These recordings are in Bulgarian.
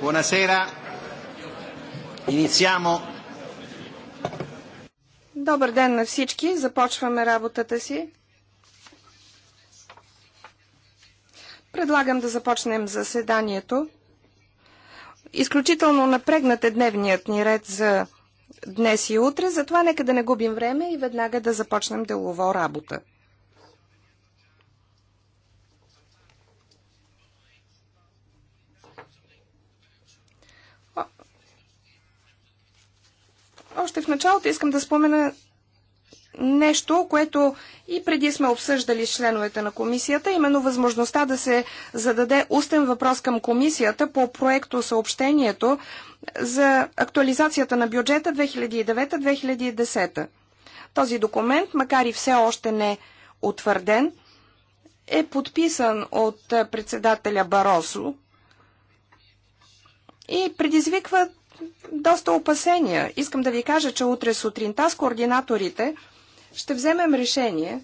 Buonasera. Iniziamo. Добър ден на всички. Започваме работата си. Предлагам да започнем заседанието. Изключително напрегнат е дневният ни ред за днес и утре, затова нека да не губим време и веднага да започнем делово работа. Още в началото искам да спомена нещо, което и преди сме обсъждали с членовете на комисията, именно възможността да се зададе устен въпрос към комисията по проекто съобщението за актуализацията на бюджета 2009-2010. Този документ, макар и все още не утвърден, е подписан от председателя Баросо и предизвиква доста опасения. Искам да ви кажа, че утре сутринта с координаторите ще вземем решение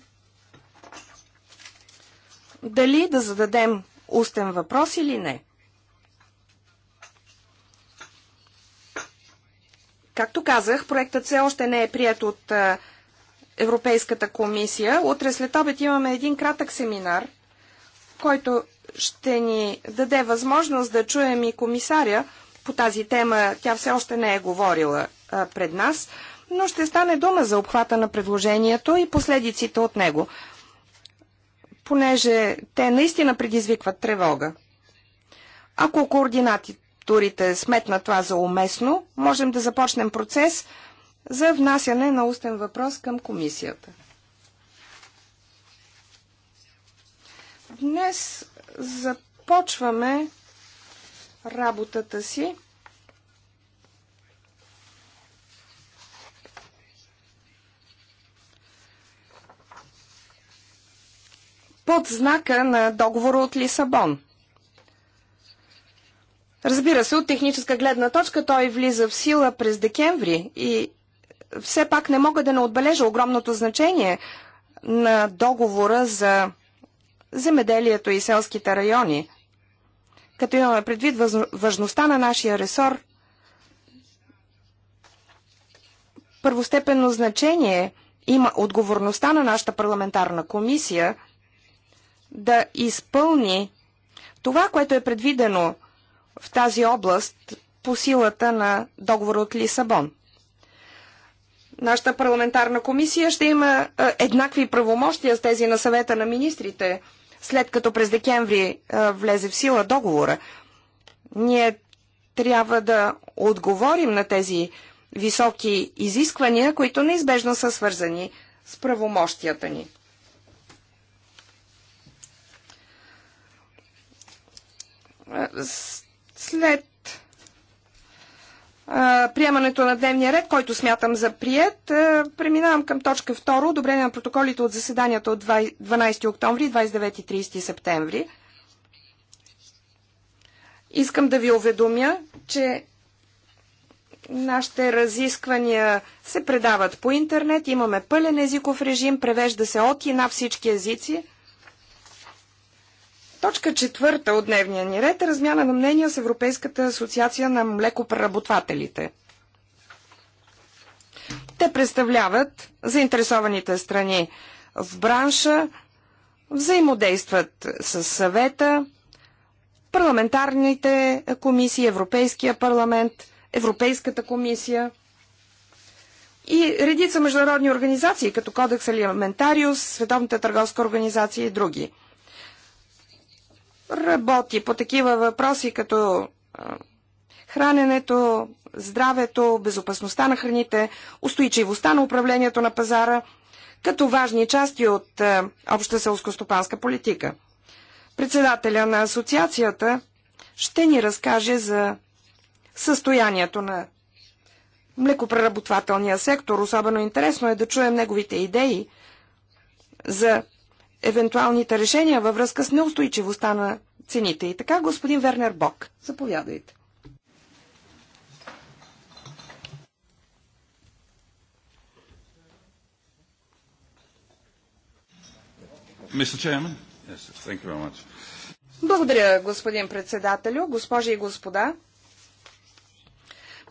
дали да зададем устен въпрос или не. Както казах, проектът все още не е прият от Европейската комисия. Утре след обед имаме един кратък семинар, който ще ни даде възможност да чуем и комисаря по тази тема тя все още не е говорила а, пред нас, но ще стане дума за обхвата на предложението и последиците от него, понеже те наистина предизвикват тревога. Ако координаторите сметнат това за уместно, можем да започнем процес за внасяне на устен въпрос към комисията. Днес започваме работата си. под знака на договора от Лисабон. Разбира се, от техническа гледна точка той влиза в сила през декември и все пак не мога да не отбележа огромното значение на договора за земеделието и селските райони като имаме предвид важността на нашия ресор, първостепенно значение има отговорността на нашата парламентарна комисия да изпълни това, което е предвидено в тази област по силата на договор от Лисабон. Нашата парламентарна комисия ще има еднакви правомощия с тези на съвета на министрите – след като през декември е, влезе в сила договора. Ние трябва да отговорим на тези високи изисквания, които неизбежно са свързани с правомощията ни. Е, след приемането на дневния ред, който смятам за прият. Преминавам към точка 2. Одобрение на протоколите от заседанията от 12 октомври 29 и 30 септември. Искам да ви уведомя, че нашите разисквания се предават по интернет. Имаме пълен езиков режим, превежда се от и на всички езици – Точка четвърта от дневния ни ред е размяна на мнения с Европейската асоциация на млекопреработвателите. Те представляват заинтересованите страни в бранша, взаимодействат с съвета, парламентарните комисии, Европейския парламент, Европейската комисия и редица международни организации, като Кодекс Алиментариус, Световната търговска организация и други работи по такива въпроси като храненето, здравето, безопасността на храните, устойчивостта на управлението на пазара, като важни части от обща селскостопанска политика. Председателя на асоциацията ще ни разкаже за състоянието на млекопреработвателния сектор. Особено интересно е да чуем неговите идеи за евентуалните решения във връзка с неустойчивостта на цените. И така, господин Вернер Бок, заповядайте. Благодаря, господин председателю, госпожи и господа.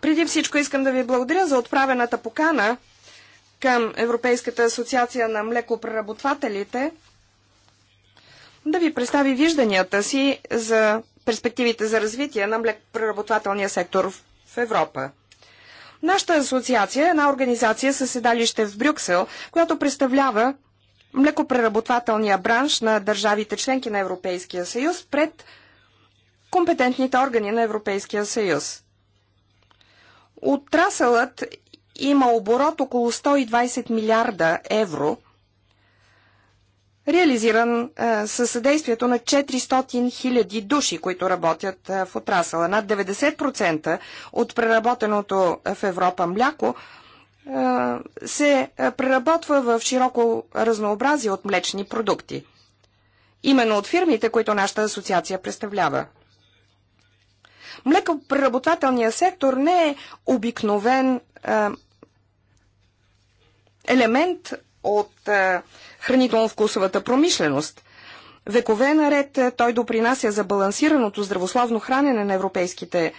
Преди всичко искам да ви благодаря за отправената покана към Европейската асоциация на млекопреработвателите – да ви представи вижданията си за перспективите за развитие на млекопреработвателния сектор в Европа. Нашата асоциация е една организация със седалище в Брюксел, която представлява млекопреработвателния бранш на държавите членки на Европейския съюз пред компетентните органи на Европейския съюз. Отрасълът има оборот около 120 милиарда евро – реализиран със съдействието на 400 хиляди души, които работят в отрасъла. Над 90% от преработеното в Европа мляко се преработва в широко разнообразие от млечни продукти. Именно от фирмите, които нашата асоциация представлява. Млекопреработвателният сектор не е обикновен елемент от а, хранително-вкусовата промишленост. Векове наред е, той допринася за балансираното здравословно хранене на европейските е,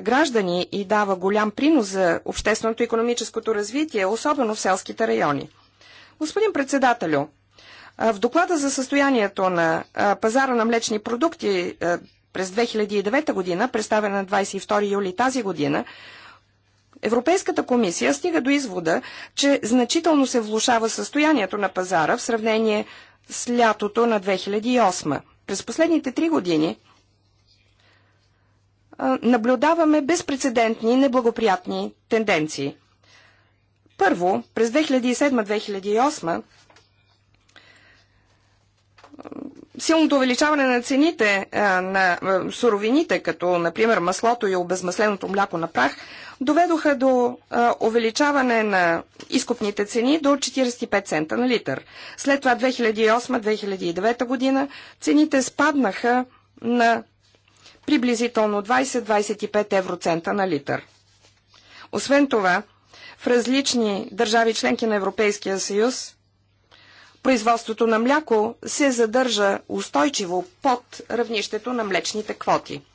граждани и дава голям принос за общественото и економическото развитие, особено в селските райони. Господин председателю, е, в доклада за състоянието на пазара на млечни продукти през 2009 година, представена на 22 юли тази година, Европейската комисия стига до извода, че значително се влушава състоянието на пазара в сравнение с лятото на 2008. През последните три години наблюдаваме безпредседентни неблагоприятни тенденции. Първо, през 2007-2008 силното увеличаване на цените на суровините, като например маслото и обезмасленото мляко на прах, доведоха до а, увеличаване на изкупните цени до 45 цента на литър. След това 2008-2009 година цените спаднаха на приблизително 20-25 евроцента на литър. Освен това, в различни държави членки на Европейския съюз производството на мляко се задържа устойчиво под равнището на млечните квоти –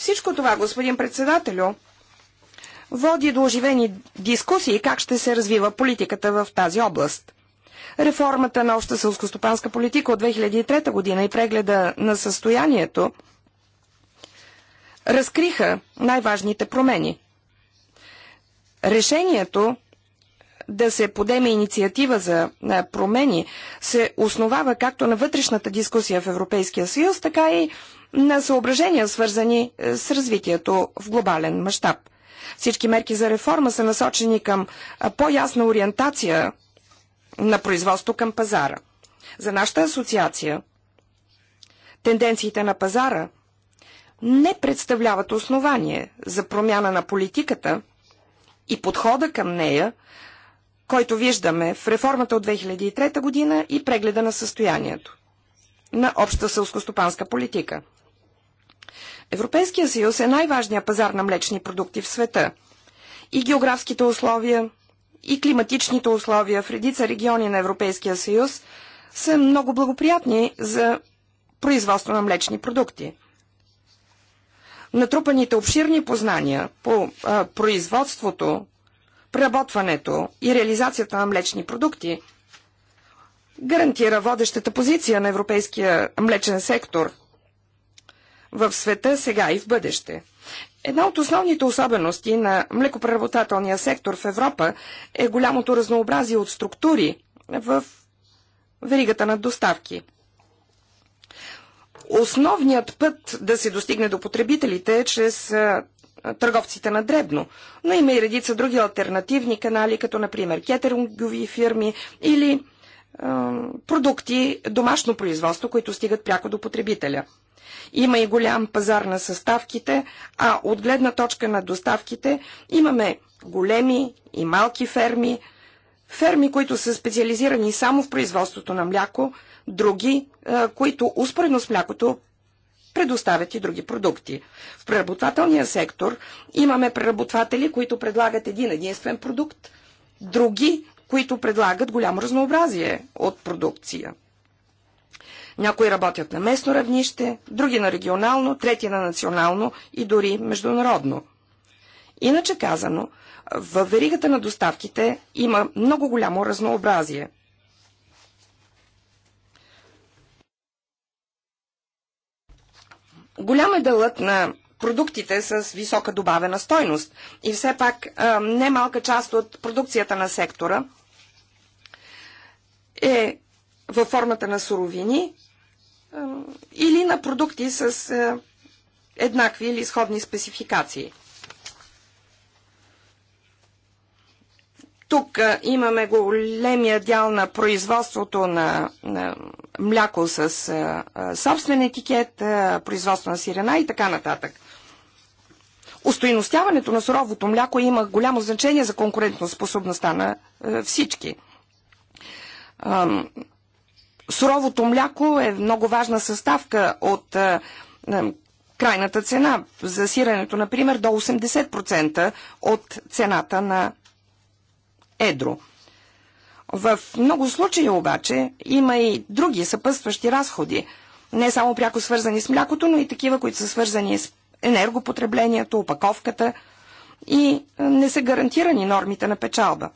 всичко това, господин председателю, води до оживени дискусии как ще се развива политиката в тази област. Реформата на обща селскостопанска политика от 2003 година и прегледа на състоянието разкриха най-важните промени. Решението да се подеме инициатива за промени се основава както на вътрешната дискусия в Европейския съюз, така и на съображения, свързани е, с развитието в глобален мащаб. Всички мерки за реформа са насочени към по-ясна ориентация на производство към пазара. За нашата асоциация тенденциите на пазара не представляват основание за промяна на политиката и подхода към нея който виждаме в реформата от 2003 година и прегледа на състоянието на обща сълскостопанска политика. Европейския съюз е най-важният пазар на млечни продукти в света. И географските условия, и климатичните условия в редица региони на Европейския съюз са много благоприятни за производство на млечни продукти. Натрупаните обширни познания по а, производството преработването и реализацията на млечни продукти гарантира водещата позиция на европейския млечен сектор в света сега и в бъдеще. Една от основните особености на млекопреработателния сектор в Европа е голямото разнообразие от структури в веригата на доставки. Основният път да се достигне до потребителите е чрез търговците на дребно. Но има и редица други альтернативни канали, като например кетерингови фирми или е, продукти домашно производство, които стигат пряко до потребителя. Има и голям пазар на съставките, а от гледна точка на доставките имаме големи и малки ферми, ферми, които са специализирани само в производството на мляко, други, които успоредно с млякото предоставят и други продукти. В преработвателния сектор имаме преработватели, които предлагат един единствен продукт, други, които предлагат голямо разнообразие от продукция. Някои работят на местно равнище, други на регионално, трети на национално и дори международно. Иначе казано, в веригата на доставките има много голямо разнообразие – Голям е дълът на продуктите с висока добавена стойност. И все пак немалка част от продукцията на сектора е във формата на суровини или на продукти с еднакви или сходни спецификации – Тук имаме големия дял на производството на, на мляко с а, а, собствен етикет, а, производство на сирена и така нататък. Устойностяването на суровото мляко има голямо значение за конкурентоспособността на а, всички. А, суровото мляко е много важна съставка от а, а, крайната цена. За сирането, например, до 80% от цената на едро. В много случаи обаче има и други съпътстващи разходи, не само пряко свързани с млякото, но и такива, които са свързани с енергопотреблението, опаковката и е, не са гарантирани нормите на печалба.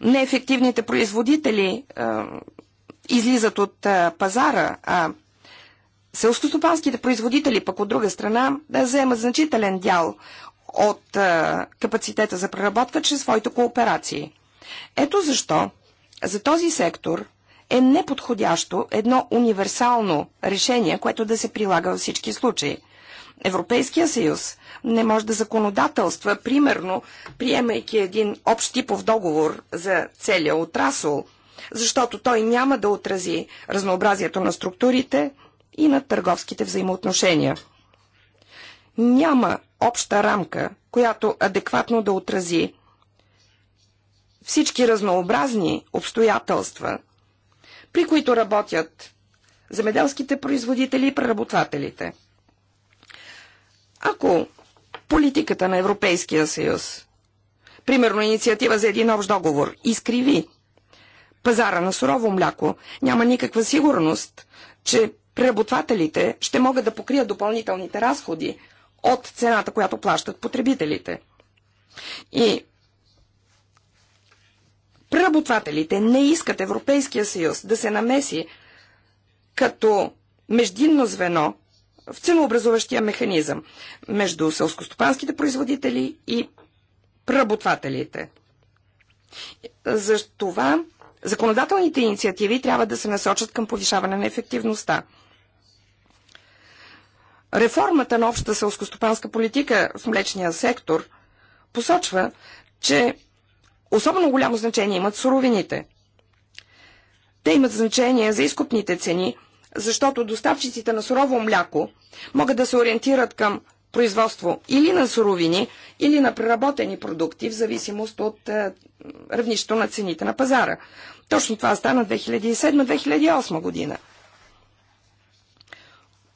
Неефективните производители е, излизат от е, пазара, а селскостопанските производители пък от друга страна да е, вземат значителен дял от а, капацитета за преработка чрез своите кооперации. Ето защо за този сектор е неподходящо едно универсално решение, което да се прилага във всички случаи. Европейския съюз не може да законодателства, примерно, приемайки един общ типов договор за целия отрасъл, защото той няма да отрази разнообразието на структурите и на търговските взаимоотношения няма обща рамка, която адекватно да отрази всички разнообразни обстоятелства, при които работят земеделските производители и преработвателите. Ако политиката на Европейския съюз, примерно инициатива за един общ договор, изкриви пазара на сурово мляко, няма никаква сигурност, че преработвателите ще могат да покрият допълнителните разходи от цената, която плащат потребителите. И преработвателите не искат Европейския съюз да се намеси като междинно звено в ценообразуващия механизъм между селскостопанските производители и преработвателите. Защо това законодателните инициативи трябва да се насочат към повишаване на ефективността. Реформата на общата селскостопанска политика в млечния сектор посочва, че особено голямо значение имат суровините. Те имат значение за изкупните цени, защото доставчиците на сурово мляко могат да се ориентират към производство или на суровини, или на преработени продукти, в зависимост от е, равнището на цените на пазара. Точно това стана 2007-2008 година,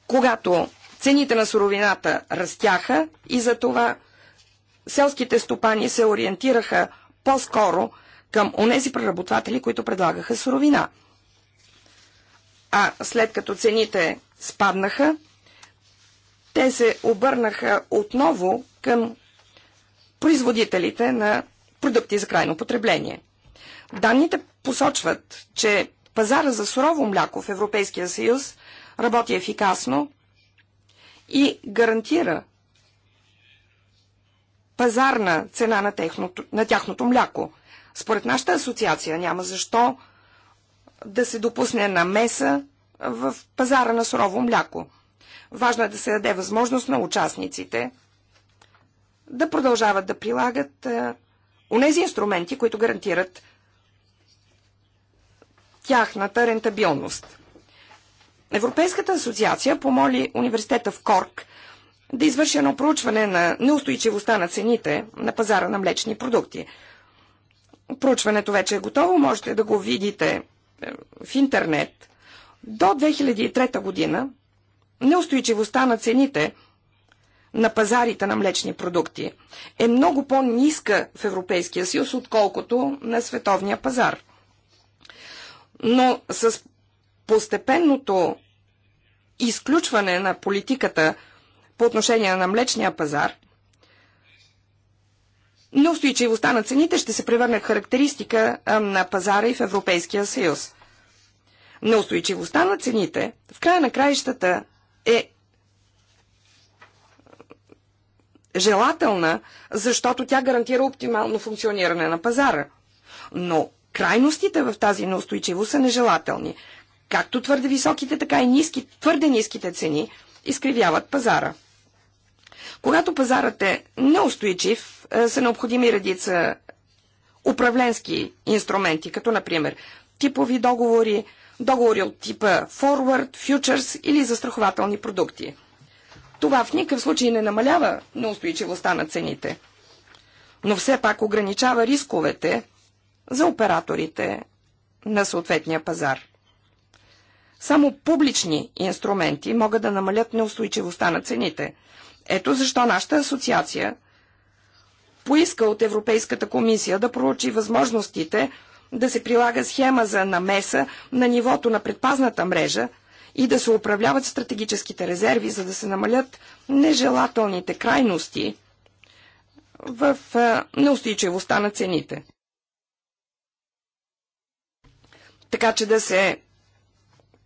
когато Цените на суровината растяха и затова селските стопани се ориентираха по-скоро към онези преработватели, които предлагаха суровина. А след като цените спаднаха, те се обърнаха отново към производителите на продукти за крайно потребление. Данните посочват, че пазара за сурово мляко в Европейския съюз работи ефикасно и гарантира пазарна цена на, техното, на тяхното мляко. Според нашата асоциация няма защо да се допусне намеса в пазара на сурово мляко. Важно е да се даде възможност на участниците да продължават да прилагат е, онези инструменти, които гарантират тяхната рентабилност. Европейската асоциация помоли университета в Корк да извърши едно проучване на неустойчивостта на цените на пазара на млечни продукти. Проучването вече е готово, можете да го видите е, в интернет. До 2003 година неустойчивостта на цените на пазарите на млечни продукти е много по-ниска в Европейския съюз, отколкото на световния пазар. Но с постепенното изключване на политиката по отношение на млечния пазар, неустойчивостта на цените ще се превърне в характеристика на пазара и в Европейския съюз. Неустойчивостта на цените в края на краищата е желателна, защото тя гарантира оптимално функциониране на пазара. Но крайностите в тази неустойчивост са нежелателни. Както твърде високите, така и ниски, твърде ниските цени изкривяват пазара. Когато пазарът е неустойчив, е, са необходими редица управленски инструменти, като например типови договори, договори от типа forward, futures или застрахователни продукти. Това в никакъв случай не намалява неустойчивостта на цените, но все пак ограничава рисковете за операторите на съответния пазар. Само публични инструменти могат да намалят неустойчивостта на цените. Ето защо нашата асоциация поиска от Европейската комисия да проучи възможностите да се прилага схема за намеса на нивото на предпазната мрежа и да се управляват стратегическите резерви, за да се намалят нежелателните крайности в неустойчивостта на цените. Така че да се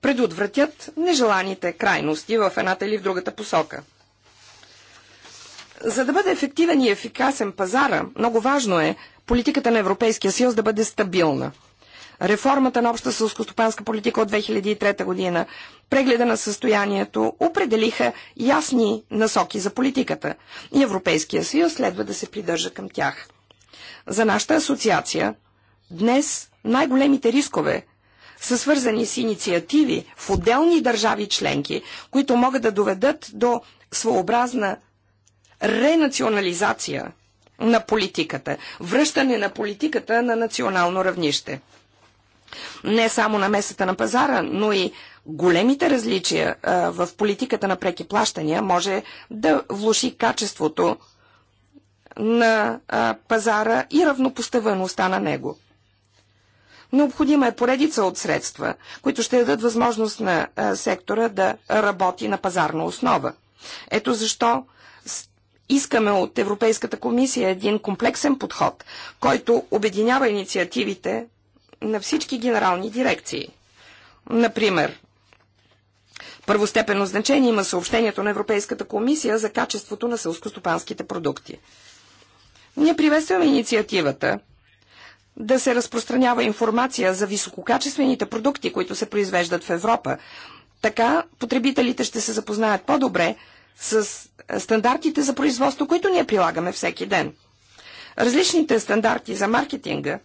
предотвратят нежеланите крайности в едната или в другата посока. За да бъде ефективен и ефикасен пазара, много важно е политиката на Европейския съюз да бъде стабилна. Реформата на обща сълскостопанска политика от 2003 година, прегледа на състоянието, определиха ясни насоки за политиката и Европейския съюз следва да се придържа към тях. За нашата асоциация днес най-големите рискове – са свързани с инициативи в отделни държави членки, които могат да доведат до своеобразна ренационализация на политиката, връщане на политиката на национално равнище. Не само на месата на пазара, но и големите различия а, в политиката на преки плащания може да влуши качеството на а, пазара и равнопоставеността на него. Необходима е поредица от средства, които ще дадат възможност на сектора да работи на пазарна основа. Ето защо искаме от Европейската комисия един комплексен подход, който обединява инициативите на всички генерални дирекции. Например, първостепенно значение има съобщението на Европейската комисия за качеството на селскостопанските продукти. Ние приветстваме инициативата да се разпространява информация за висококачествените продукти, които се произвеждат в Европа. Така потребителите ще се запознаят по-добре с е, стандартите за производство, които ние прилагаме всеки ден. Различните стандарти за маркетинга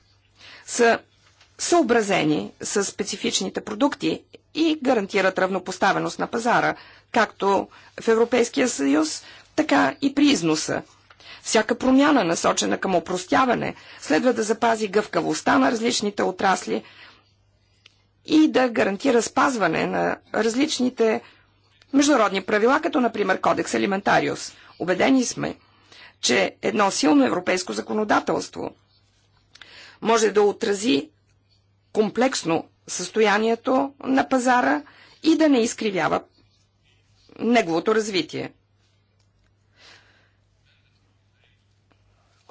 са съобразени с специфичните продукти и гарантират равнопоставеност на пазара, както в Европейския съюз, така и при износа. Всяка промяна, насочена към опростяване, следва да запази гъвкавостта на различните отрасли и да гарантира спазване на различните международни правила, като например Кодекс Елементариус. Обедени сме, че едно силно европейско законодателство може да отрази комплексно състоянието на пазара и да не изкривява неговото развитие.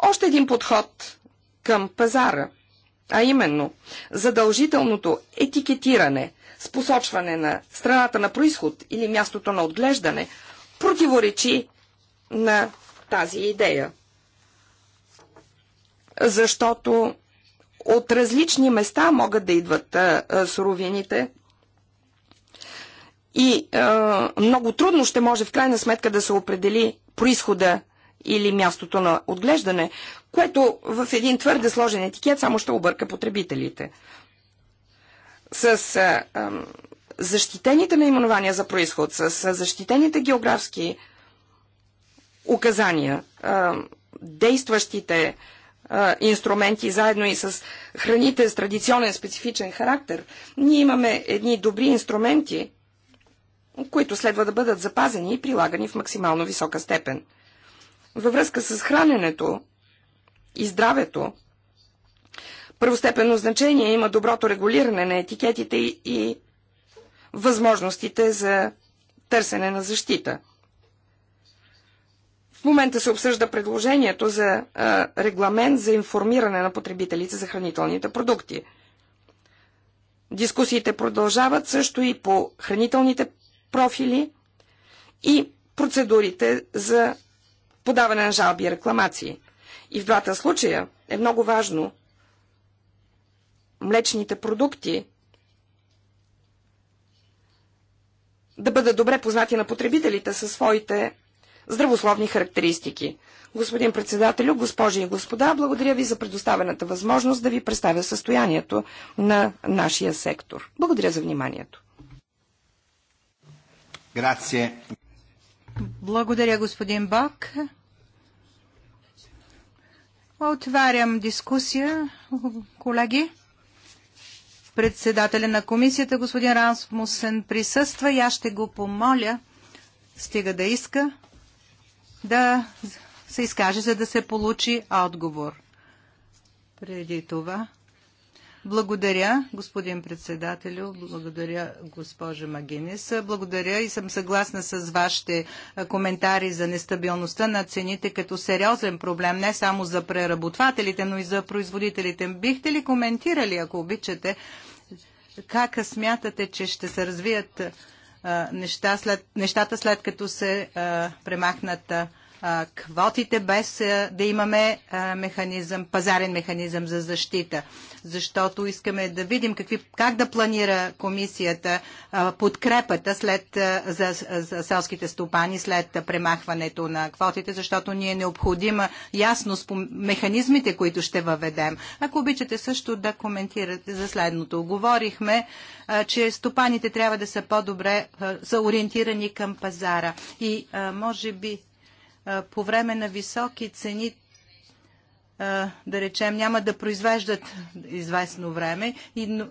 Още един подход към пазара, а именно задължителното етикетиране с посочване на страната на происход или мястото на отглеждане, противоречи на тази идея. Защото от различни места могат да идват а, а, суровините и а, много трудно ще може в крайна сметка да се определи происхода или мястото на отглеждане, което в един твърде сложен етикет само ще обърка потребителите. С а, а, защитените наименования за происход, с а, защитените географски указания, а, действащите а, инструменти, заедно и с храните с традиционен специфичен характер, ние имаме едни добри инструменти, които следва да бъдат запазени и прилагани в максимално висока степен. Във връзка с храненето и здравето, първостепенно значение има доброто регулиране на етикетите и възможностите за търсене на защита. В момента се обсъжда предложението за а, регламент за информиране на потребителите за хранителните продукти. Дискусиите продължават също и по хранителните профили и процедурите за подаване на жалби и рекламации. И в двата случая е много важно млечните продукти да бъдат добре познати на потребителите със своите здравословни характеристики. Господин председателю, госпожи и господа, благодаря ви за предоставената възможност да ви представя състоянието на нашия сектор. Благодаря за вниманието. Grazie. Благодаря, господин Бак. Отварям дискусия, колеги. Председателя на комисията, господин Рансмусен, присъства и аз ще го помоля, стига да иска, да се изкаже, за да се получи отговор. Преди това благодаря, господин председателю, благодаря, госпожа Магинес. Благодаря и съм съгласна с вашите коментари за нестабилността на цените като сериозен проблем не само за преработвателите, но и за производителите. Бихте ли коментирали, ако обичате, как смятате, че ще се развият неща след, нещата след като се премахнат а, квотите, без да имаме механизъм, пазарен механизъм за защита. Защото искаме да видим какви, как да планира комисията подкрепата след, за, за селските стопани след премахването на квотите, защото ни е необходима ясност по механизмите, които ще въведем. Ако обичате също да коментирате за следното. Говорихме, че стопаните трябва да са по-добре са ориентирани към пазара. И може би по време на високи цени да речем, няма да произвеждат известно време. И,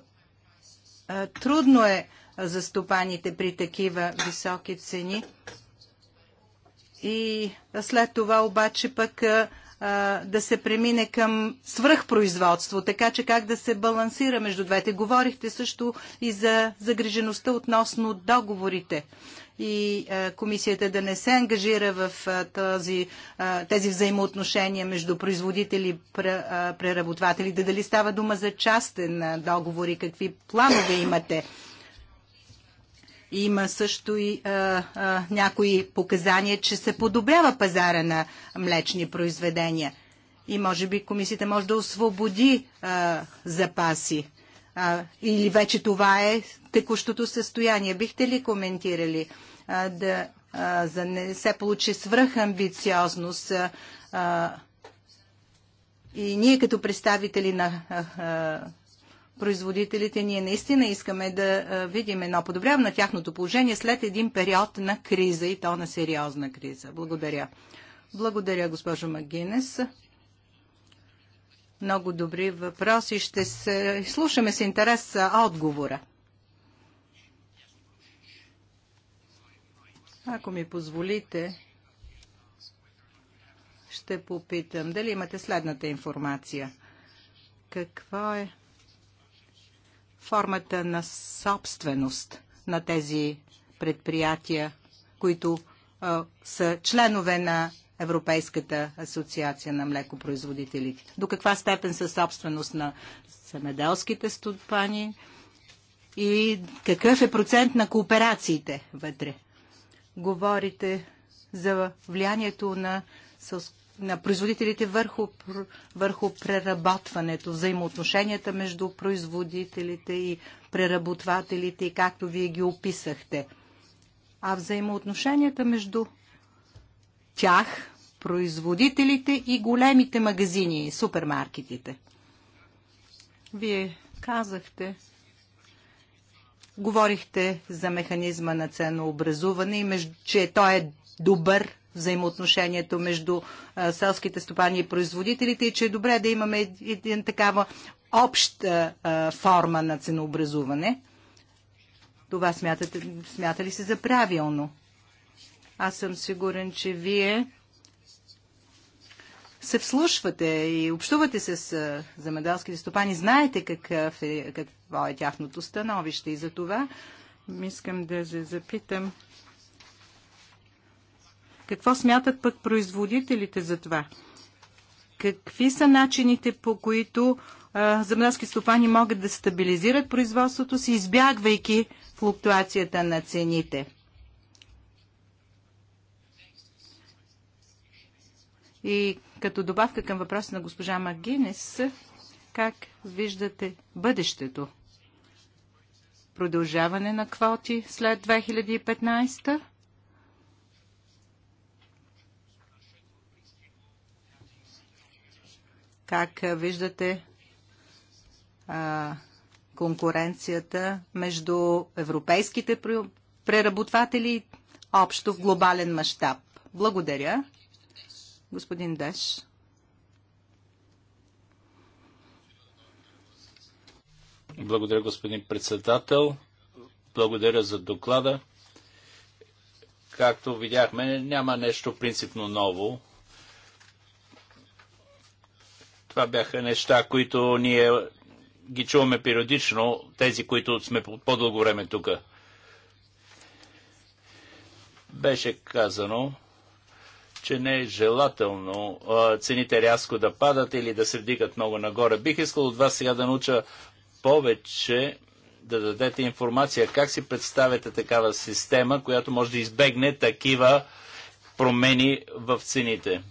трудно е за стопаните при такива високи цени. И след това обаче пък да се премине към свръхпроизводство, така че как да се балансира между двете. Говорихте също и за загрижеността относно договорите и комисията да не се ангажира в този, тези взаимоотношения между производители и преработватели, да дали става дума за частен договор и какви планове имате има също и а, а, някои показания, че се подобрява пазара на млечни произведения. И може би комисията може да освободи а, запаси. А, или вече това е текущото състояние. Бихте ли коментирали а, да а, за не се получи свръхамбициозност? А, а, и ние като представители на а, а, производителите. Ние наистина искаме да видим едно подобряване на тяхното положение след един период на криза и то на сериозна криза. Благодаря. Благодаря, госпожо Магинес. Много добри въпроси. Ще се... слушаме с интерес отговора. Ако ми позволите, ще попитам дали имате следната информация. Какво е формата на собственост на тези предприятия, които а, са членове на Европейската асоциация на млекопроизводителите. До каква степен са собственост на семеделските стопани и какъв е процент на кооперациите вътре? Говорите за влиянието на сълско на производителите върху, върху преработването, взаимоотношенията между производителите и преработвателите, както вие ги описахте. А взаимоотношенията между тях, производителите и големите магазини, супермаркетите. Вие казахте, говорихте за механизма на ценообразуване и между, че той е добър взаимоотношението между селските стопани и производителите и че е добре да имаме един такава обща форма на ценообразуване. Това смятате, смята ли се за правилно? Аз съм сигурен, че вие се вслушвате и общувате с замеделските стопани, знаете какъв е, какво е тяхното становище и за това искам да се запитам какво смятат пък производителите за това? Какви са начините по които а, земеделски стопани могат да стабилизират производството си, избягвайки флуктуацията на цените? И като добавка към въпроса на госпожа Магинес, как виждате бъдещето? Продължаване на квоти след 2015? как виждате а, конкуренцията между европейските преработватели общо в глобален мащаб. Благодаря. Господин Деш. Благодаря, господин председател. Благодаря за доклада. Както видяхме, няма нещо принципно ново това бяха неща, които ние ги чуваме периодично, тези, които сме по-дълго време тук. Беше казано, че не е желателно а, цените рязко да падат или да се вдигат много нагоре. Бих искал от вас сега да науча повече да дадете информация как си представяте такава система, която може да избегне такива промени в цените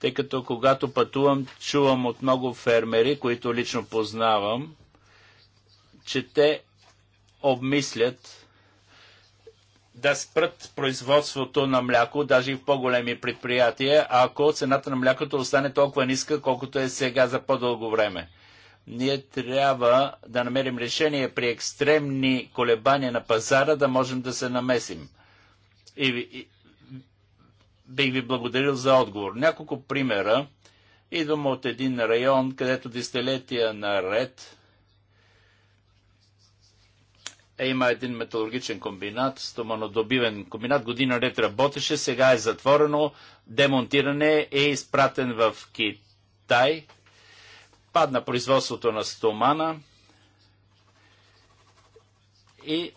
тъй като когато пътувам, чувам от много фермери, които лично познавам, че те обмислят да спрат производството на мляко, даже и в по-големи предприятия, ако цената на млякото остане толкова ниска, колкото е сега за по-дълго време. Ние трябва да намерим решение при екстремни колебания на пазара, да можем да се намесим. И, и, бих ви благодарил за отговор. Няколко примера. Идвам от един район, където десетилетия наред е, има един металургичен комбинат, стоманодобивен комбинат, година ред работеше, сега е затворено, демонтиране е изпратен в Китай, падна производството на стомана и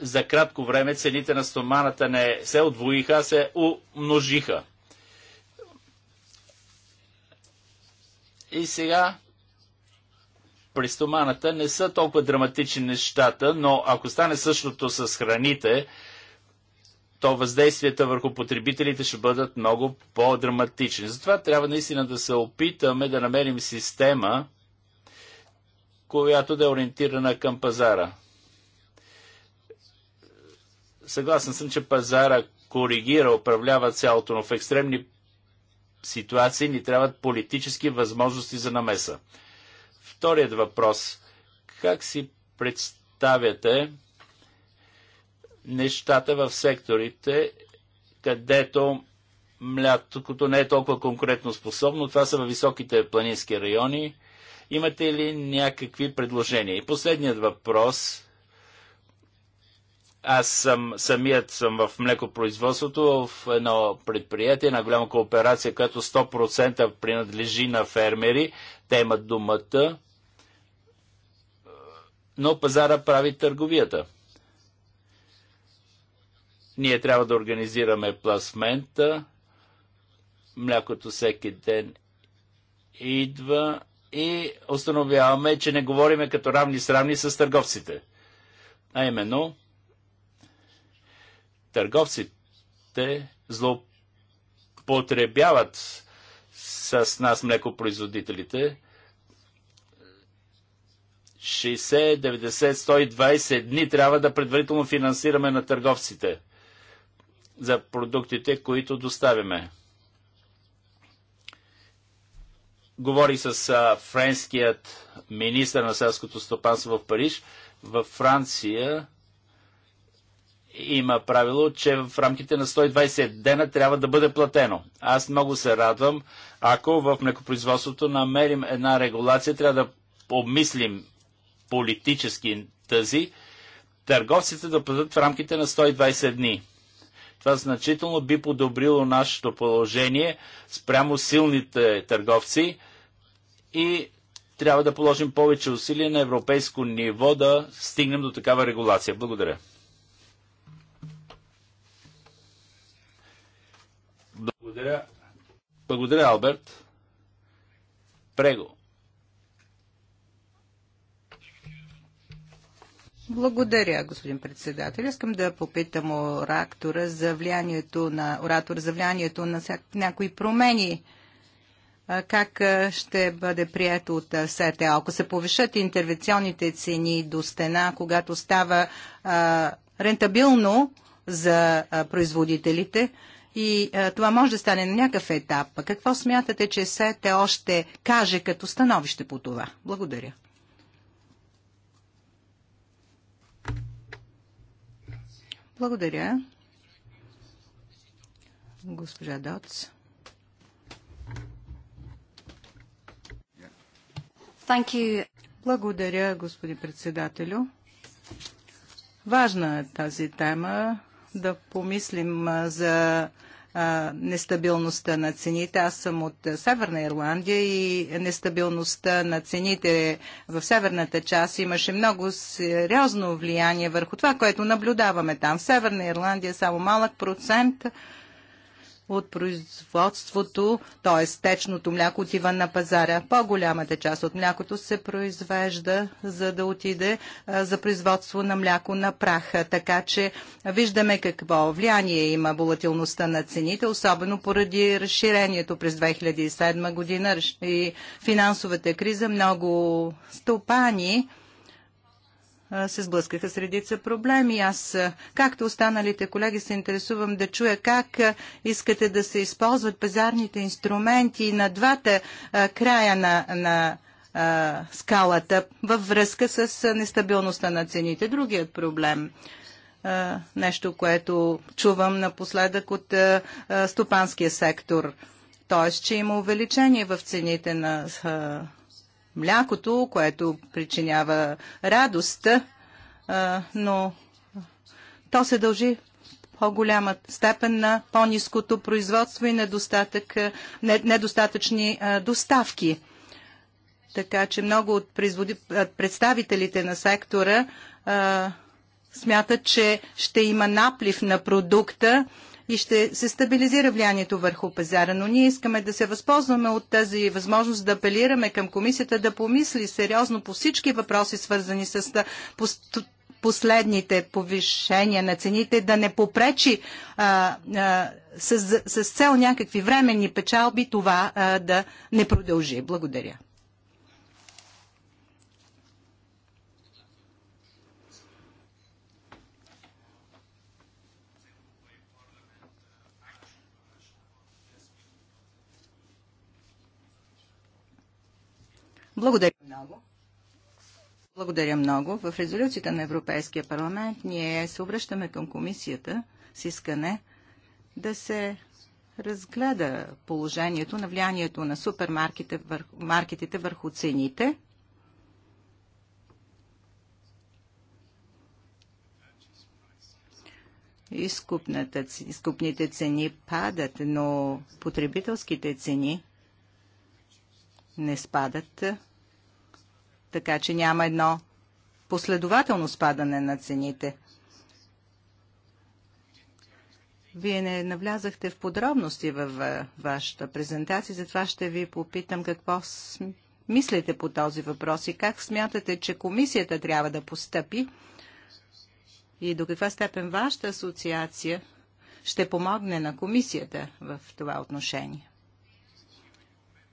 за кратко време цените на стоманата не се отвоиха, а се умножиха. И сега при стоманата не са толкова драматични нещата, но ако стане същото с храните, то въздействията върху потребителите ще бъдат много по-драматични. Затова трябва наистина да се опитаме да намерим система, която да е ориентирана към пазара. Съгласен съм, че пазара коригира, управлява цялото, но в екстремни ситуации ни трябват политически възможности за намеса. Вторият въпрос. Как си представяте нещата в секторите, където млякото не е толкова конкретно способно. Това са във високите планински райони. Имате ли някакви предложения? И последният въпрос аз съм, самият съм в млекопроизводството, в едно предприятие, една голяма кооперация, която 100% принадлежи на фермери. Те имат думата, но пазара прави търговията. Ние трябва да организираме пласмента, млякото всеки ден идва и установяваме, че не говориме като равни с равни с търговците. А именно, търговците злоупотребяват с нас млекопроизводителите. 60, 90, 120 дни трябва да предварително финансираме на търговците за продуктите, които доставяме. Говори с френският министр на селското стопанство в Париж. Във Франция има правило, че в рамките на 120 дена трябва да бъде платено. Аз много се радвам, ако в млекопроизводството намерим една регулация, трябва да обмислим политически тази, търговците да платят в рамките на 120 дни. Това значително би подобрило нашето положение спрямо силните търговци и трябва да положим повече усилия на европейско ниво да стигнем до такава регулация. Благодаря. Благодаря. Благодаря, Алберт. Прего. Благодаря, господин председател. Искам да попитам оратора за влиянието на, оратор за влиянието на някои промени. Как ще бъде прието от СЕТЕ? Ако се повишат интервенционните цени до стена, когато става а, рентабилно за а, производителите, и а, е, това може да стане на някакъв етап. Какво смятате, че СЕТЕ още каже като становище по това? Благодаря. Благодаря. Госпожа Доц. Thank you. Благодаря, господин председателю. Важна е тази тема да помислим за нестабилността на цените. Аз съм от Северна Ирландия и нестабилността на цените в северната част имаше много сериозно влияние върху това, което наблюдаваме там. В Северна Ирландия само малък процент от производството, т.е. течното мляко отива на пазара. По-голямата част от млякото се произвежда, за да отиде за производство на мляко на праха. Така че виждаме какво влияние има волатилността на цените, особено поради разширението през 2007 година и финансовата криза. Много стопани се сблъскаха с редица проблеми. Аз, както останалите колеги, се интересувам да чуя как искате да се използват пазарните инструменти на двата края на, на а, скалата във връзка с нестабилността на цените. Другият проблем а, нещо, което чувам напоследък от а, стопанския сектор. Т.е. че има увеличение в цените на млякото, което причинява радост, но то се дължи по-голяма степен на по-низкото производство и недостатък, недостатъчни доставки. Така че много от представителите на сектора а, смятат, че ще има наплив на продукта и ще се стабилизира влиянието върху пазара. Но ние искаме да се възползваме от тази възможност да апелираме към комисията да помисли сериозно по всички въпроси, свързани с последните повишения на цените, да не попречи а, а, с, с цел някакви временни печалби това а, да не продължи. Благодаря. Благодаря много. Благодаря много. В резолюцията на Европейския парламент ние се обръщаме към комисията с искане да се разгледа положението на влиянието на супермаркетите върху, маркетите върху цените. изкупните цени падат, но потребителските цени не спадат така че няма едно последователно спадане на цените. Вие не навлязахте в подробности във вашата презентация, затова ще ви попитам какво мислите по този въпрос и как смятате, че комисията трябва да постъпи и до каква степен вашата асоциация ще помогне на комисията в това отношение.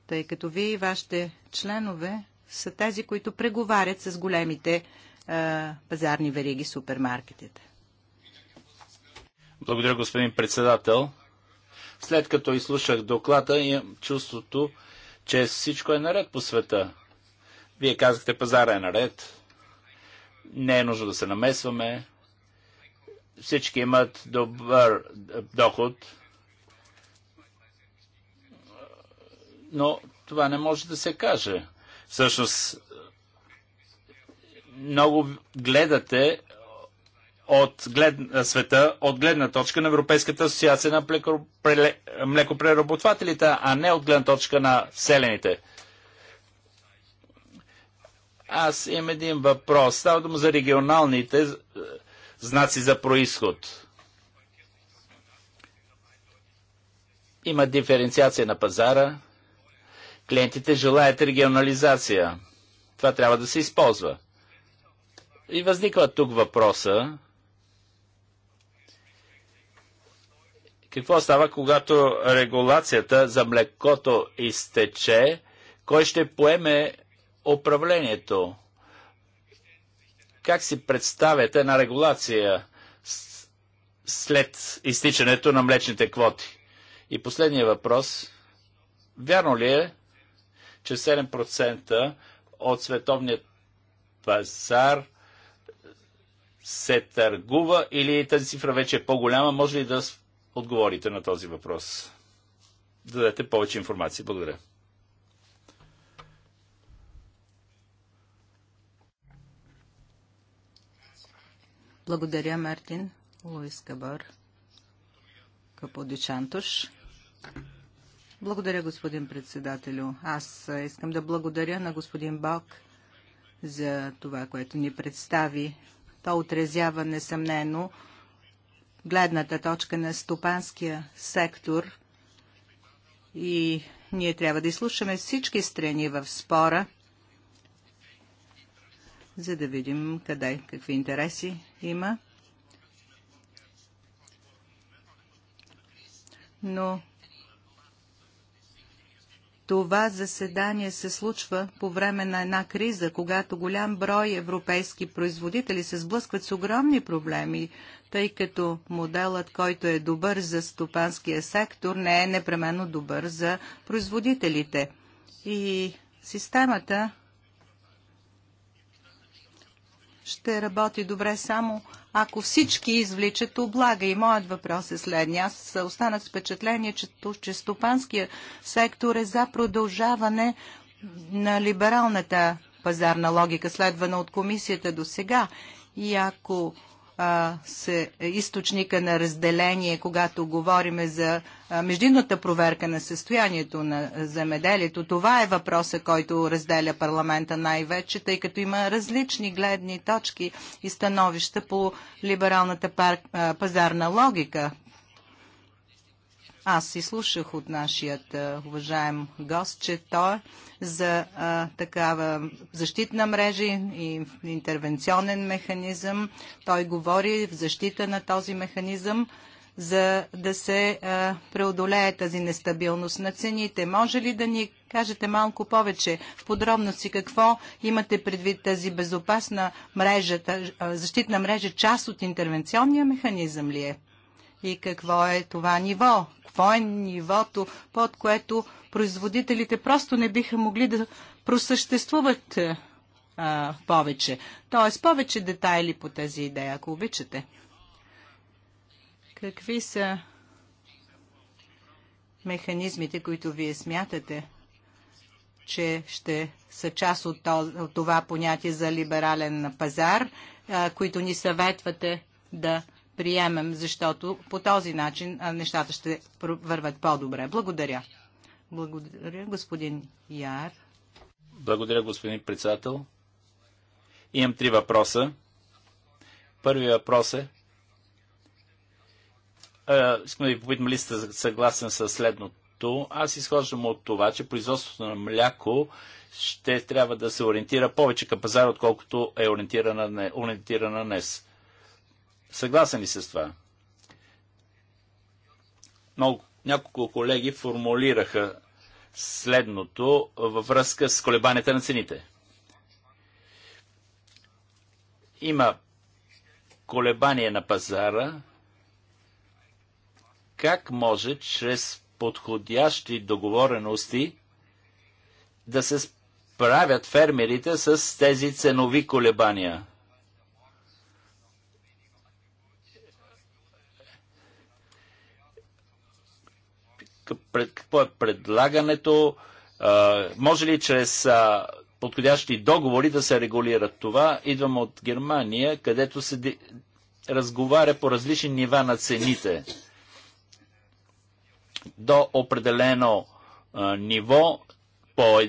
Тъй като вие и вашите членове са тези, които преговарят с големите а, е, пазарни вериги супермаркетите. Благодаря, господин председател. След като изслушах доклада, имам чувството, че всичко е наред по света. Вие казахте, пазара е наред. Не е нужно да се намесваме. Всички имат добър е, доход. Но това не може да се каже. Всъщност, много гледате от глед... света от гледна точка на Европейската асоциация на млекопреработвателите, а не от гледна точка на селените. Аз имам един въпрос. Става дума за регионалните знаци за происход. Има диференциация на пазара. Клиентите желаят регионализация. Това трябва да се използва. И възниква тук въпроса, какво става, когато регулацията за млекото изтече, кой ще поеме управлението? Как си представяте на регулация след изтичането на млечните квоти? И последния въпрос. Вярно ли е, че 7% от световния пазар се търгува или тази цифра вече е по-голяма? Може ли да отговорите на този въпрос? Да дадете повече информация. Благодаря. Благодаря, Мартин. Луис Кабар. Каподичантош. Каподичантош. Благодаря, господин председателю. Аз искам да благодаря на господин Бог за това, което ни представи. То отрезява несъмнено гледната точка на стопанския сектор и ние трябва да изслушаме всички страни в спора, за да видим къде, какви интереси има. Но това заседание се случва по време на една криза, когато голям брой европейски производители се сблъскват с огромни проблеми, тъй като моделът, който е добър за стопанския сектор, не е непременно добър за производителите. И системата ще работи добре само ако всички извличат облага. И моят въпрос е следния. Аз останах с впечатление, че, че стопанския сектор е за продължаване на либералната пазарна логика, следвана от комисията до сега. И ако се, източника на разделение, когато говорим за междинната проверка на състоянието на земеделието. Това е въпроса, който разделя парламента най-вече, тъй като има различни гледни точки и становища по либералната пар... пазарна логика. Аз слушах от нашият уважаем гост, че той е за а, такава защитна мрежа и интервенционен механизъм. Той говори в защита на този механизъм за да се а, преодолее тази нестабилност на цените. Може ли да ни кажете малко повече в подробности какво имате предвид тази безопасна мрежа, защитна мрежа, част от интервенционния механизъм ли е? и какво е това ниво. Какво е нивото, под което производителите просто не биха могли да просъществуват а, повече. Тоест повече детайли по тази идея, ако обичате. Какви са механизмите, които вие смятате, че ще са част от това понятие за либерален пазар, които ни съветвате да приемем, защото по този начин нещата ще върват по-добре. Благодаря. Благодаря, господин Яр. Благодаря, господин председател. Имам три въпроса. Първият въпрос е. Искам да ви попитам ли сте съгласен с следното. Аз изхождам от това, че производството на мляко ще трябва да се ориентира повече към пазара, отколкото е ориентирана, ориентирана днес. Съгласен ли с това? Много, няколко колеги формулираха следното във връзка с колебанията на цените. Има колебание на пазара. Как може чрез подходящи договорености да се справят фермерите с тези ценови колебания? пред, какво е предлагането, а, може ли чрез а, подходящи договори да се регулира това. Идвам от Германия, където се ди... разговаря по различни нива на цените. До определено а, ниво по,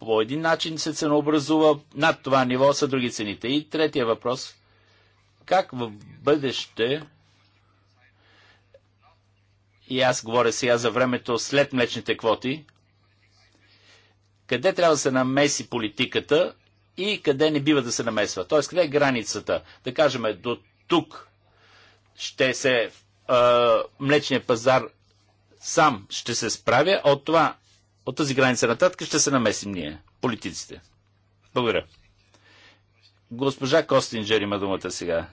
по един начин се ценообразува, над това ниво са други цените. И третия въпрос. Как в бъдеще и аз говоря сега за времето след млечните квоти, къде трябва да се намеси политиката и къде не бива да се намесва. Тоест, къде е границата? Да кажем, до тук ще се а, млечния пазар сам ще се справя, от това, от тази граница нататък ще се намесим ние, политиците. Благодаря. Госпожа Костинджер има думата сега.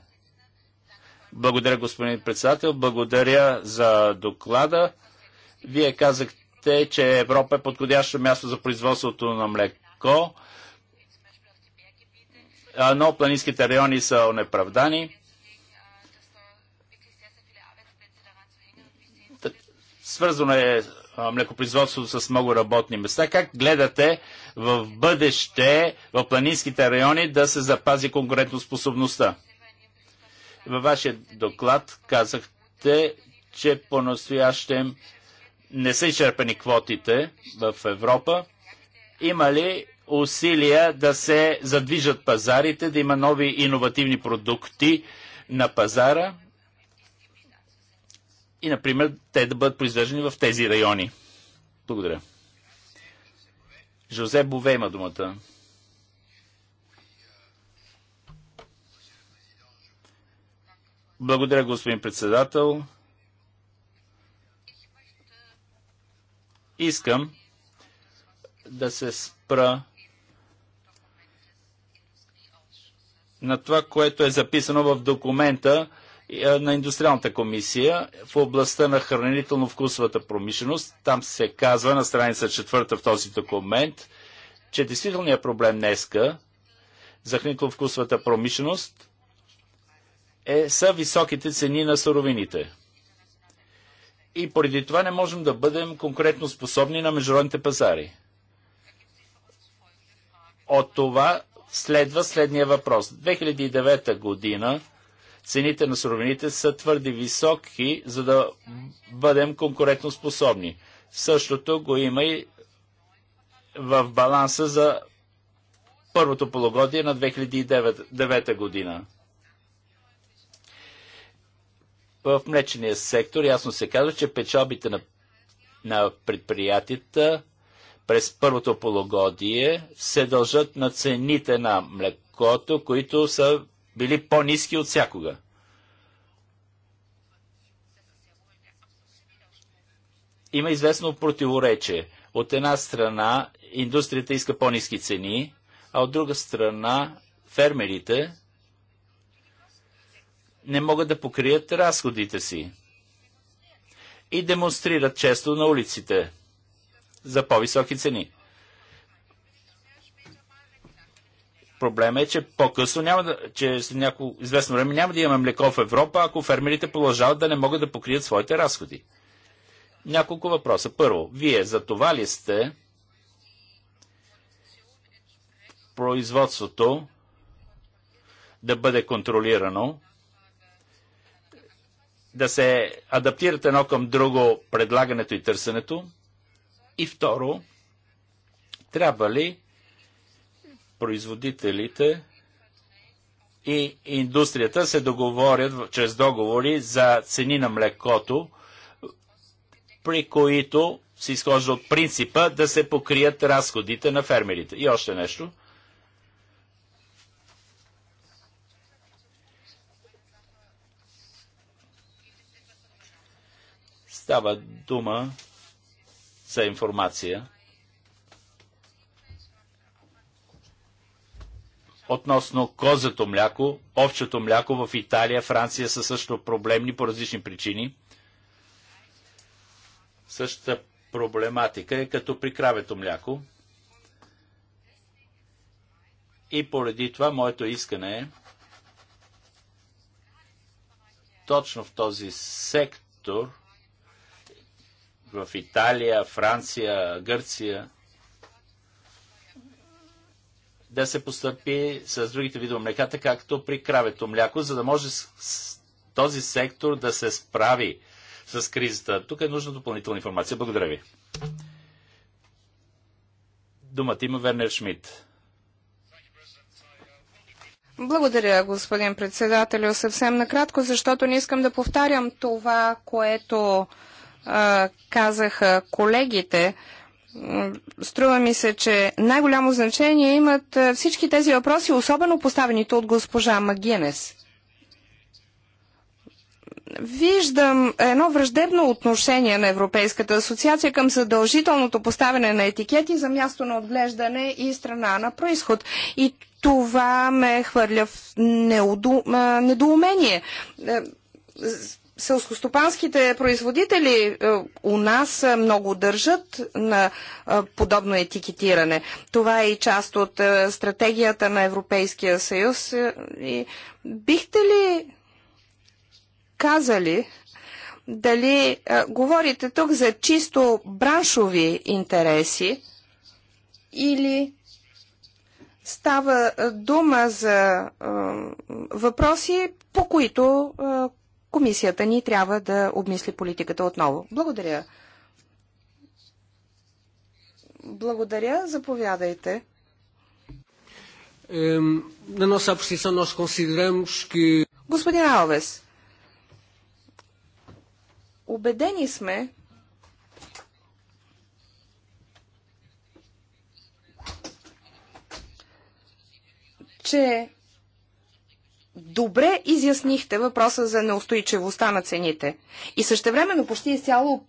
Благодаря, господин председател. Благодаря за доклада. Вие казахте, че Европа е подходящо място за производството на млеко, но планинските райони са неправдани. Свързано е млекопроизводството с много работни места. Как гледате в бъдеще в планинските райони да се запази конкурентоспособността? Във вашия доклад казахте, че по-настоящем не са изчерпани квотите в Европа. Има ли усилия да се задвижат пазарите, да има нови иновативни продукти на пазара и, например, те да бъдат произвеждани в тези райони? Благодаря. Жозе Бове има думата. Благодаря, господин председател. Искам да се спра на това, което е записано в документа е, на Индустриалната комисия в областта на хранително-вкусовата промишленост. Там се казва на страница четвърта в този документ, че действителният проблем днеска за хранително-вкусовата промишленост е, са високите цени на суровините. И поради това не можем да бъдем конкретно способни на международните пазари. От това следва следния въпрос. 2009 година цените на суровините са твърде високи, за да бъдем конкурентно способни. Същото го има и в баланса за първото полугодие на 2009 година. В млечения сектор ясно се казва, че печалбите на, на предприятията през първото полугодие се дължат на цените на млекото, които са били по-низки от всякога. Има известно противоречие. От една страна индустрията иска по-низки цени, а от друга страна фермерите не могат да покрият разходите си и демонстрират често на улиците за по-високи цени. Проблема е, че по-късно няма да, че след няко известно време няма да имаме млеко в Европа, ако фермерите продължават да не могат да покрият своите разходи. Няколко въпроса. Първо, вие за това ли сте производството да бъде контролирано да се адаптират едно към друго предлагането и търсенето? И второ, трябва ли производителите и индустрията се договорят чрез договори за цени на млекото, при които се изхожда от принципа да се покрият разходите на фермерите. И още нещо. Става дума за информация относно козето мляко, овчето мляко в Италия, Франция са също проблемни по различни причини. Същата проблематика е като при кравето мляко. И поради това моето искане е точно в този сектор в Италия, Франция, Гърция, да се постъпи с другите видове млеката, както при кравето мляко, за да може този сектор да се справи с кризата. Тук е нужна допълнителна информация. Благодаря ви. Думата има Вернер Шмидт. Благодаря, господин председател, Съвсем накратко, защото не искам да повтарям това, което казаха колегите, струва ми се, че най-голямо значение имат всички тези въпроси, особено поставените от госпожа Магинес. Виждам едно враждебно отношение на Европейската асоциация към задължителното поставяне на етикети за място на отглеждане и страна на происход. И това ме хвърля в неудо... недоумение е, Селскостопанските производители е, у нас е, много държат на е, подобно етикетиране. Това е и част от стратегията на Европейския съюз. И бихте ли казали дали говорите тук за чисто браншови интереси или става дума за въпроси, по които комисията ни трябва да обмисли политиката отново. Благодаря. Благодаря. Заповядайте. На наша позиция, nós consideramos que. Господин Алвес, убедени сме, че добре изяснихте въпроса за неустойчивостта на цените. И същевременно почти изцяло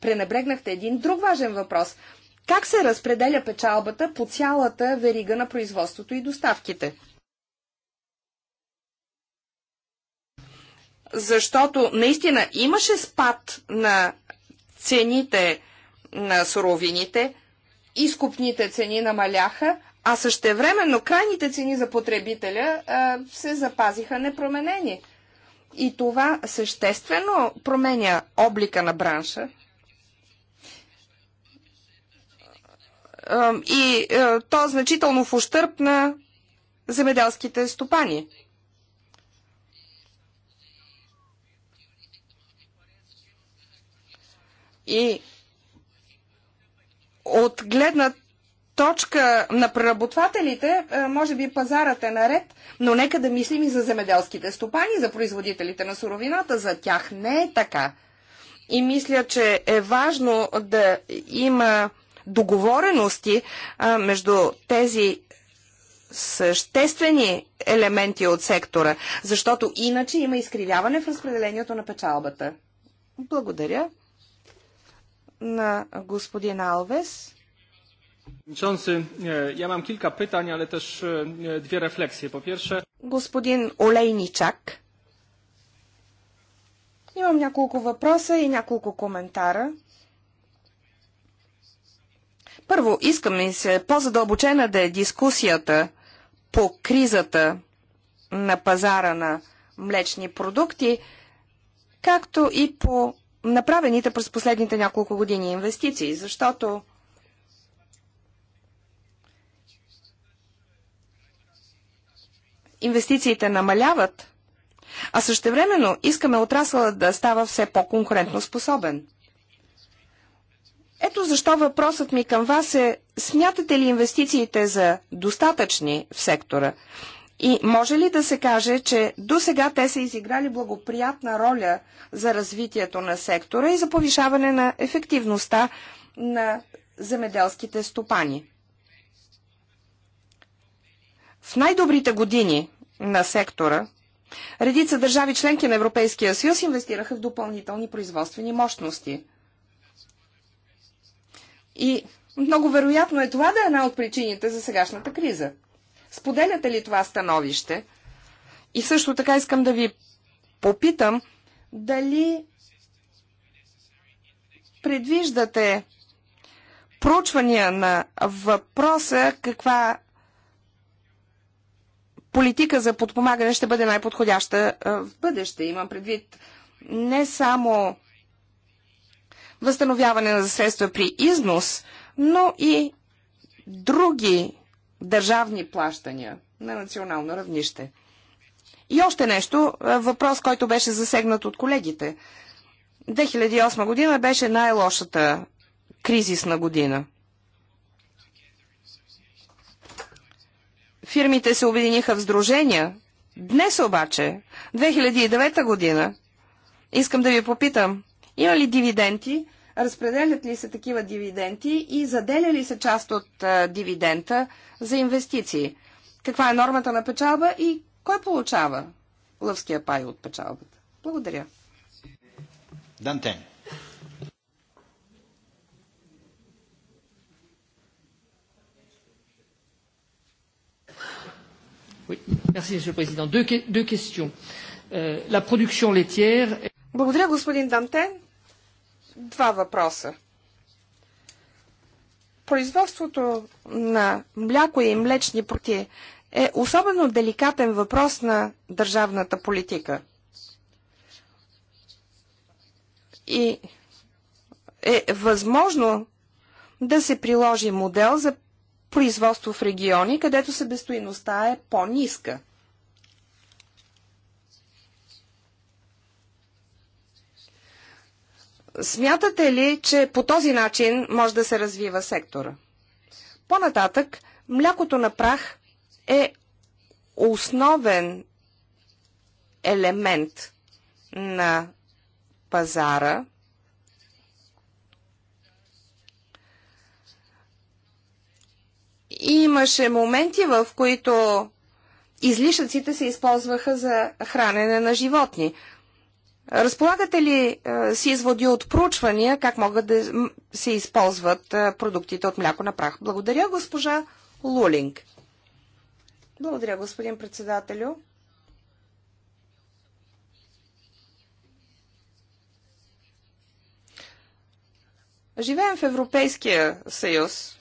пренебрегнахте един друг важен въпрос. Как се разпределя печалбата по цялата верига на производството и доставките? Защото наистина имаше спад на цените на суровините, изкупните цени намаляха, а същевременно крайните цени за потребителя а, се запазиха непроменени. И това съществено променя облика на бранша. и то значително в ущърп на земеделските стопани. И от гледна точка на преработвателите, е, може би пазарът е наред, но нека да мислим и за земеделските стопани, за производителите на суровината. За тях не е така. И мисля, че е важно да има договорености е, между тези съществени елементи от сектора, защото иначе има изкривяване в разпределението на печалбата. Благодаря на господин Алвес. E, e, Господин Олейничак, имам няколко въпроса и няколко коментара. Първо, искам ми се по-задълбочена да е дискусията по кризата на пазара на млечни продукти, както и по направените през последните няколко години инвестиции, защото инвестициите намаляват, а същевременно искаме отрасъла да става все по-конкурентно способен. Ето защо въпросът ми към вас е, смятате ли инвестициите за достатъчни в сектора? И може ли да се каже, че до сега те са изиграли благоприятна роля за развитието на сектора и за повишаване на ефективността на земеделските стопани? В най-добрите години на сектора, редица държави членки на Европейския съюз инвестираха в допълнителни производствени мощности. И много вероятно е това да е една от причините за сегашната криза. Споделяте ли това становище? И също така искам да ви попитам дали предвиждате проучвания на въпроса каква политика за подпомагане ще бъде най-подходяща е, в бъдеще. Имам предвид не само възстановяване на средства при износ, но и други държавни плащания на национално равнище. И още нещо, е, въпрос, който беше засегнат от колегите. 2008 година беше най-лошата кризисна година. фирмите се обединиха в сдружения. Днес обаче, 2009 година, искам да ви попитам, има ли дивиденти, разпределят ли се такива дивиденти и заделя ли се част от а, дивидента за инвестиции? Каква е нормата на печалба и кой получава лъвския пай от печалбата? Благодаря. Дантен. Monsieur le Président. Deux, questions. Euh, la production laitière... Благодаря, господин Дантен. Два въпроса. Производството на мляко и млечни проти е особено деликатен въпрос на държавната политика. И е възможно да се приложи модел за производство в региони, където себестоиността е по-ниска. Смятате ли, че по този начин може да се развива сектора? По-нататък, млякото на прах е основен елемент на пазара И имаше моменти, в които излишъците се използваха за хранене на животни. Разполагате ли е, си изводи от проучвания как могат да се използват е, продуктите от мляко на прах? Благодаря, госпожа Лулинг. Благодаря, господин председателю. Живеем в Европейския съюз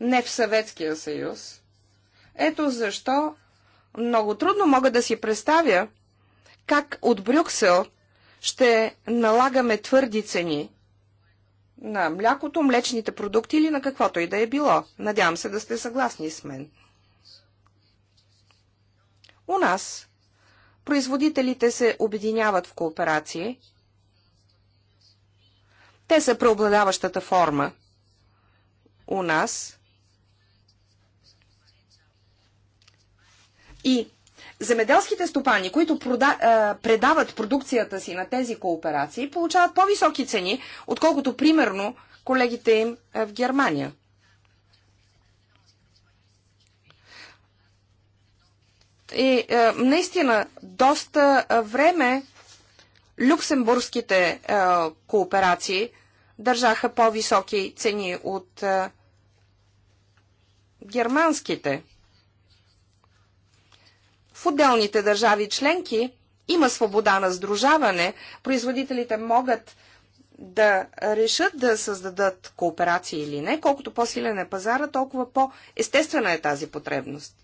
не в Съветския съюз. Ето защо много трудно мога да си представя как от Брюксел ще налагаме твърди цени на млякото, млечните продукти или на каквото и да е било. Надявам се да сте съгласни с мен. У нас производителите се обединяват в кооперации. Те са преобладаващата форма. У нас И земеделските стопани, които прода, а, предават продукцията си на тези кооперации, получават по-високи цени, отколкото примерно колегите им в Германия. И а, наистина доста а, време люксембургските а, кооперации държаха по-високи цени от а, германските. В отделните държави членки има свобода на сдружаване. Производителите могат да решат да създадат кооперации или не. Колкото по-силен е пазара, толкова по-естествена е тази потребност.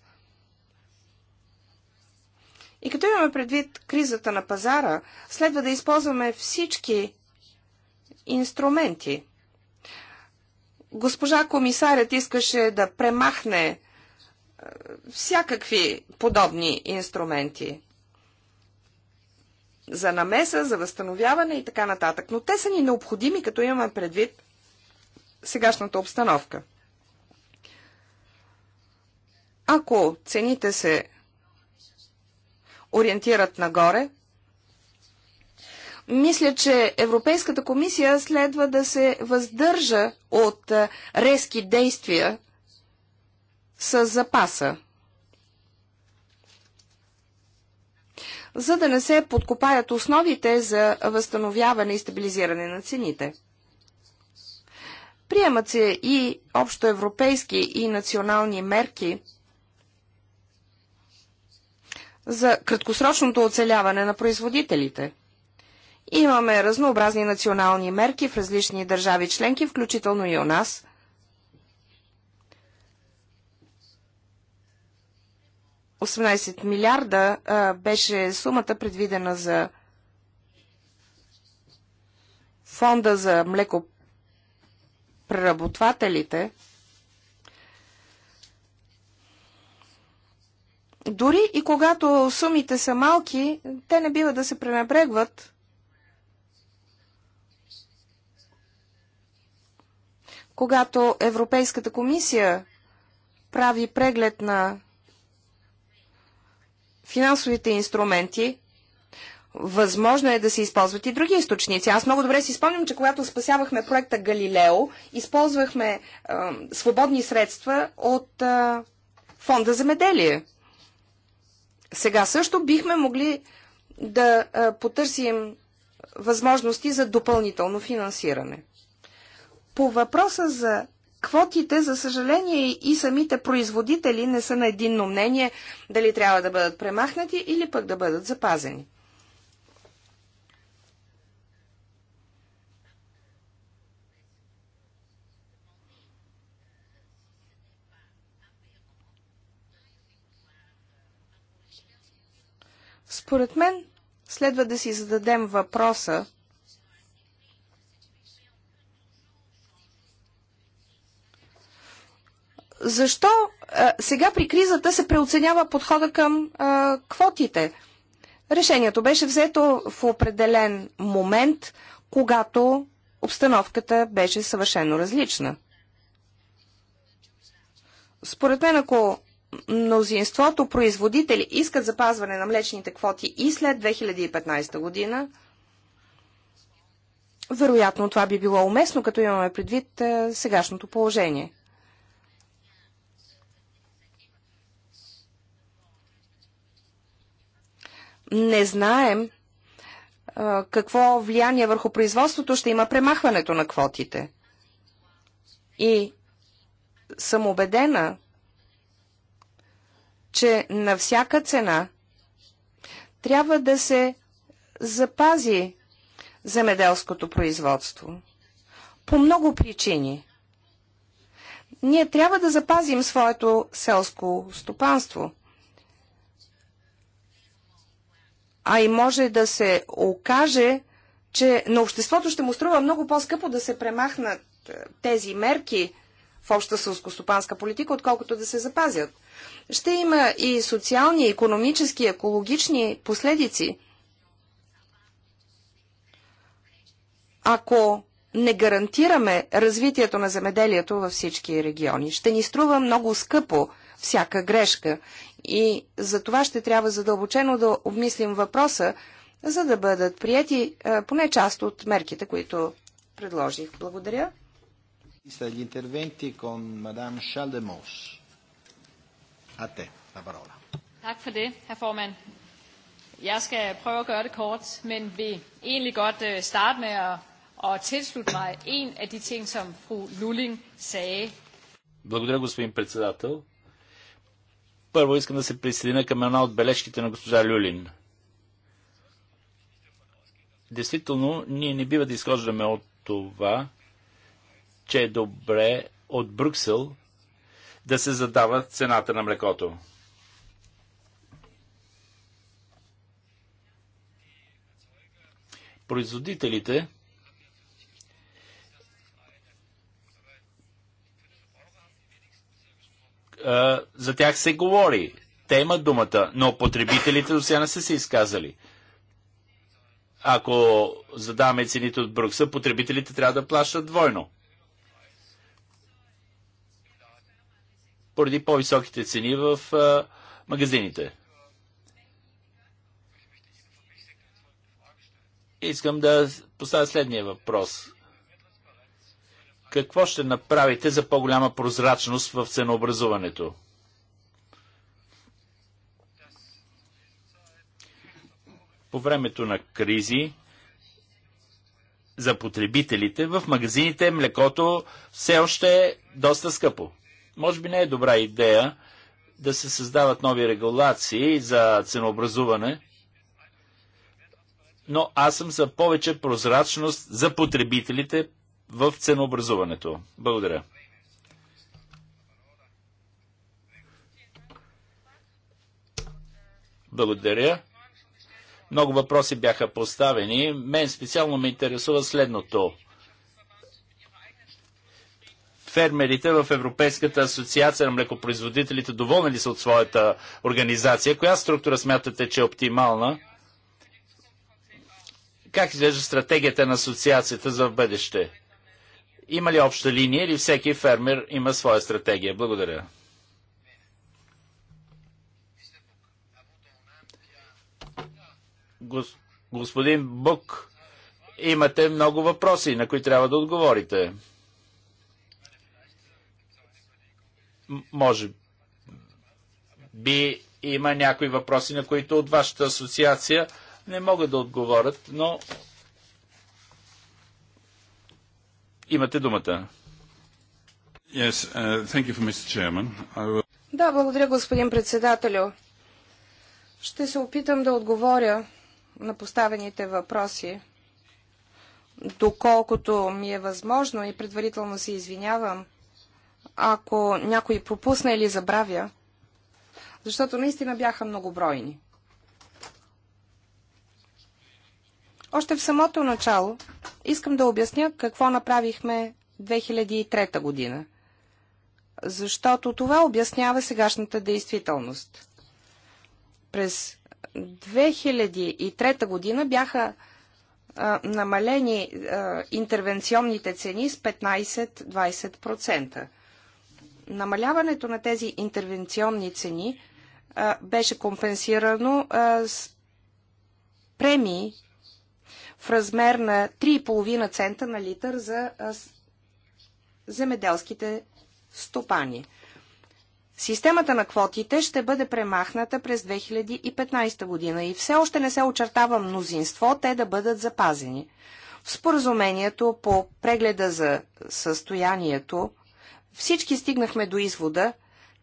И като имаме предвид кризата на пазара, следва да използваме всички инструменти. Госпожа комисарят искаше да премахне всякакви подобни инструменти за намеса, за възстановяване и така нататък. Но те са ни необходими, като имаме предвид сегашната обстановка. Ако цените се ориентират нагоре, мисля, че Европейската комисия следва да се въздържа от резки действия с запаса. за да не се подкопаят основите за възстановяване и стабилизиране на цените. Приемат се и общоевропейски и национални мерки за краткосрочното оцеляване на производителите. Имаме разнообразни национални мерки в различни държави членки, включително и у нас, 18 милиарда а, беше сумата предвидена за фонда за млекопреработвателите. Дори и когато сумите са малки, те не бива да се пренебрегват. Когато Европейската комисия прави преглед на финансовите инструменти, възможно е да се използват и други източници. Аз много добре си спомням, че когато спасявахме проекта Галилео, използвахме е, свободни средства от е, фонда меделие. Сега също бихме могли да е, потърсим възможности за допълнително финансиране. По въпроса за квотите, за съжаление, и самите производители не са на единно мнение дали трябва да бъдат премахнати или пък да бъдат запазени. Според мен следва да си зададем въпроса защо а, сега при кризата се преоценява подхода към а, квотите? Решението беше взето в определен момент, когато обстановката беше съвършено различна. Според мен, ако мнозинството производители искат запазване на млечните квоти и след 2015 година, вероятно това би било уместно, като имаме предвид сегашното положение. не знаем какво влияние върху производството ще има премахването на квотите. И съм убедена, че на всяка цена трябва да се запази земеделското производство. По много причини. Ние трябва да запазим своето селско стопанство. а и може да се окаже, че на обществото ще му струва много по-скъпо да се премахнат е, тези мерки в обща сълскостопанска политика, отколкото да се запазят. Ще има и социални, економически, екологични последици. Ако не гарантираме развитието на земеделието във всички региони, ще ни струва много скъпо – всяка грешка. И за това ще трябва задълбочено да обмислим въпроса, за да бъдат прияти е, поне част от мерките, които предложих. Благодаря. Jeg skal prøve at gøre det kort, men vil egentlig godt øh, starte med at, at tilslutte mig en af de ting, som fru Lulling sagde. Благодаря, господин председател. Първо искам да се присъединя към една от бележките на госпожа Люлин. Действително, ние не бива да изхождаме от това, че е добре от Брюксел да се задава цената на млекото. Производителите за тях се говори. Те имат думата, но потребителите до сега не са се изказали. Ако задаваме цените от Брукса, потребителите трябва да плащат двойно. Поради по-високите цени в а, магазините. Искам да поставя следния въпрос. Какво ще направите за по-голяма прозрачност в ценообразуването? По времето на кризи за потребителите в магазините млекото все още е доста скъпо. Може би не е добра идея да се създават нови регулации за ценообразуване, но аз съм за повече прозрачност за потребителите в ценообразуването. Благодаря. Благодаря. Много въпроси бяха поставени. Мен специално ме интересува следното. Фермерите в Европейската асоциация на млекопроизводителите доволни ли са от своята организация? Коя структура смятате, че е оптимална? Как изглежда стратегията на асоциацията за бъдеще? Има ли обща линия или всеки фермер има своя стратегия? Благодаря. Гос, господин Бук, имате много въпроси, на които трябва да отговорите. М може би има някои въпроси, на които от вашата асоциация не могат да отговорят, но Имате думата. Yes, uh, thank you for Mr. Chairman. I will... Да, благодаря, господин председателю. Ще се опитам да отговоря на поставените въпроси. Доколкото ми е възможно и предварително се извинявам, ако някой пропусна или забравя, защото наистина бяха многобройни. Още в самото начало искам да обясня какво направихме 2003 година, защото това обяснява сегашната действителност. През 2003 година бяха а, намалени а, интервенционните цени с 15-20%. Намаляването на тези интервенционни цени а, беше компенсирано а, с премии в размер на 3,5 цента на литър за земеделските стопани. Системата на квотите ще бъде премахната през 2015 година и все още не се очертава мнозинство те да бъдат запазени. В споразумението по прегледа за състоянието всички стигнахме до извода,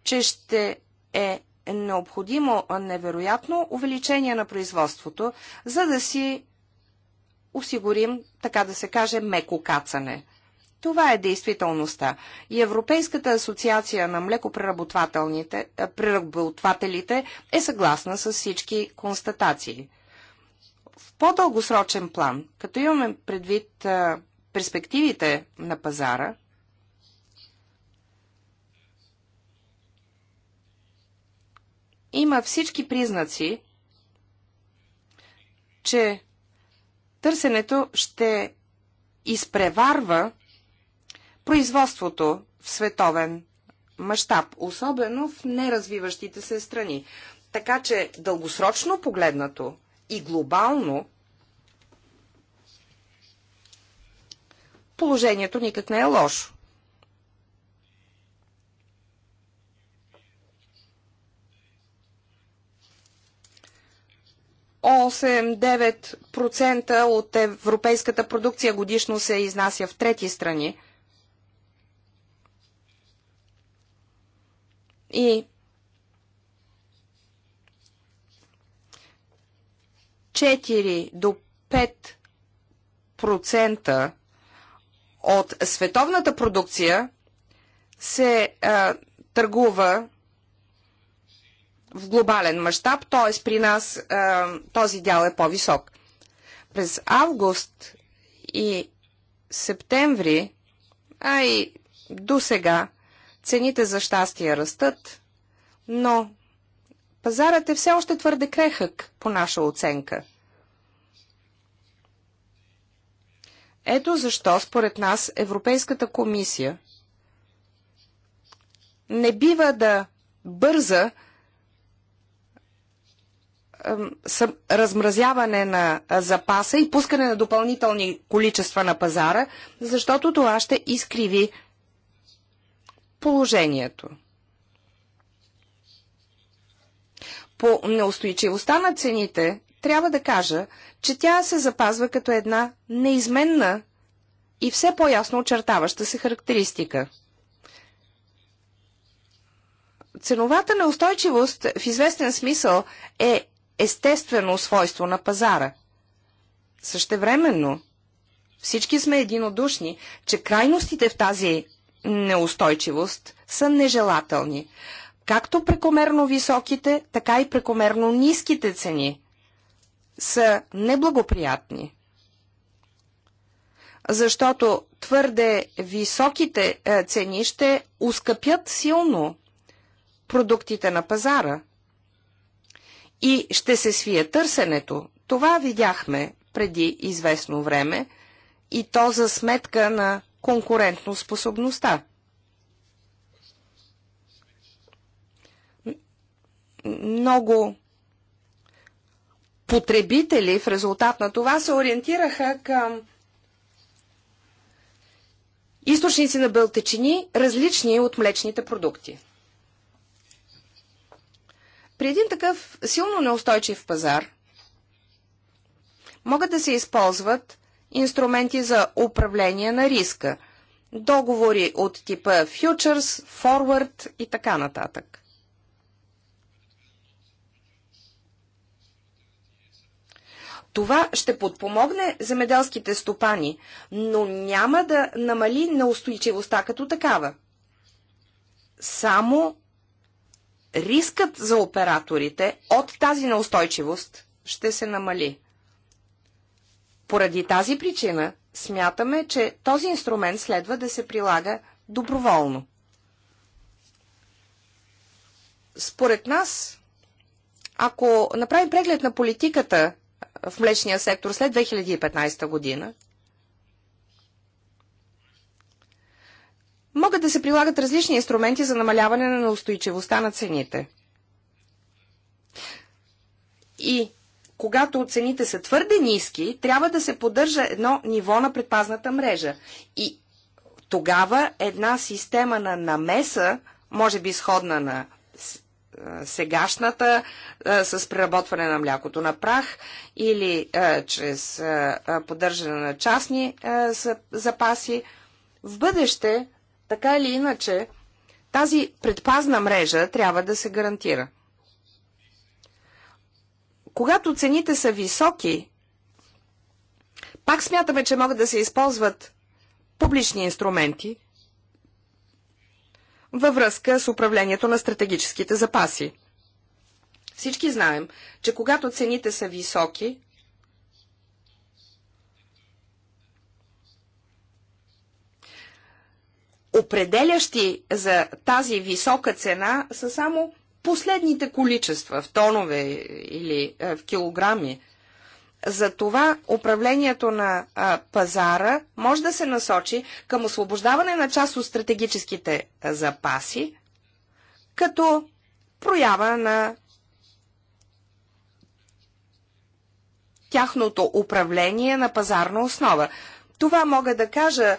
че ще е необходимо невероятно увеличение на производството, за да си осигурим, така да се каже, меко кацане. Това е действителността. И Европейската асоциация на млекопреработвателите е съгласна с всички констатации. В по-дългосрочен план, като имаме предвид перспективите на пазара, има всички признаци, че Търсенето ще изпреварва производството в световен мащаб, особено в неразвиващите се страни. Така че дългосрочно погледнато и глобално положението никак не е лошо. 8-9% от европейската продукция годишно се изнася в трети страни. И 4 до 5% от световната продукция се а, търгува в глобален мащаб, т.е. при нас а, този дял е по-висок. През август и септември, а и до сега, цените за щастие растат, но пазарът е все още твърде крехък, по наша оценка. Ето защо, според нас, Европейската комисия не бива да бърза размразяване на запаса и пускане на допълнителни количества на пазара, защото това ще изкриви положението. По неустойчивостта на цените трябва да кажа, че тя се запазва като една неизменна и все по-ясно очертаваща се характеристика. Ценовата неустойчивост в известен смисъл е естествено свойство на пазара. Същевременно, всички сме единодушни, че крайностите в тази неустойчивост са нежелателни. Както прекомерно високите, така и прекомерно ниските цени са неблагоприятни. Защото твърде високите е, цени ще ускъпят силно продуктите на пазара – и ще се свие търсенето. Това видяхме преди известно време и то за сметка на конкурентно способността. Много потребители в резултат на това се ориентираха към източници на бълтечини, различни от млечните продукти. При един такъв силно неустойчив пазар могат да се използват инструменти за управление на риска, договори от типа фьючерс, форвард и така нататък. Това ще подпомогне земеделските стопани, но няма да намали неустойчивостта като такава. Само рискът за операторите от тази неустойчивост ще се намали. Поради тази причина смятаме, че този инструмент следва да се прилага доброволно. Според нас, ако направим преглед на политиката в млечния сектор след 2015 година, могат да се прилагат различни инструменти за намаляване на устойчивостта на цените. И когато цените са твърде ниски, трябва да се поддържа едно ниво на предпазната мрежа. И тогава една система на намеса, може би сходна на сегашната с преработване на млякото на прах или чрез поддържане на частни запаси, в бъдеще така или иначе, тази предпазна мрежа трябва да се гарантира. Когато цените са високи, пак смятаме, че могат да се използват публични инструменти във връзка с управлението на стратегическите запаси. Всички знаем, че когато цените са високи, определящи за тази висока цена са само последните количества в тонове или е, в килограми. Затова управлението на а, пазара може да се насочи към освобождаване на част от стратегическите е, запаси, като проява на тяхното управление на пазарна основа. Това мога да кажа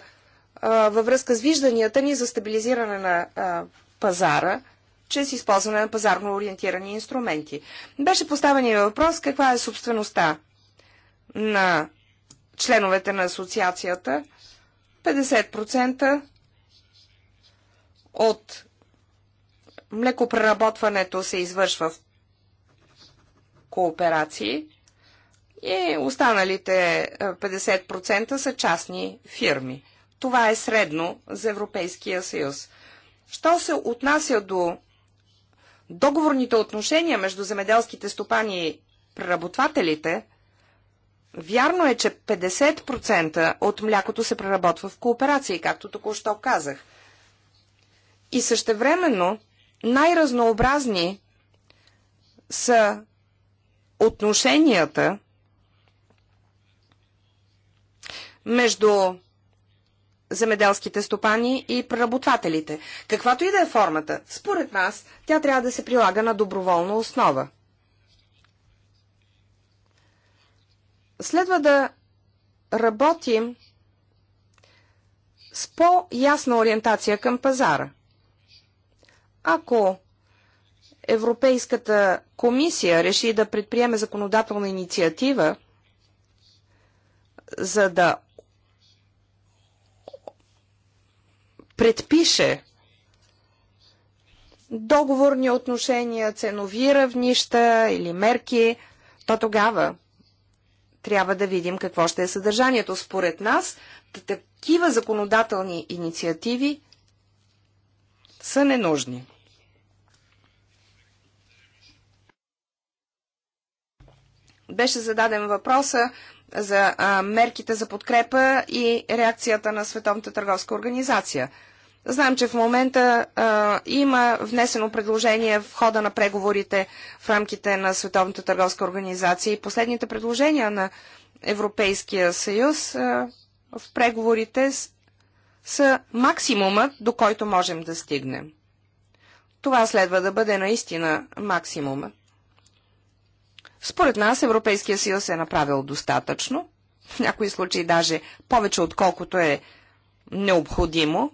във връзка с вижданията ни за стабилизиране на пазара чрез използване на пазарно ориентирани инструменти. Беше поставен и въпрос каква е собствеността на членовете на асоциацията. 50% от млекопреработването се извършва в кооперации и останалите 50% са частни фирми. Това е средно за Европейския съюз. Що се отнася до договорните отношения между земеделските стопани и преработвателите, вярно е, че 50% от млякото се преработва в кооперации, както току-що казах. И същевременно най-разнообразни са отношенията между земеделските стопани и преработвателите. Каквато и да е формата, според нас тя трябва да се прилага на доброволна основа. Следва да работим с по-ясна ориентация към пазара. Ако Европейската комисия реши да предприеме законодателна инициатива, за да предпише договорни отношения, ценови равнища или мерки, то тогава трябва да видим какво ще е съдържанието. Според нас, такива законодателни инициативи са ненужни. Беше зададен въпроса за мерките за подкрепа и реакцията на Световната търговска организация. Знам, че в момента а, има внесено предложение в хода на преговорите в рамките на Световната търговска организация и последните предложения на Европейския съюз а, в преговорите с, са максимума, до който можем да стигнем. Това следва да бъде наистина максимумът. Според нас Европейския съюз е направил достатъчно, в някои случаи даже повече отколкото е необходимо,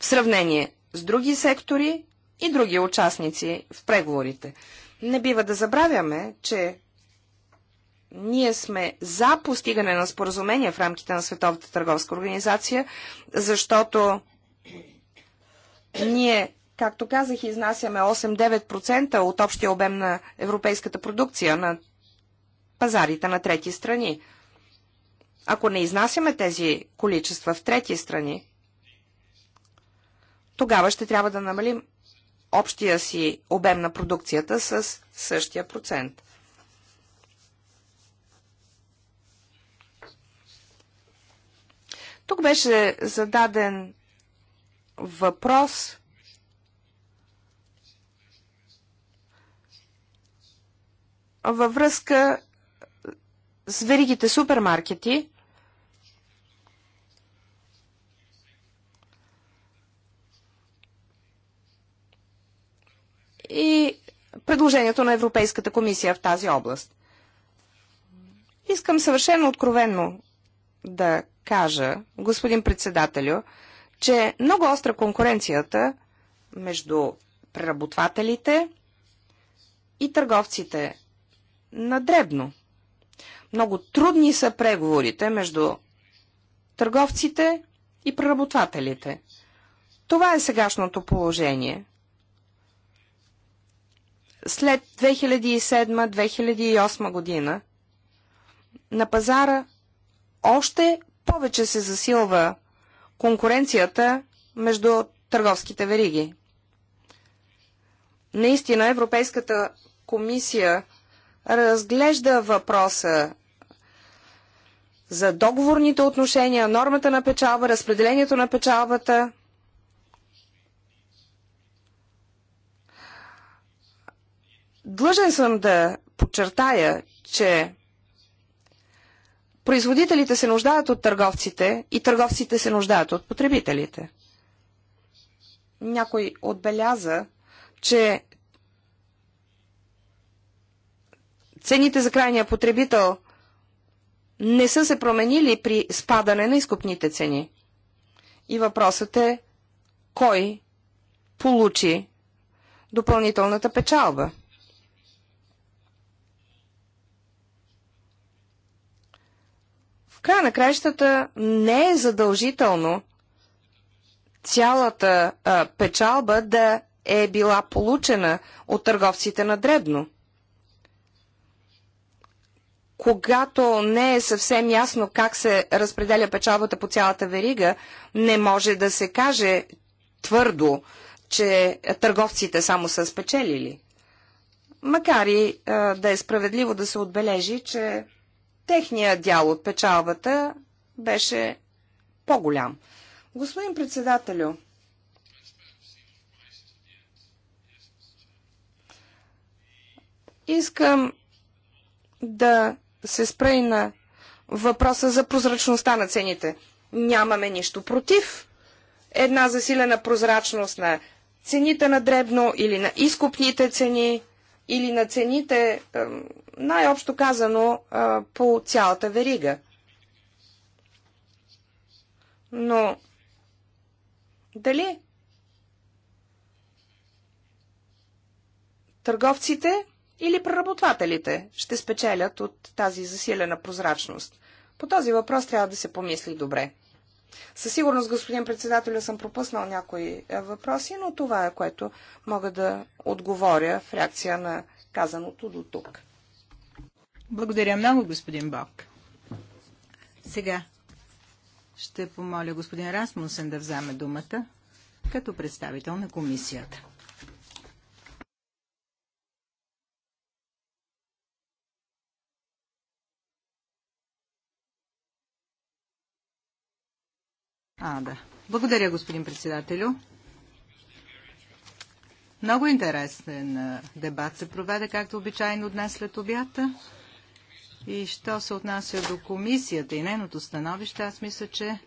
в сравнение с други сектори и други участници в преговорите. Не бива да забравяме, че ние сме за постигане на споразумение в рамките на Световната търговска организация, защото ние Както казах, изнасяме 8-9% от общия обем на европейската продукция на пазарите на трети страни. Ако не изнасяме тези количества в трети страни, тогава ще трябва да намалим общия си обем на продукцията с същия процент. Тук беше зададен въпрос във връзка с веригите супермаркети, и предложението на Европейската комисия в тази област. Искам съвършено откровенно да кажа, господин председателю, че много остра конкуренцията между преработвателите и търговците на дребно. Много трудни са преговорите между търговците и преработвателите. Това е сегашното положение. След 2007-2008 година на пазара още повече се засилва конкуренцията между търговските вериги. Наистина Европейската комисия разглежда въпроса за договорните отношения, нормата на печалба, разпределението на печалбата. Длъжен съм да подчертая, че производителите се нуждаят от търговците и търговците се нуждаят от потребителите. Някой отбеляза, че Цените за крайния потребител не са се променили при спадане на изкупните цени. И въпросът е кой получи допълнителната печалба. В края на краищата не е задължително цялата а, печалба да е била получена от търговците на дребно когато не е съвсем ясно как се разпределя печалбата по цялата верига, не може да се каже твърдо, че търговците само са спечелили. Макар и а, да е справедливо да се отбележи, че техният дял от печалбата беше по-голям. Господин председателю, искам да се спра и на въпроса за прозрачността на цените. Нямаме нищо против една засилена прозрачност на цените на дребно или на изкупните цени или на цените, най-общо казано, е, по цялата верига. Но дали търговците или преработвателите ще спечелят от тази засилена прозрачност? По този въпрос трябва да се помисли добре. Със сигурност, господин председател, съм пропуснал някои е, въпроси, но това е което мога да отговоря в реакция на казаното до тук. Благодаря много, господин Бог. Сега ще помоля господин Расмусен да вземе думата като представител на комисията. А, да. Благодаря, господин председателю. Много интересен дебат се проведе, както обичайно днес след обята. И що се отнася до комисията и нейното становище, аз мисля, че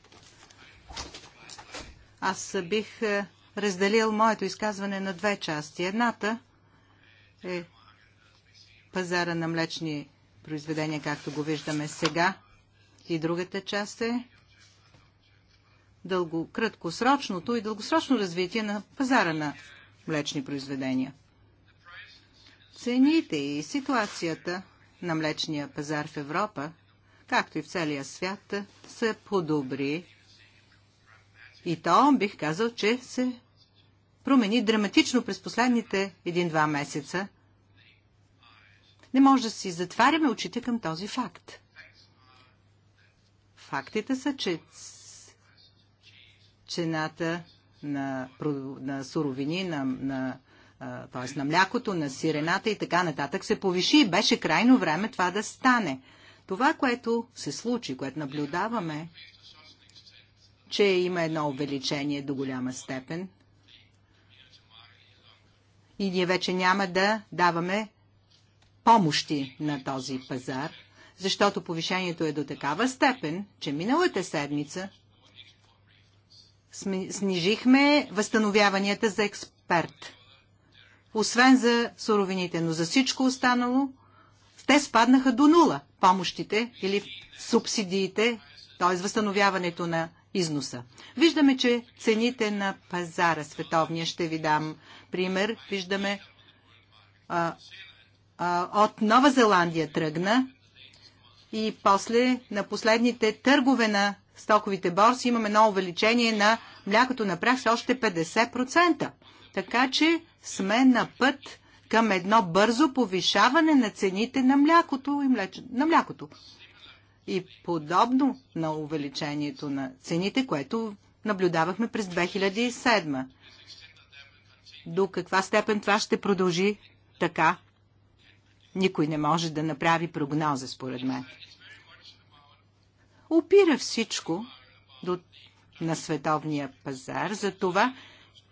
аз бих разделил моето изказване на две части. Едната е пазара на млечни произведения, както го виждаме сега. И другата част е дълго, краткосрочното и дългосрочно развитие на пазара на млечни произведения. Цените и ситуацията на млечния пазар в Европа, както и в целия свят, се подобри. И то бих казал, че се промени драматично през последните един-два месеца. Не може да си затваряме очите към този факт. Фактите са, че цената на, на суровини, на, на, т.е. на млякото, на сирената и така нататък се повиши и беше крайно време това да стане. Това, което се случи, което наблюдаваме, че има едно увеличение до голяма степен и ние вече няма да даваме помощи на този пазар, защото повишението е до такава степен, че миналата седмица снижихме възстановяванията за експерт. Освен за суровините, но за всичко останало, те спаднаха до нула. Помощите или субсидиите, т.е. възстановяването на износа. Виждаме, че цените на пазара световния, ще ви дам пример, виждаме а, а, от Нова Зеландия тръгна и после на последните търгове на стоковите борси имаме едно увеличение на млякото на прах с още 50%. Така че сме на път към едно бързо повишаване на цените на млякото и млеч... на млякото. И подобно на увеличението на цените, което наблюдавахме през 2007. До каква степен това ще продължи така? Никой не може да направи прогноза, според мен опира всичко до, на световния пазар за това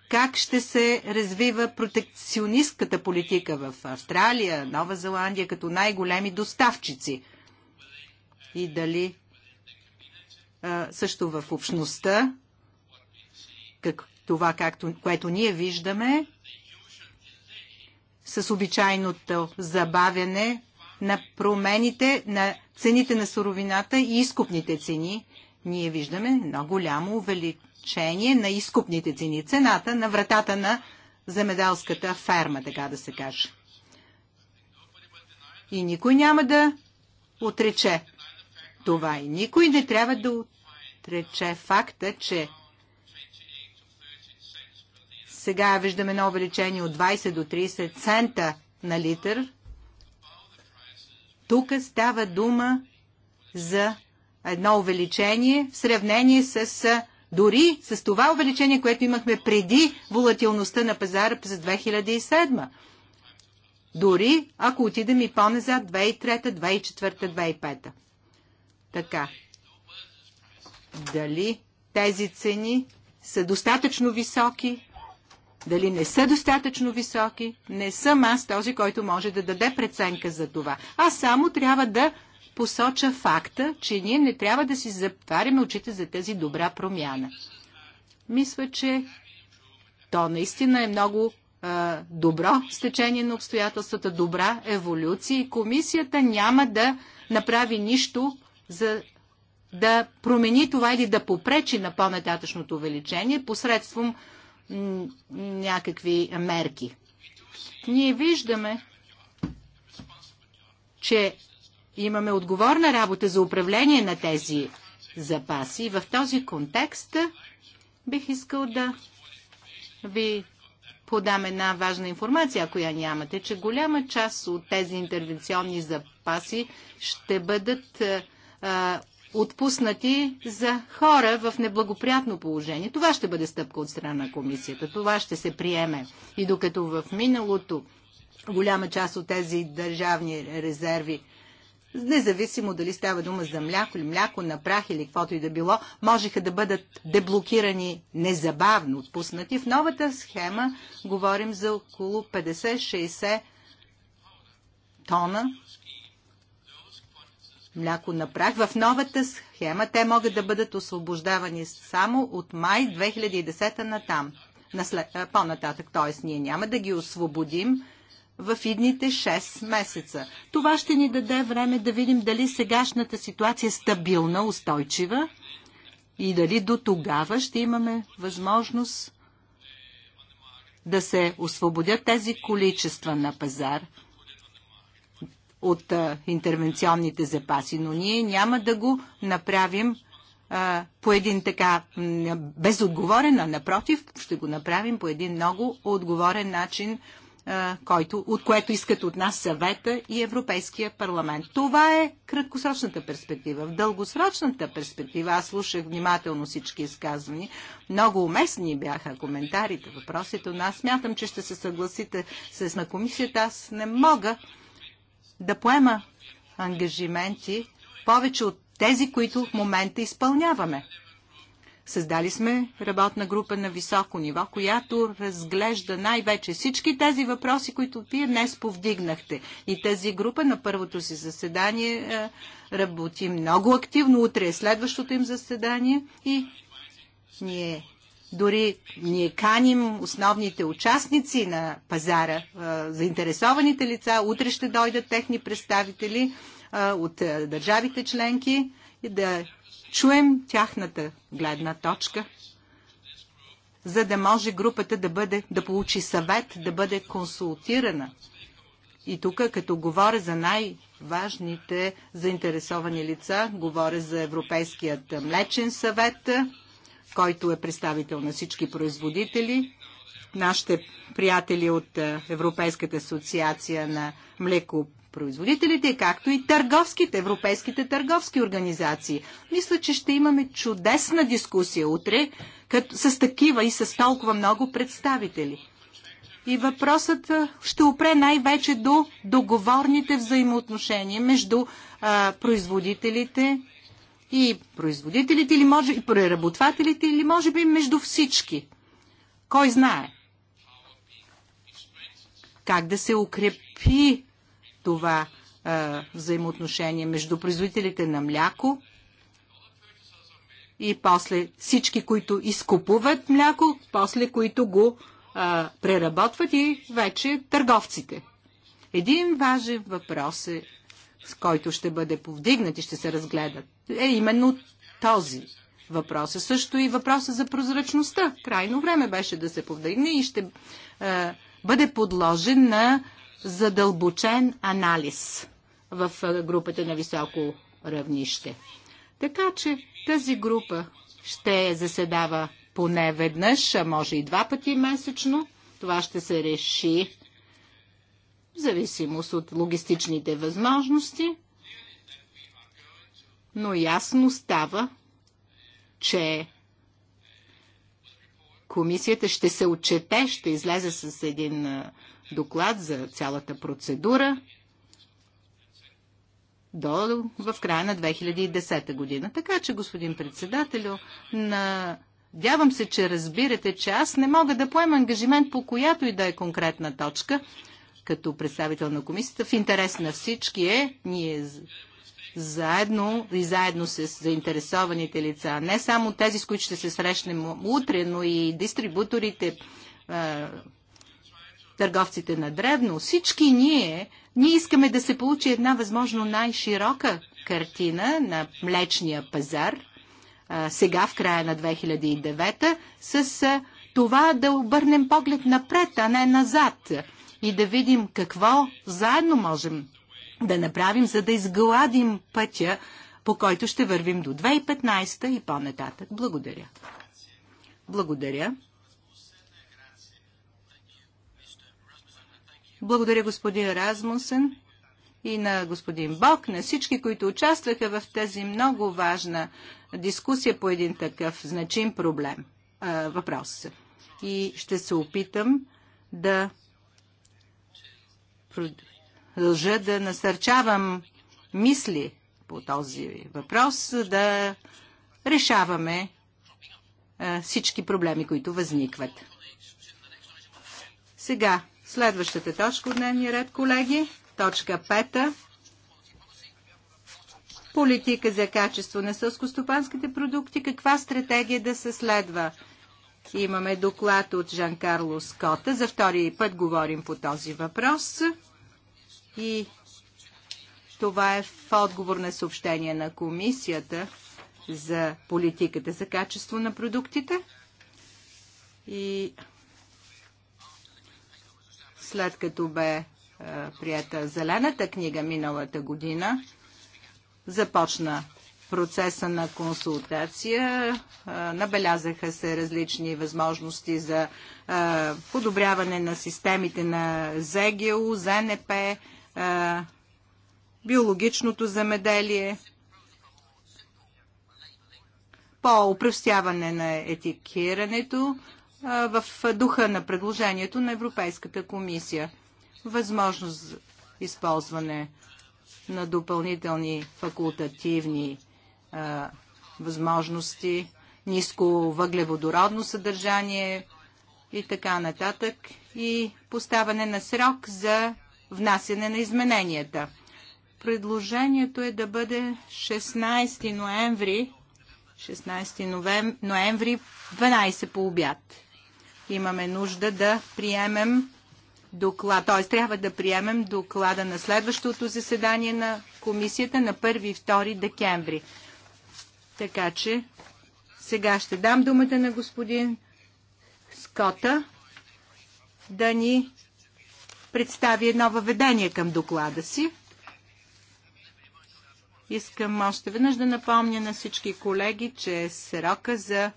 как ще се развива протекционистката политика в Австралия, Нова Зеландия като най-големи доставчици и дали а, също в общността, как, това, както, което ние виждаме, с обичайното забавяне на промените на цените на суровината и изкупните цени. Ние виждаме едно голямо увеличение на изкупните цени. Цената на вратата на земеделската ферма, така да се каже. И никой няма да отрече това. И никой не трябва да отрече факта, че сега виждаме едно увеличение от 20 до 30 цента на литър тук става дума за едно увеличение в сравнение с дори с това увеличение, което имахме преди волатилността на пазара за 2007. Дори ако отидем и по-назад 2003, 2004, 2005. Така. Дали тези цени са достатъчно високи? дали не са достатъчно високи. Не съм аз този, който може да даде преценка за това. Аз само трябва да посоча факта, че ние не трябва да си затваряме очите за тази добра промяна. Мисля, че то наистина е много а, добро стечение на обстоятелствата, добра еволюция и комисията няма да направи нищо за да промени това или да попречи на по-нататъчното увеличение посредством някакви мерки. Ние виждаме, че имаме отговорна работа за управление на тези запаси. В този контекст бих искал да ви подам една важна информация, ако я нямате, че голяма част от тези интервенционни запаси ще бъдат отпуснати за хора в неблагоприятно положение. Това ще бъде стъпка от страна на комисията. Това ще се приеме. И докато в миналото голяма част от тези държавни резерви независимо дали става дума за мляко или мляко на прах или каквото и да било, можеха да бъдат деблокирани незабавно, отпуснати. В новата схема говорим за около 50-60 тона мляко на прах. В новата схема те могат да бъдат освобождавани само от май 2010 на Наслед, по-нататък, т.е. ние няма да ги освободим в идните 6 месеца. Това ще ни даде време да видим дали сегашната ситуация е стабилна, устойчива и дали до тогава ще имаме възможност да се освободят тези количества на пазар – от а, интервенционните запаси, но ние няма да го направим а, по един така безотговорен, а напротив, ще го направим по един много отговорен начин, а, който, от което искат от нас съвета и Европейския парламент. Това е краткосрочната перспектива. В дългосрочната перспектива, аз слушах внимателно всички изказвани, много уместни бяха коментарите, въпросите, но аз смятам, че ще се съгласите с на комисията. Аз не мога да поема ангажименти повече от тези, които в момента изпълняваме. Създали сме работна група на високо ниво, която разглежда най-вече всички тези въпроси, които вие днес повдигнахте. И тази група на първото си заседание е, работи много активно. Утре е следващото им заседание и ние дори ние каним основните участници на пазара, заинтересованите лица. Утре ще дойдат техни представители от държавите членки и да чуем тяхната гледна точка, за да може групата да, бъде, да получи съвет, да бъде консултирана. И тук, като говоря за най-важните заинтересовани лица, говоря за Европейският млечен съвет – който е представител на всички производители, нашите приятели от е, Европейската асоциация на млекопроизводителите, както и търговските, европейските търговски организации. Мисля, че ще имаме чудесна дискусия утре, като, с такива и с толкова много представители. И въпросът е, ще опре най-вече до договорните взаимоотношения между а, е, производителите, и производителите, или може и преработвателите, или може би между всички. Кой знае? Как да се укрепи това а, взаимоотношение между производителите на мляко и после всички, които изкупуват мляко, после които го а, преработват и вече търговците. Един важен въпрос е с който ще бъде повдигнат и ще се разгледат, е именно този въпрос. Е също и въпроса за прозрачността. Крайно време беше да се повдигне и ще е, бъде подложен на задълбочен анализ в е, групата на високо равнище. Така че тази група ще заседава поне веднъж, а може и два пъти месечно. Това ще се реши в зависимост от логистичните възможности, но ясно става, че комисията ще се отчете, ще излезе с един доклад за цялата процедура до в края на 2010 година. Така че, господин председателю, надявам се, че разбирате, че аз не мога да поема ангажимент по която и да е конкретна точка, като представител на комисията. В интерес на всички е ние заедно и заедно с заинтересованите лица, не само тези, с които ще се срещнем утре, но и дистрибуторите, търговците на древно, всички ние, ние искаме да се получи една възможно най-широка картина на млечния пазар, сега в края на 2009, с това да обърнем поглед напред, а не назад и да видим какво заедно можем да направим, за да изгладим пътя, по който ще вървим до 2015 и по-нататък. Благодаря. Благодаря. Благодаря господин Размусен и на господин Бог, на всички, които участваха в тази много важна дискусия по един такъв значим проблем, въпрос. И ще се опитам да продължа да насърчавам мисли по този въпрос, да решаваме всички проблеми, които възникват. Сега, следващата точка от дневния ред, колеги, точка пета. Политика за качество на сълскостопанските продукти. Каква стратегия да се следва? Имаме доклад от Жан Карло Скота. За втори път говорим по този въпрос. И това е в отговор на съобщение на комисията за политиката за качество на продуктите. И след като бе е, прията зелената книга миналата година, започна процеса на консултация. Е, набелязаха се различни възможности за е, подобряване на системите на ЗГУ, ЗНП, биологичното замеделие, по-упростяване на етикирането в духа на предложението на Европейската комисия. Възможност за използване на допълнителни факултативни възможности, ниско въглеводородно съдържание и така нататък и поставане на срок за внасяне на измененията. Предложението е да бъде 16 ноември, 16 ноември 12 по обяд. Имаме нужда да приемем доклад, т.е. трябва да приемем доклада на следващото заседание на комисията на 1 и 2 декември. Така че сега ще дам думата на господин Скота да ни представи едно въведение към доклада си. Искам още веднъж да напомня на всички колеги, че срока за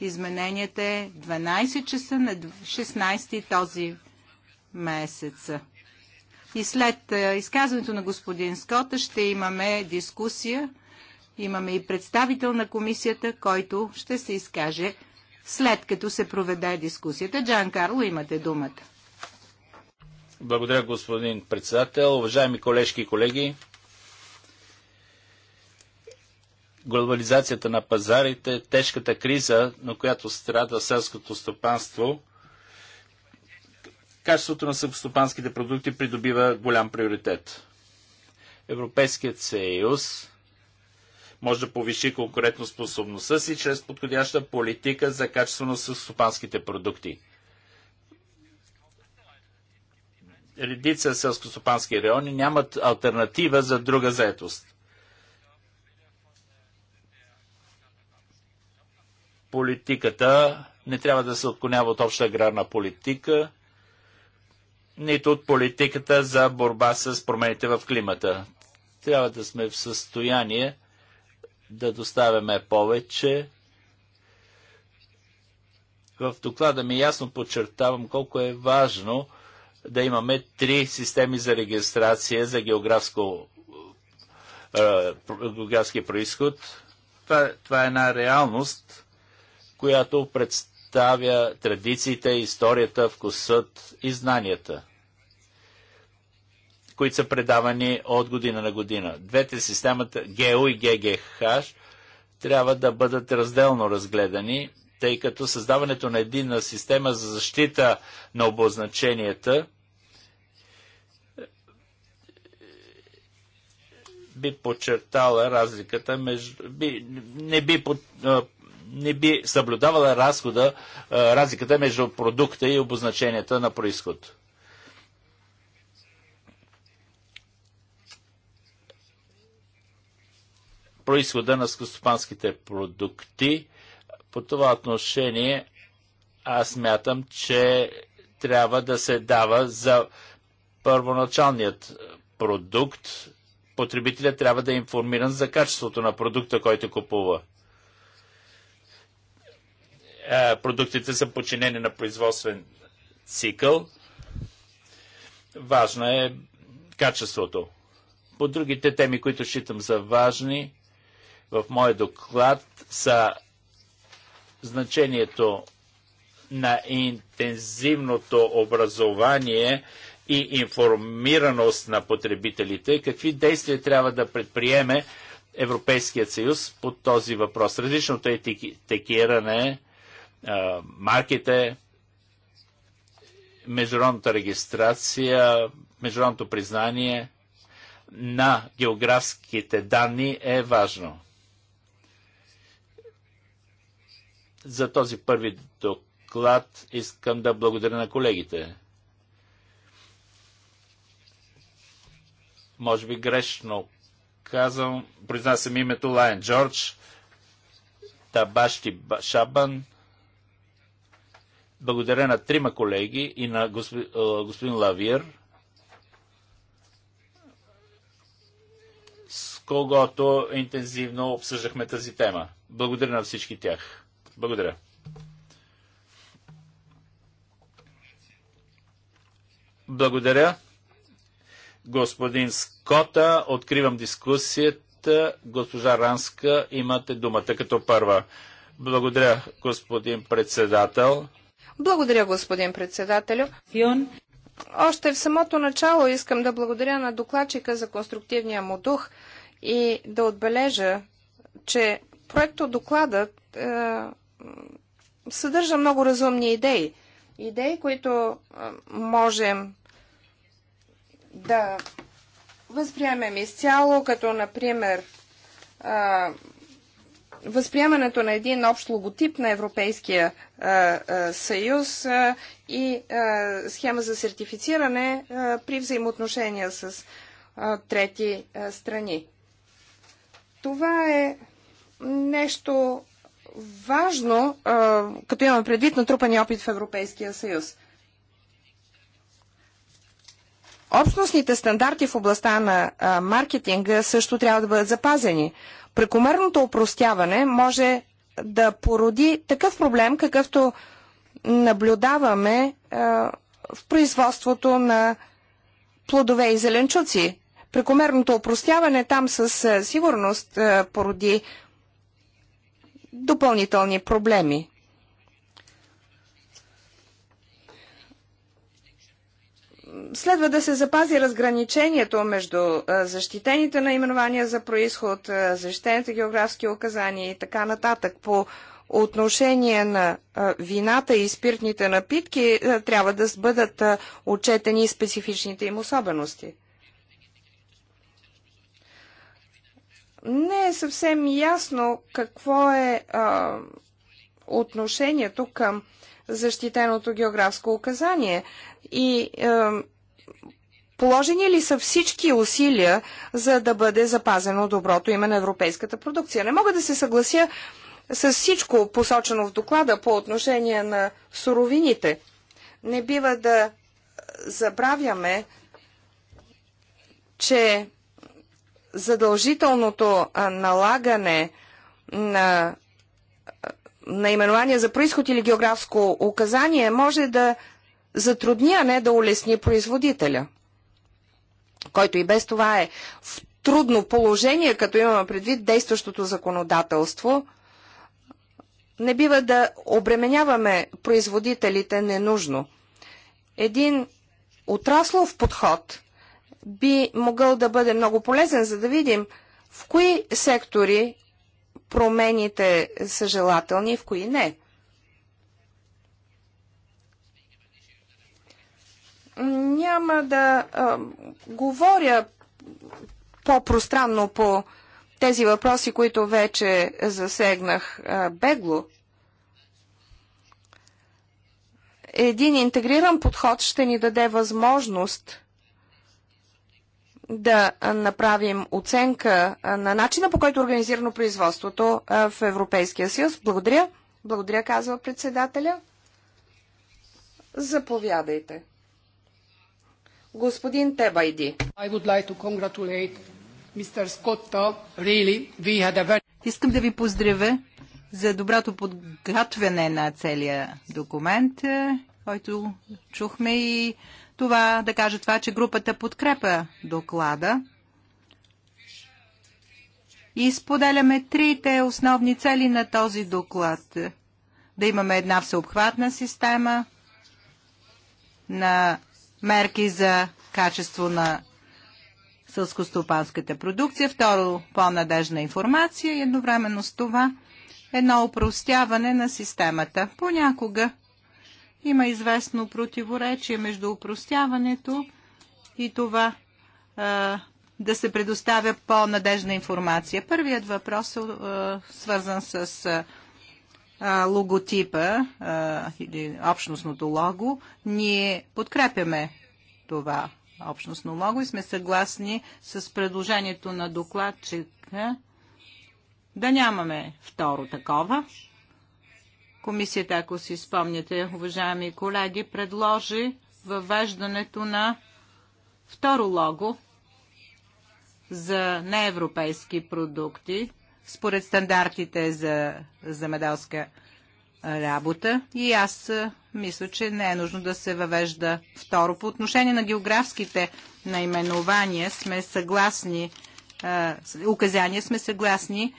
измененията е 12 часа на 16 този месец. И след е, изказването на господин Скота ще имаме дискусия. Имаме и представител на комисията, който ще се изкаже след като се проведе дискусията. Джан Карло, имате думата. Благодаря, господин председател. Уважаеми колежки и колеги, глобализацията на пазарите, тежката криза, на която страда селското стопанство, качеството на селскостопанските продукти придобива голям приоритет. Европейският съюз може да повиши конкурентоспособността си чрез подходяща политика за качество на селскостопанските продукти – редица селскостопански райони нямат альтернатива за друга заетост. Политиката не трябва да се отклонява от обща аграрна политика, нито от политиката за борба с промените в климата. Трябва да сме в състояние да доставяме повече. В доклада ми ясно подчертавам колко е важно – да имаме три системи за регистрация за географско, е, географски происход. Това, това е една реалност, която представя традициите, историята, вкусът и знанията, които са предавани от година на година. Двете системата, ГЕО и ГГХ, е трябва да бъдат разделно разгледани – тъй като създаването на единна система за защита на обозначенията би подчертала разликата между... Би, не, би под, не би съблюдавала разхода, разликата между продукта и обозначенията на происход. Происхода на скостопанските продукти по това отношение аз мятам, че трябва да се дава за първоначалният продукт. потребителят трябва да е информиран за качеството на продукта, който купува. Е, продуктите са подчинени на производствен цикъл. Важно е качеството. По другите теми, които считам за важни, в моят доклад са значението на интензивното образование и информираност на потребителите, какви действия трябва да предприеме Европейският съюз по този въпрос. Различното етикетиране, марките, международната регистрация, международното признание на географските данни е важно. За този първи доклад искам да благодаря на колегите. Може би грешно казвам, произнасям името Лайен Джордж, Табашти Шабан. Благодаря на трима колеги и на е, господин, Лавир, Лавир. когото интензивно обсъждахме тази тема. Благодаря на всички тях. Благодаря. Благодаря. Господин Скота, откривам дискусията. Госпожа Ранска, имате думата като първа. Благодаря, господин председател. Благодаря, господин председателю. Още в самото начало искам да благодаря на докладчика за конструктивния му дух и да отбележа, че проекто докладът е, съдържа много разумни идеи. Идеи, които можем да възприемем изцяло, като например възприемането на един общ логотип на Европейския съюз и схема за сертифициране при взаимоотношения с трети страни. Това е нещо, важно, като имаме предвид натрупания опит в Европейския съюз. Общностните стандарти в областта на маркетинга също трябва да бъдат запазени. Прекомерното опростяване може да породи такъв проблем, какъвто наблюдаваме в производството на плодове и зеленчуци. Прекомерното опростяване там със сигурност породи допълнителни проблеми. Следва да се запази разграничението между защитените наименования за происход, защитените географски указания и така нататък. По отношение на вината и спиртните напитки трябва да бъдат отчетени специфичните им особености. не е съвсем ясно какво е а, отношението към защитеното географско указание и а, положени ли са всички усилия, за да бъде запазено доброто име на европейската продукция. Не мога да се съглася с всичко посочено в доклада по отношение на суровините. Не бива да забравяме, че задължителното налагане на наименование за происход или географско указание може да затрудни, а не да улесни производителя, който и без това е в трудно положение, като имаме предвид действащото законодателство. Не бива да обременяваме производителите ненужно. Един отраслов подход би могъл да бъде много полезен, за да видим в кои сектори промените са желателни и в кои не. Няма да а, говоря по-пространно по тези въпроси, които вече засегнах а, бегло. Един интегриран подход ще ни даде възможност да направим оценка на начина по който е организирано производството в Европейския съюз. Благодаря. Благодаря, казва председателя. Заповядайте. Господин Тебайди. Like really, very... Искам да ви поздравя за доброто подготвяне на целия документ, който чухме и това, да кажа това, че групата подкрепа доклада. И споделяме трите основни цели на този доклад. Да имаме една всеобхватна система на мерки за качество на сълскостопанската продукция. Второ, по-надежна информация и едновременно с това едно упростяване на системата. Понякога има известно противоречие между упростяването и това а, да се предоставя по-надежна информация. Първият въпрос е а, свързан с а, логотипа а, или общностното лого. Ние подкрепяме това общностно лого и сме съгласни с предложението на докладчика да нямаме второ такова. Комисията, ако си спомняте, уважаеми колеги, предложи въвеждането на второ лого за неевропейски продукти според стандартите за замедалска работа и аз мисля, че не е нужно да се въвежда второ. По отношение на географските наименования сме съгласни, указания сме съгласни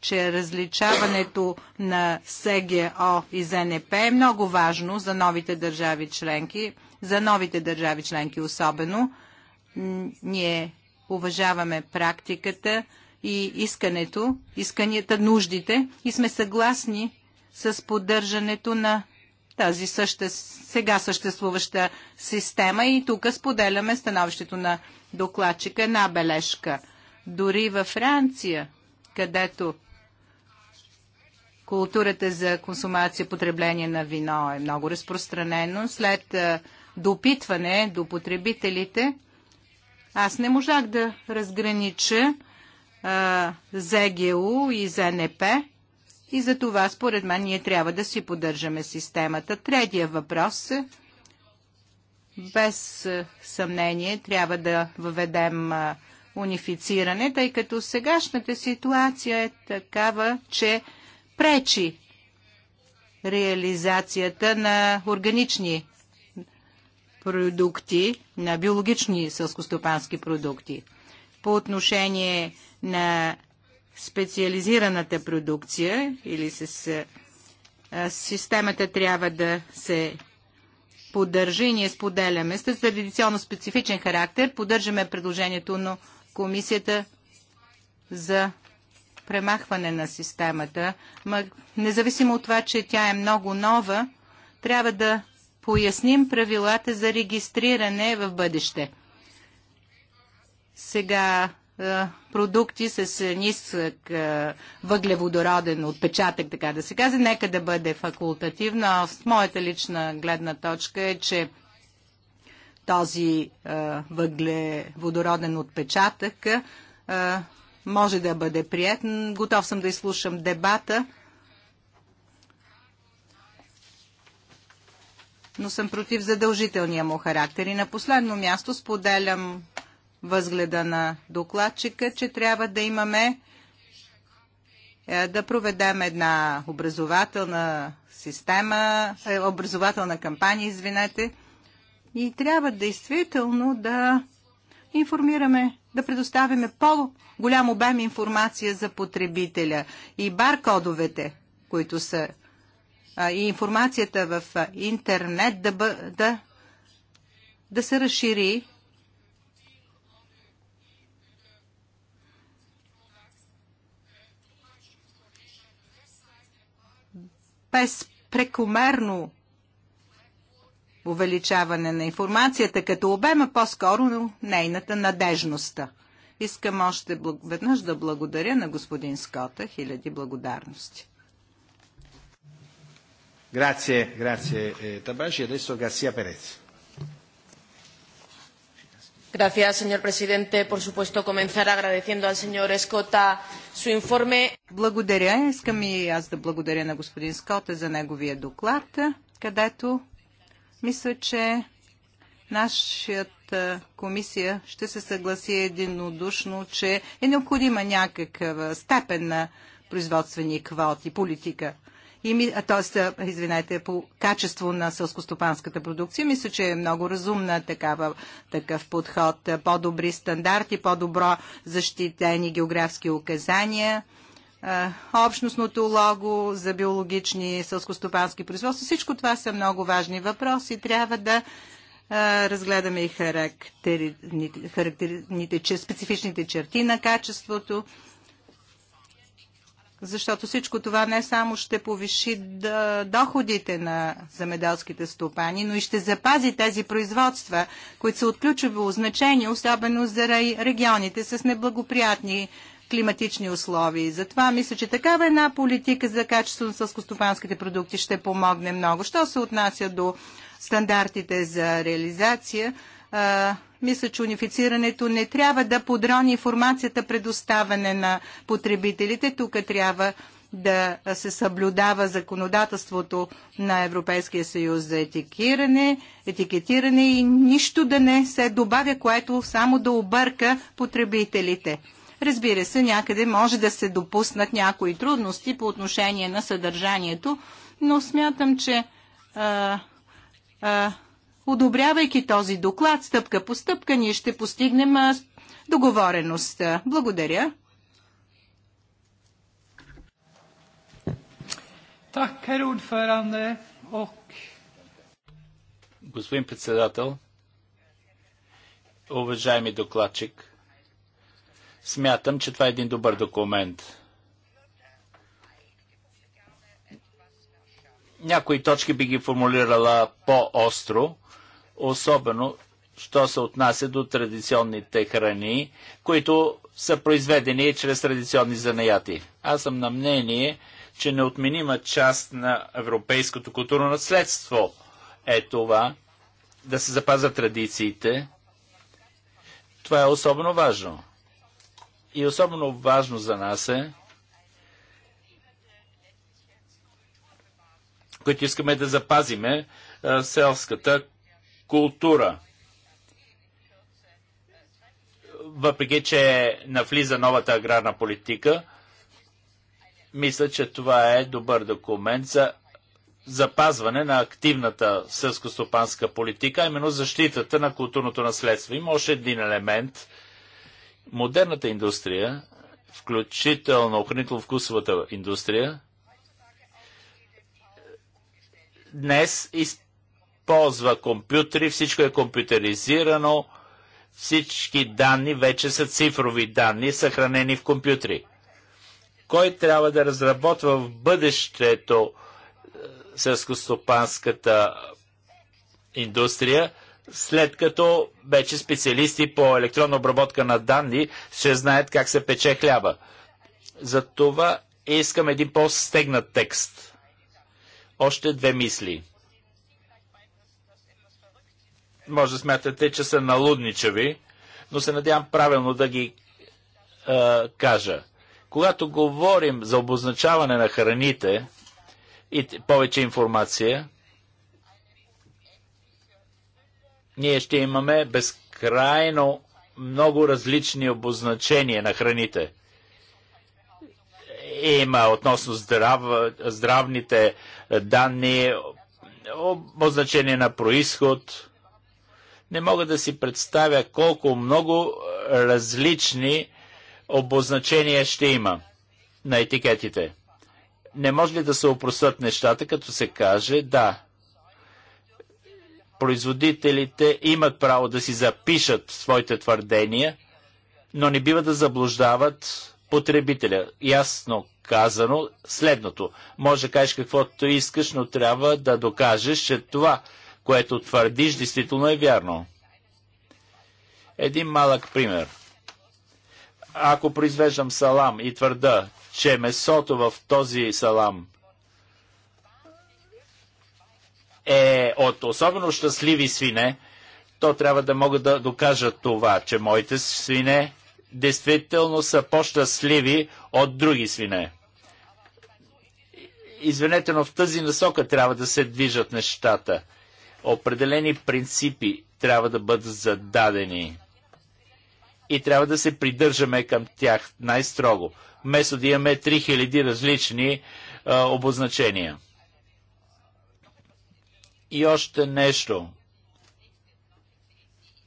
че различаването на СГО и ЗНП е много важно за новите държави членки, за новите държави членки особено. Ние уважаваме практиката и искането, исканията, нуждите и сме съгласни с поддържането на тази съща, сега съществуваща система и тук споделяме становището на докладчика на бележка. Дори във Франция, където Културата за консумация, потребление на вино е много разпространено. След допитване до потребителите, аз не можах да разгранича а, ЗГУ и ЗНП и за това според мен ние трябва да си поддържаме системата. Третия въпрос без съмнение трябва да въведем унифициране, тъй като сегашната ситуация е такава, че пречи реализацията на органични продукти, на биологични сълскостопански продукти. По отношение на специализираната продукция или с системата трябва да се поддържа и ние споделяме с традиционно специфичен характер. Поддържаме предложението на комисията за премахване на системата. Ма, независимо от това, че тя е много нова, трябва да поясним правилата за регистриране в бъдеще. Сега продукти с нисък въглеводороден отпечатък, така да се каза, Нека да бъде факултативно. А с моята лична гледна точка е, че този въглеводороден отпечатък може да бъде прият. Готов съм да изслушам дебата, но съм против задължителния му характер. И на последно място споделям възгледа на докладчика, че трябва да имаме е, да проведем една образователна система, е, образователна кампания, извинете, и трябва действително да информираме, да предоставяме по-голям обем информация за потребителя и баркодовете, които са а, и информацията в интернет да, бъ, да, да се разшири без прекомерно увеличаване на информацията като обема, по-скоро нейната надежност. Искам още веднъж да благодаря на господин Скота. Хиляди благодарности. Grazie, grazie Tabaci. Adesso Garcia Perez. Gracias, señor presidente. Por supuesto, comenzar agradeciendo al señor Escota su informe. Благодаря. Искам и аз да благодаря на господин Скота за неговия доклад, където мисля, че нашата комисия ще се съгласи единодушно, че е необходима някаква степен на производствени квоти, политика. И, а, тоест, извинете, по качество на сълскостопанската продукция, мисля, че е много разумна такава, такъв подход. По-добри стандарти, по-добро защитени географски указания – общностното лого за биологични сълскостопански производства. Всичко това са много важни въпроси. Трябва да разгледаме и характерните, характерните, специфичните черти на качеството, защото всичко това не само ще повиши доходите на замеделските стопани, но и ще запази тези производства, които са от ключово значение, особено за регионите с неблагоприятни климатични условия. И затова мисля, че такава една политика за качество на сълскостопанските продукти ще помогне много. Що се отнася до стандартите за реализация, а, мисля, че унифицирането не трябва да подрони информацията предоставяне на потребителите. Тук трябва да се съблюдава законодателството на Европейския съюз за етикиране, етикетиране и нищо да не се добавя, което само да обърка потребителите. Разбира се, някъде може да се допуснат някои трудности по отношение на съдържанието, но смятам, че а, а, одобрявайки този доклад стъпка по стъпка, ние ще постигнем а, договореност. Благодаря. Так, herr Господин председател, уважаеми докладчик, Смятам, че това е един добър документ. Някои точки би ги формулирала по-остро, особено, що се отнася до традиционните храни, които са произведени чрез традиционни занаяти. Аз съм на мнение, че неотменима част на европейското културно наследство е това да се запазят традициите. Това е особено важно. И особено важно за нас е, които искаме да запазиме селската култура. Въпреки, че навлиза новата аграрна политика, мисля, че това е добър документ за запазване на активната сълскостопанска политика, именно защитата на културното наследство. Има още един елемент – модерната индустрия, включително охранително-вкусовата индустрия, днес използва компютри, всичко е компютеризирано, всички данни вече са цифрови данни, съхранени в компютри. Кой трябва да разработва в бъдещето е, сърскостопанската индустрия – след като вече специалисти по електронна обработка на данни ще знаят как се пече хляба. Затова искам един по-стегнат текст. Още две мисли. Може да смятате, че са налудничави, но се надявам правилно да ги е, кажа. Когато говорим за обозначаване на храните и повече информация, ние ще имаме безкрайно много различни обозначения на храните. Има относно здрав, здравните данни, обозначение на происход. Не мога да си представя колко много различни обозначения ще има на етикетите. Не може ли да се опростат нещата, като се каже да, производителите имат право да си запишат своите твърдения, но не бива да заблуждават потребителя. Ясно казано следното. Може да кажеш каквото искаш, но трябва да докажеш, че това, което твърдиш, действително е вярно. Един малък пример. Ако произвеждам салам и твърда, че месото в този салам е от особено щастливи свине, то трябва да могат да докажа това, че моите свине действително са по-щастливи от други свине. Извинете, но в тази насока трябва да се движат нещата. Определени принципи трябва да бъдат зададени. И трябва да се придържаме към тях най-строго. Вместо да имаме 3000 различни а, обозначения. И още нещо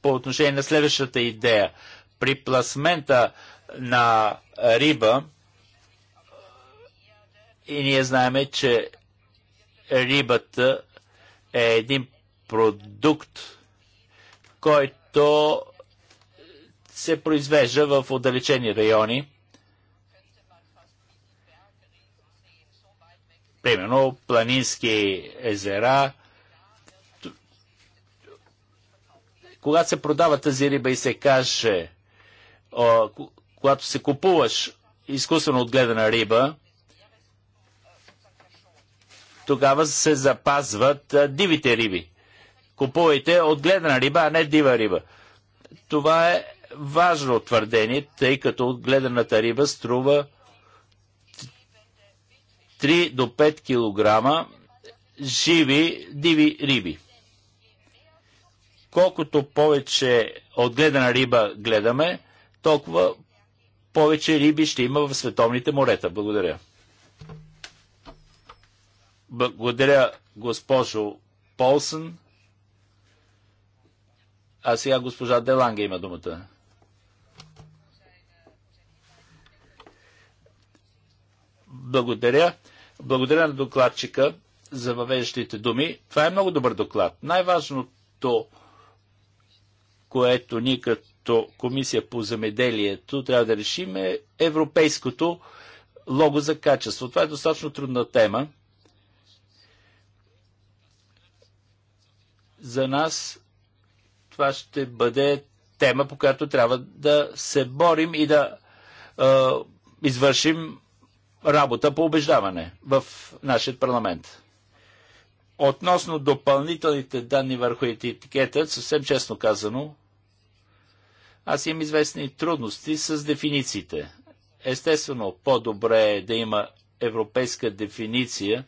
по отношение на следващата идея. При пласмента на риба, и ние знаеме, че рибата е един продукт, който се произвежда в отдалечени райони. Примерно планински езера – Когато се продава тази риба и се каже, о, когато се купуваш изкуствено отгледана риба, тогава се запазват дивите риби. Купувайте отгледана риба, а не дива риба. Това е важно твърдение, тъй като отгледаната риба струва 3 до 5 кг живи диви риби колкото повече отгледана риба гледаме, толкова повече риби ще има в световните морета. Благодаря. Благодаря, госпожо Полсън. А сега госпожа Деланга има думата. Благодаря. Благодаря на докладчика за въвеждащите думи. Това е много добър доклад. Най-важното което ние като Комисия по замеделието трябва да решим е европейското лого за качество. Това е достатъчно трудна тема. За нас това ще бъде тема, по която трябва да се борим и да е, извършим работа по убеждаване в нашия парламент. Относно допълнителните данни върху етикета, съвсем честно казано, аз имам известни трудности с дефинициите. Естествено, по-добре е да има европейска дефиниция.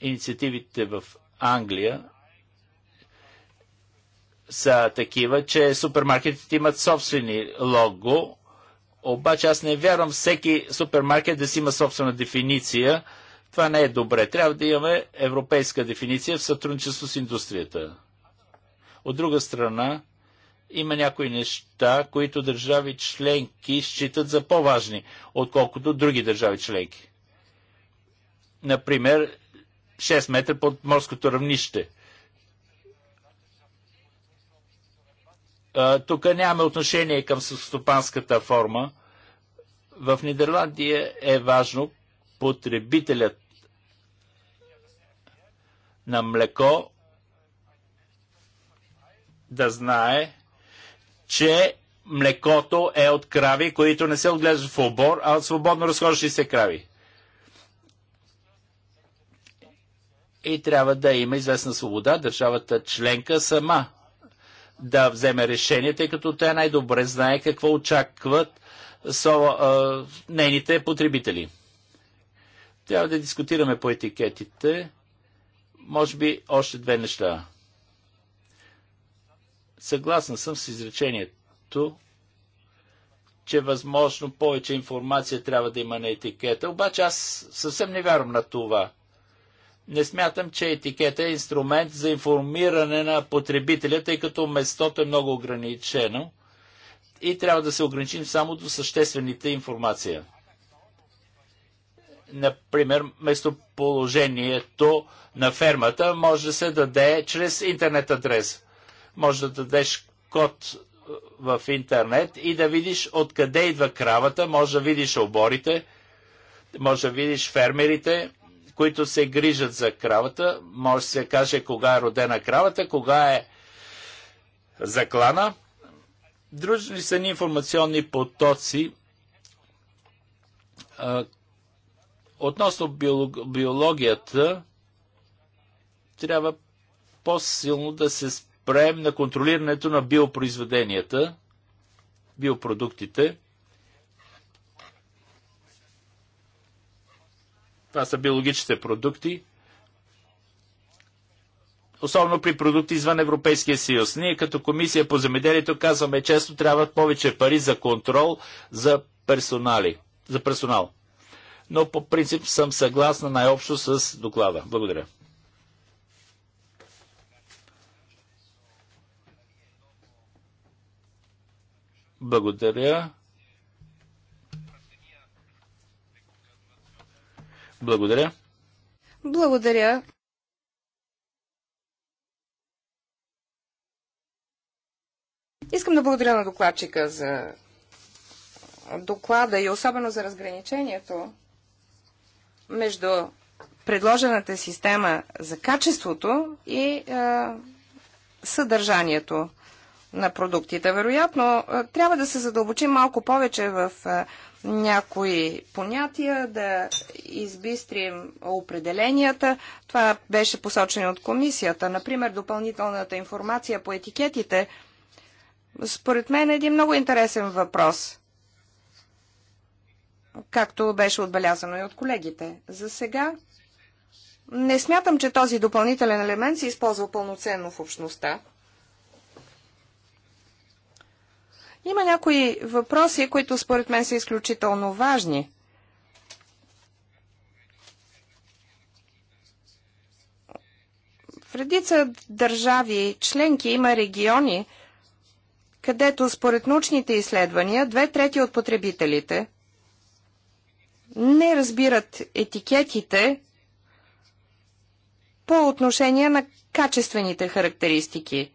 Инициативите в Англия са такива, че супермаркетите имат собствени лого, обаче аз не вярвам всеки супермаркет да си има собствена дефиниция. Това не е добре. Трябва да имаме европейска дефиниция в сътрудничество с индустрията. От друга страна, има някои неща, които държави членки считат за по-важни, отколкото други държави членки. Например, 6 метра под морското равнище. Тук нямаме отношение към стопанската форма. В Нидерландия е важно потребителят на млеко да знае, че млекото е от крави, които не се отглеждат в обор, а от свободно разхождащи се крави. И трябва да има известна свобода държавата членка сама да вземе решение, тъй като тя най-добре знае какво очакват со, а, нейните потребители. Трябва да дискутираме по етикетите. Може би още две неща. Съгласен съм с изречението, че възможно повече информация трябва да има на етикета, обаче аз съвсем не вярвам на това. Не смятам, че етикета е инструмент за информиране на потребителя, тъй като местото е много ограничено и трябва да се ограничим само до съществените информация. Например, местоположението на фермата може да се даде чрез интернет адрес. Може да дадеш код е, в интернет и да видиш откъде идва кравата, може да видиш оборите, може да видиш фермерите, които се грижат за кравата, може да се каже кога е родена кравата, кога е заклана. Дружни са ни информационни потоци е, относно биологията трябва по-силно да се спрем на контролирането на биопроизведенията, биопродуктите. Това са биологичните продукти, особено при продукти извън Европейския съюз. Ние като комисия по земеделието казваме често трябва повече пари за контрол, за, персонали, за персонал. Но по принцип съм съгласна най-общо с доклада. Благодаря. Благодаря. Благодаря. Благодаря. Искам да благодаря на докладчика за доклада и особено за разграничението между предложената система за качеството и е, съдържанието на продуктите. Вероятно, трябва да се задълбочим малко повече в някои понятия, да избистрим определенията. Това беше посочено от комисията. Например, допълнителната информация по етикетите. Според мен е един много интересен въпрос, както беше отбелязано и от колегите. За сега не смятам, че този допълнителен елемент се използва пълноценно в общността. Има някои въпроси, които според мен са изключително важни. В редица държави членки има региони, където според научните изследвания две трети от потребителите не разбират етикетите по отношение на качествените характеристики.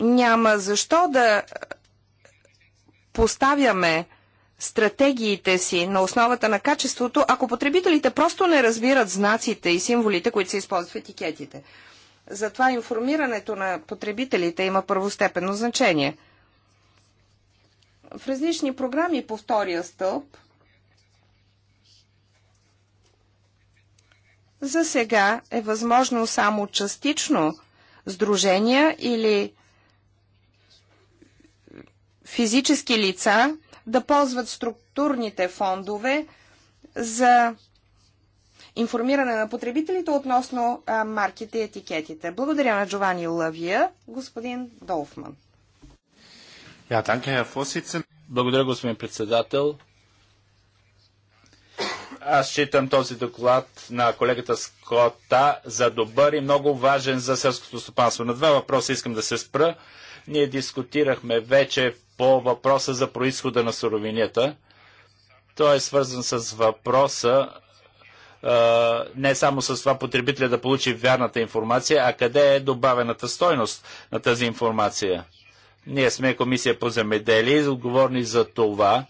Няма защо да поставяме стратегиите си на основата на качеството, ако потребителите просто не разбират знаците и символите, които се използват в етикетите. Затова информирането на потребителите има първостепенно значение. В различни програми по втория стълб за сега е възможно само частично сдружения или физически лица да ползват структурните фондове за информиране на потребителите относно марките и етикетите. Благодаря на Джовани Лавия, господин Долфман. Благодаря, господин председател. Аз считам този доклад на колегата Скота за добър и много важен за селското стопанство. На два въпроса искам да се спра. Ние дискутирахме вече по въпроса за происхода на суровинята. Той е свързан с въпроса а, не само с това потребителя да получи вярната информация, а къде е добавената стойност на тази информация. Ние сме Комисия по земеделие, отговорни за това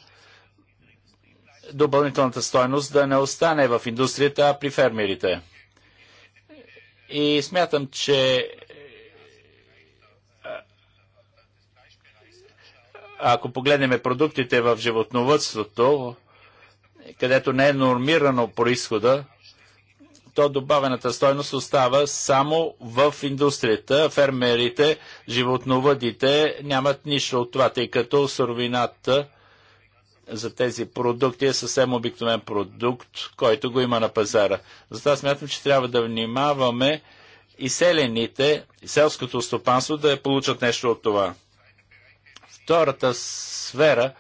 допълнителната стойност да не остане в индустрията, а при фермерите. И смятам, че ако погледнем продуктите в животновътството, където не е нормирано происхода, то добавената стойност остава само в индустрията. Фермерите, животновъдите нямат нищо от това, тъй като суровината за тези продукти е съвсем обикновен продукт, който го има на пазара. Затова смятам, че трябва да внимаваме и селените, и селското стопанство да получат нещо от това. Втората сфера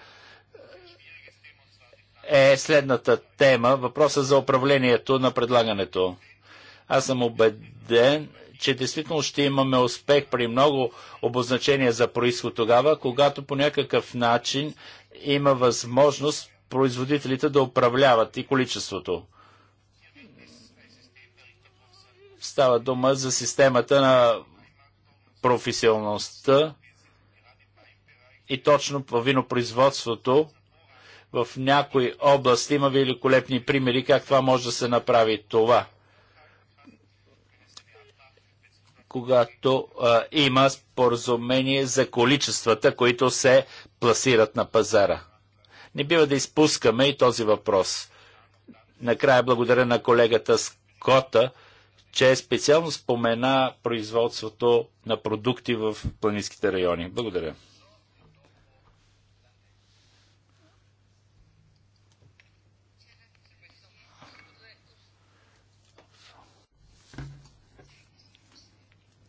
е следната тема, въпроса за управлението на предлагането. Аз съм убеден, че действително ще имаме успех при много обозначения за происход тогава, когато по някакъв начин има възможност производителите да управляват и количеството. Става дума за системата на професионалността и точно в винопроизводството в някои области има великолепни примери как това може да се направи това. Когато а, има споразумение за количествата, които се пласират на пазара. Не бива да изпускаме и този въпрос. Накрая благодаря на колегата Скота, че специално спомена производството на продукти в планинските райони. Благодаря.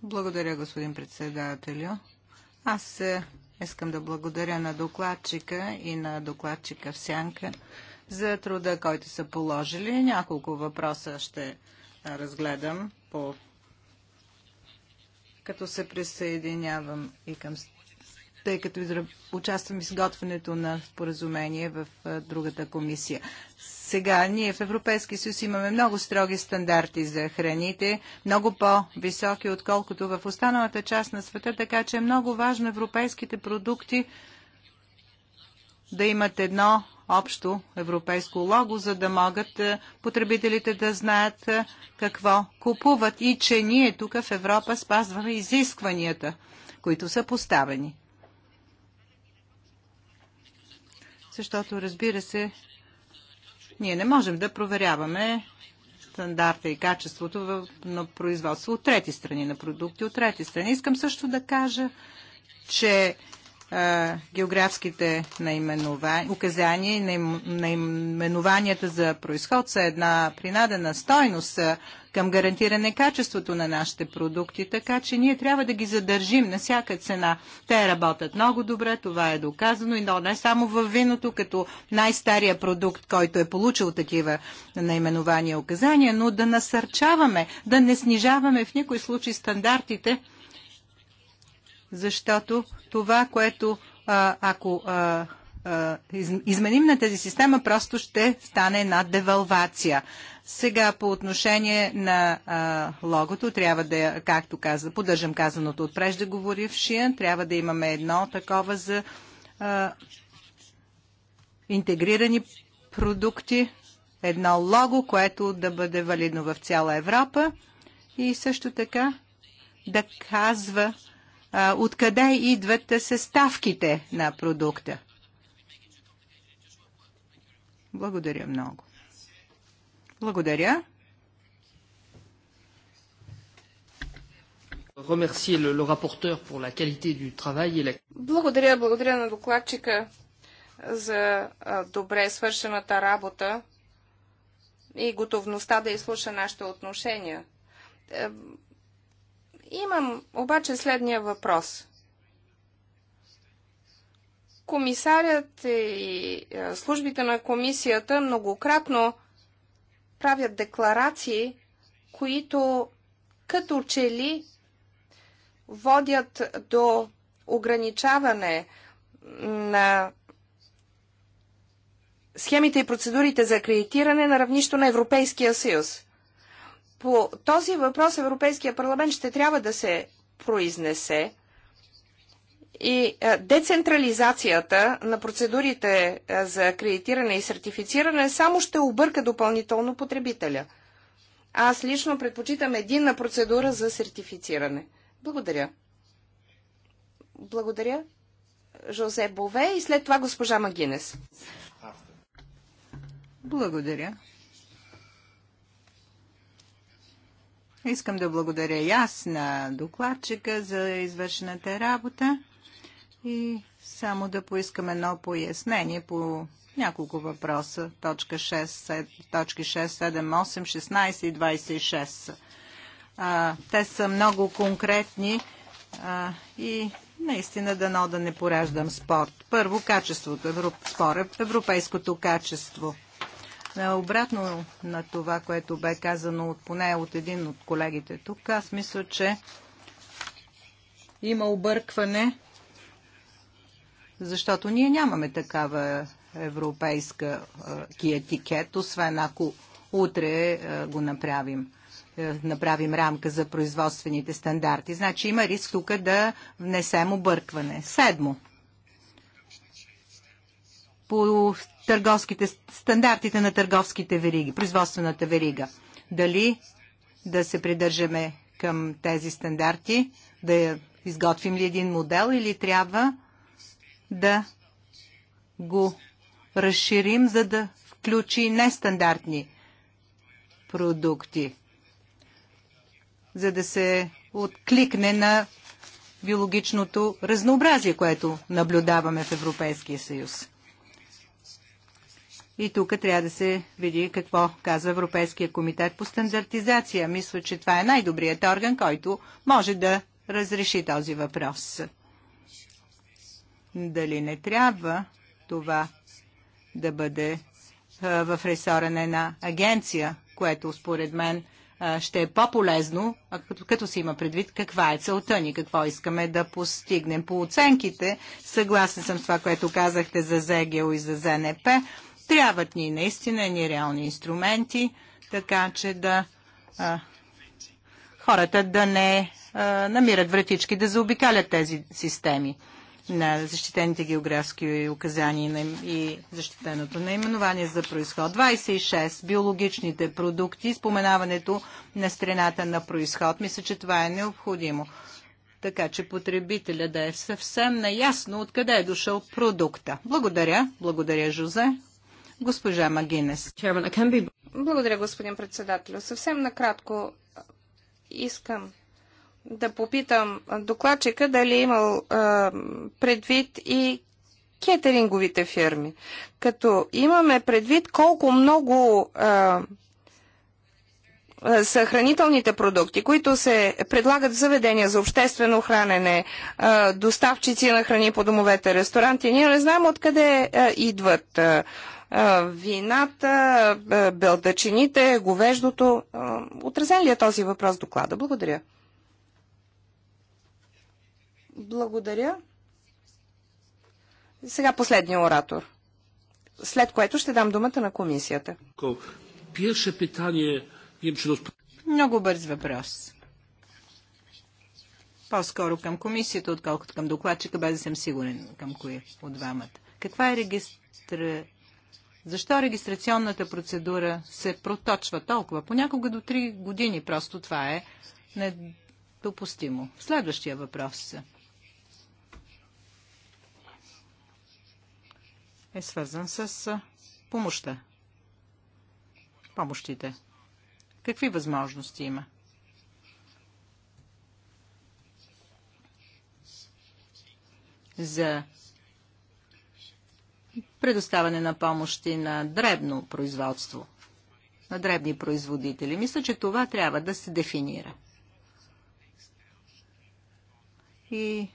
Благодаря, господин председателю. Аз е, искам да благодаря на докладчика и на докладчика в сянка за труда, който са положили. Няколко въпроса ще е, разгледам по като се присъединявам и към тъй като участвам в изготвянето на споразумение в е, другата комисия. Сега ние в Европейски съюз имаме много строги стандарти за храните, много по-високи, отколкото в останалата част на света, така че е много важно европейските продукти да имат едно общо европейско лого, за да могат е, потребителите да знаят е, какво купуват и че ние тук в Европа спазваме изискванията, които са поставени. Защото, разбира се, ние не можем да проверяваме стандарта и качеството в, на производство от трети страни, на продукти от трети страни. Искам също да кажа, че е, географските наименувания указания и наименованията за происход са една принадена стойност. Е, към гарантиране качеството на нашите продукти, така че ние трябва да ги задържим на всяка цена. Те работят много добре, това е доказано и не само в виното, като най-стария продукт, който е получил такива наименования и указания, но да насърчаваме, да не снижаваме в никой случай стандартите, защото това, което ако а, изменим на тази система, просто ще стане една девалвация. Сега по отношение на а, логото, трябва да, както каза, поддържам казаното от преждеговорившия, трябва да имаме едно такова за а, интегрирани продукти, едно лого, което да бъде валидно в цяла Европа и също така да казва а, откъде идват съставките на продукта. Благодаря много. Благодаря. Благодаря, благодаря на докладчика за добре свършената работа и готовността да изслуша нашите отношения. Имам обаче следния въпрос. Комисарят и е, службите на комисията многократно правят декларации, които като че ли водят до ограничаване на схемите и процедурите за акредитиране на равнището на Европейския съюз. По този въпрос Европейския парламент ще трябва да се произнесе и е, децентрализацията на процедурите е, за акредитиране и сертифициране само ще обърка допълнително потребителя. Аз лично предпочитам единна процедура за сертифициране. Благодаря. Благодаря. Жозе Бове и след това госпожа Магинес. Благодаря. Искам да благодаря и аз на докладчика за извършената работа и само да поискам едно пояснение по няколко въпроса. Точка 6, 7, точки 6, 7, 8, 16 и 26. А, те са много конкретни а, и наистина дано да не пораждам спорт. Първо, качеството. Спора, е европейското качество. Обратно на това, което бе казано от, поне от един от колегите тук, аз мисля, че има объркване защото ние нямаме такава европейска е, етикет, освен ако утре е, го направим е, направим рамка за производствените стандарти. Значи има риск тук да внесем объркване. Седмо. По търговските, стандартите на търговските вериги, производствената верига. Дали да се придържаме към тези стандарти, да изготвим ли един модел или трябва да го разширим, за да включи нестандартни продукти, за да се откликне на биологичното разнообразие, което наблюдаваме в Европейския съюз. И тук трябва да се види какво казва Европейския комитет по стандартизация. Мисля, че това е най-добрият орган, който може да разреши този въпрос дали не трябва това да бъде в ресора на една агенция, което според мен ще е по-полезно, като, се има предвид каква е целта ни, какво искаме да постигнем. По оценките, съгласен съм с това, което казахте за ЗГО и за ЗНП, трябват ни наистина ни реални инструменти, така че да а, хората да не намират вратички да заобикалят тези системи на защитените географски указания и защитеното наименование за происход. 26. Биологичните продукти, споменаването на страната на происход. Мисля, че това е необходимо. Така че потребителя да е съвсем наясно откъде е дошъл продукта. Благодаря. Благодаря, Жозе. Госпожа Магинес. Благодаря, господин председател. Съвсем накратко искам да попитам докладчика дали е имал предвид и кетеринговите фирми. Като имаме предвид колко много съхранителните са хранителните продукти, които се предлагат в заведения за обществено хранене, доставчици на храни по домовете, ресторанти, ние не знаем откъде идват вината, белдачините, говеждото. Отразен ли е този въпрос доклада? Благодаря. Благодаря. Сега последния оратор, след което ще дам думата на комисията. Много бърз въпрос. По-скоро към комисията, отколкото към докладчика, без да съм сигурен към кои от двамата. Каква е регистра... Защо регистрационната процедура се проточва толкова? Понякога до 3 години просто това е недопустимо. Следващия въпрос. е свързан с помощта. Помощите. Какви възможности има? За предоставяне на помощи на дребно производство, на дребни производители. Мисля, че това трябва да се дефинира. И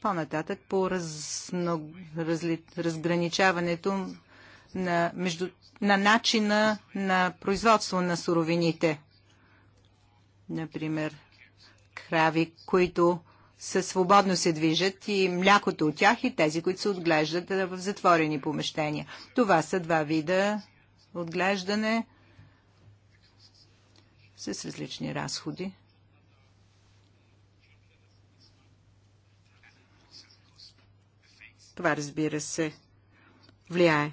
по-нататък по разно, разли, разграничаването на, между, на начина на производство на суровините. Например, крави, които със свободно се движат и млякото от тях и тези, които се отглеждат в затворени помещения. Това са два вида отглеждане с различни разходи. Това, разбира се, влияе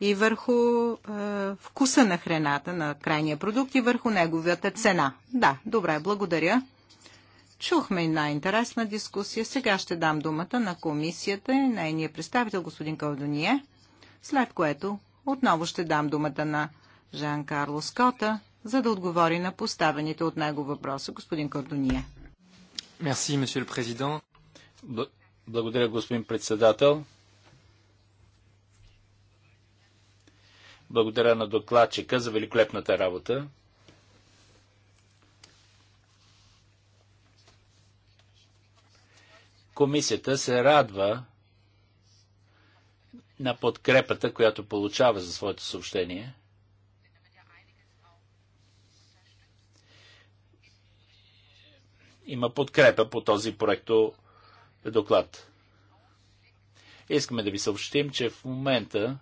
и върху е, вкуса на храната, на крайния продукт и върху неговата цена. Да, добре, благодаря. Чухме една интересна дискусия. Сега ще дам думата на комисията и нейния представител господин Калдоние, след което отново ще дам думата на Жан Карло Скота, за да отговори на поставените от него въпроса. Господин Калдоние. Мерси, месье президент. Благодаря, господин председател. Благодаря на докладчика за великолепната работа. Комисията се радва на подкрепата, която получава за своето съобщение. Има подкрепа по този проекто доклад. Искаме да ви съобщим, че в момента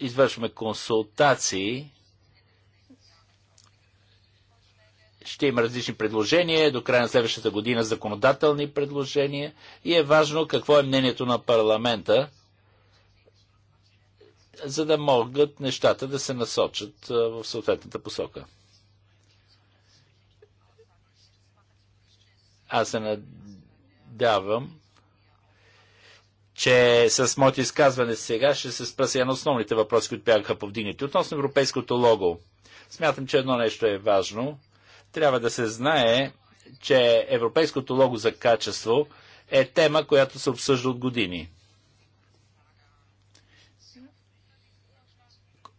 извършваме консултации. Ще има различни предложения до края на следващата година законодателни предложения и е важно какво е мнението на парламента за да могат нещата да се насочат в съответната посока. Аз се надявам, че с моите изказване сега ще се спася на основните въпроси, които бяха повдигнати. Относно европейското лого, смятам, че едно нещо е важно. Трябва да се знае, че европейското лого за качество е тема, която се обсъжда от години –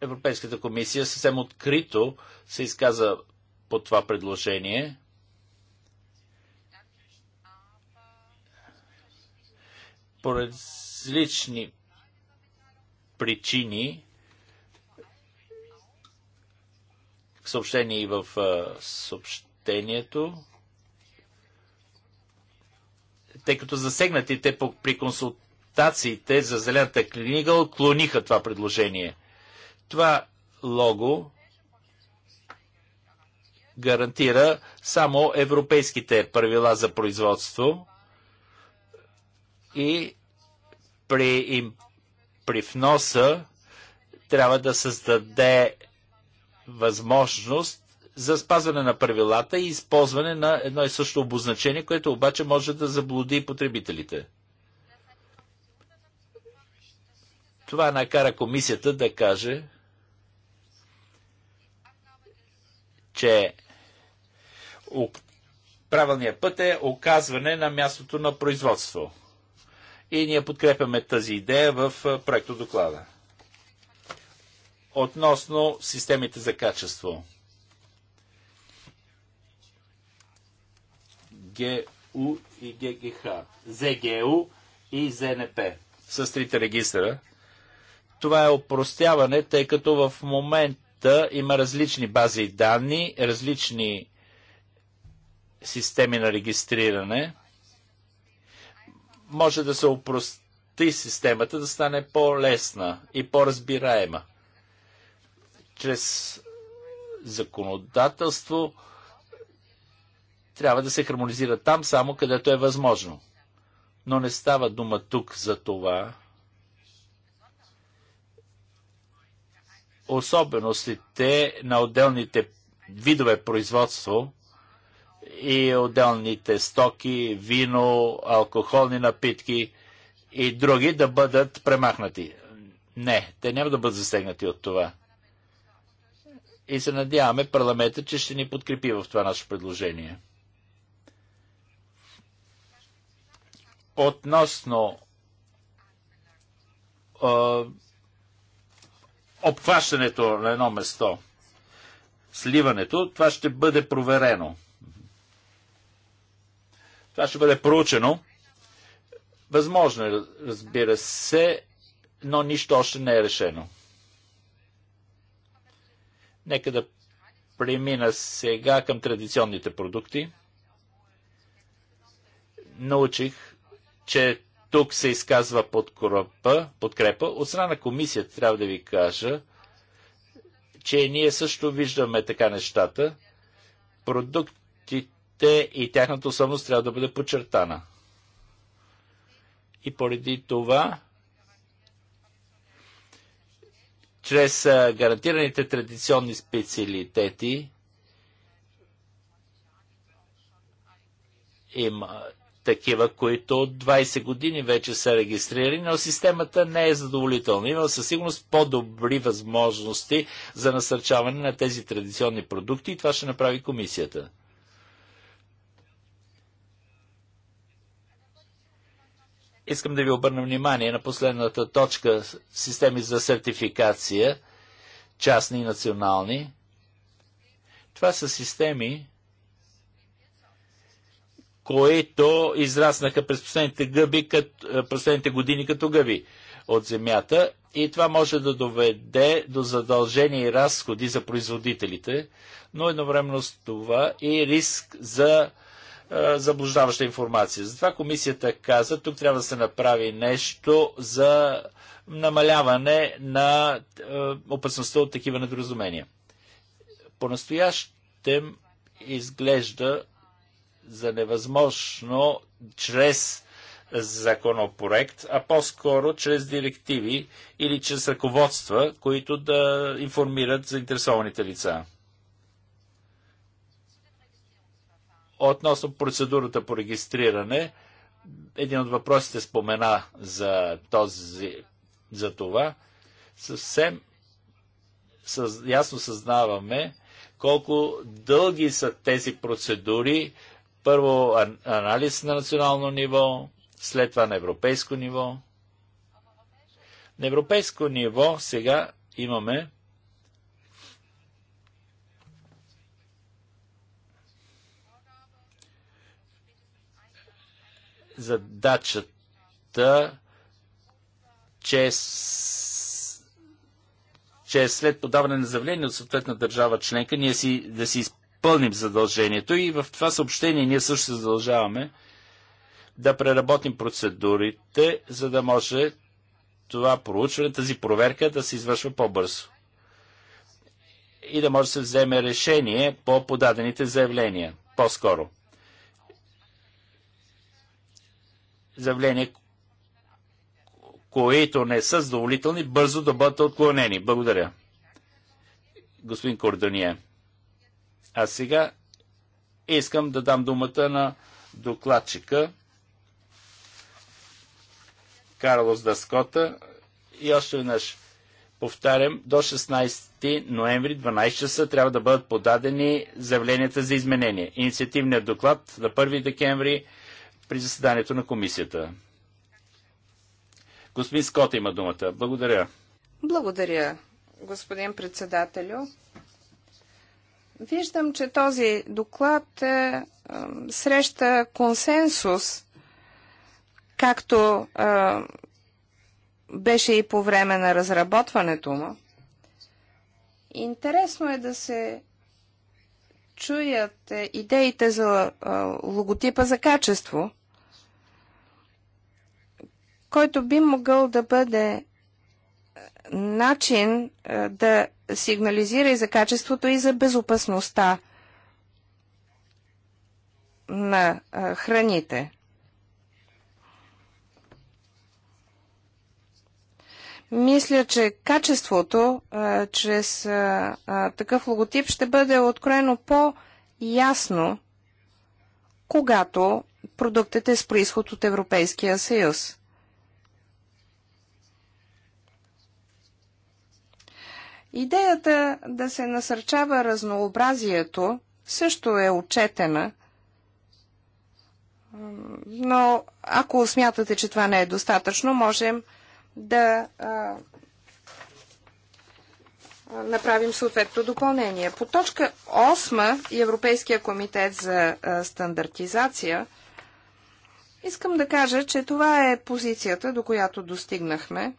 Европейската комисия съвсем открито се изказа по това предложение. По различни причини съобщение и в съобщението, тъй като засегнатите при консултациите за Зелената книга отклониха това предложение – това лого гарантира само европейските правила за производство и при, им, при вноса трябва да създаде възможност за спазване на правилата и използване на едно и също обозначение, което обаче може да заблуди потребителите. Това накара комисията да каже, че правилният път е оказване на мястото на производство. И ние подкрепяме тази идея в проекто доклада. Относно системите за качество. ГУ и ГГХ. ЗГУ и ЗНП. С трите регистра. Това е опростяване, тъй като в момент света има различни бази данни, различни системи на регистриране. Може да се упрости системата да стане по-лесна и по-разбираема. Чрез законодателство трябва да се хармонизира там само, където е възможно. Но не става дума тук за това, особеностите на отделните видове производство и отделните стоки, вино, алкохолни напитки и други да бъдат премахнати. Не, те няма да бъдат засегнати от това. И се надяваме парламента, че ще ни подкрепи в това наше предложение. Относно обхващането на едно место, сливането, това ще бъде проверено. Това ще бъде проучено. Възможно е, разбира се, но нищо още не е решено. Нека да премина сега към традиционните продукти. Научих, че тук се изказва подкрепа, подкрепа. От страна на комисията трябва да ви кажа, че ние също виждаме така нещата. Продуктите и тяхната особност трябва да бъде подчертана. И поради това, чрез гарантираните традиционни специалитети, има, такива, които от 20 години вече са регистрирани, но системата не е задоволителна. Има със сигурност по-добри възможности за насърчаване на тези традиционни продукти и това ще направи комисията. Искам да ви обърна внимание на последната точка системи за сертификация, частни и национални. Това са системи, които израснаха през последните, гъби, като, е, последните години като гъби от земята и това може да доведе до задължения и разходи за производителите, но едновременно с това и риск за е, заблуждаваща информация. Затова комисията каза, тук трябва да се направи нещо за намаляване на е, опасността от такива недоразумения. По-настоящем изглежда за невъзможно чрез законопроект, а по-скоро чрез директиви или чрез ръководства, които да информират заинтересованите лица. Относно процедурата по регистриране, един от въпросите спомена за, този, за това. Съвсем ясно съзнаваме колко дълги са тези процедури, първо анализ на национално ниво, след това на европейско ниво. На европейско ниво сега имаме задачата, че, че след подаване на заявление от съответна държава членка, ние си, да си изпълним задължението и в това съобщение ние също се задължаваме да преработим процедурите, за да може това проучване, тази проверка да се извършва по-бързо и да може да се вземе решение по подадените заявления по-скоро. Заявления, които не са задоволителни, бързо да бъдат отклонени. Благодаря. Господин Кордония. А сега искам да дам думата на докладчика Карлос Даскота и още веднъж повтарям, до 16 ноември 12 часа трябва да бъдат подадени заявленията за изменение. Инициативният доклад на 1 декември при заседанието на комисията. Господин Скот има думата. Благодаря. Благодаря, господин председателю. Виждам, че този доклад е, среща консенсус, както е, беше и по време на разработването му. Интересно е да се чуят е, идеите за логотипа за качество, който би могъл да бъде начин е, да сигнализира и за качеството и за безопасността на е, храните. Мисля, че качеството а, е, чрез а, а, такъв логотип ще бъде откроено по-ясно, когато продуктът е с происход от Европейския съюз. Идеята да се насърчава разнообразието също е отчетена, но ако смятате, че това не е достатъчно, можем да а, направим съответно допълнение. По точка 8 Европейския комитет за а, стандартизация искам да кажа, че това е позицията, до която достигнахме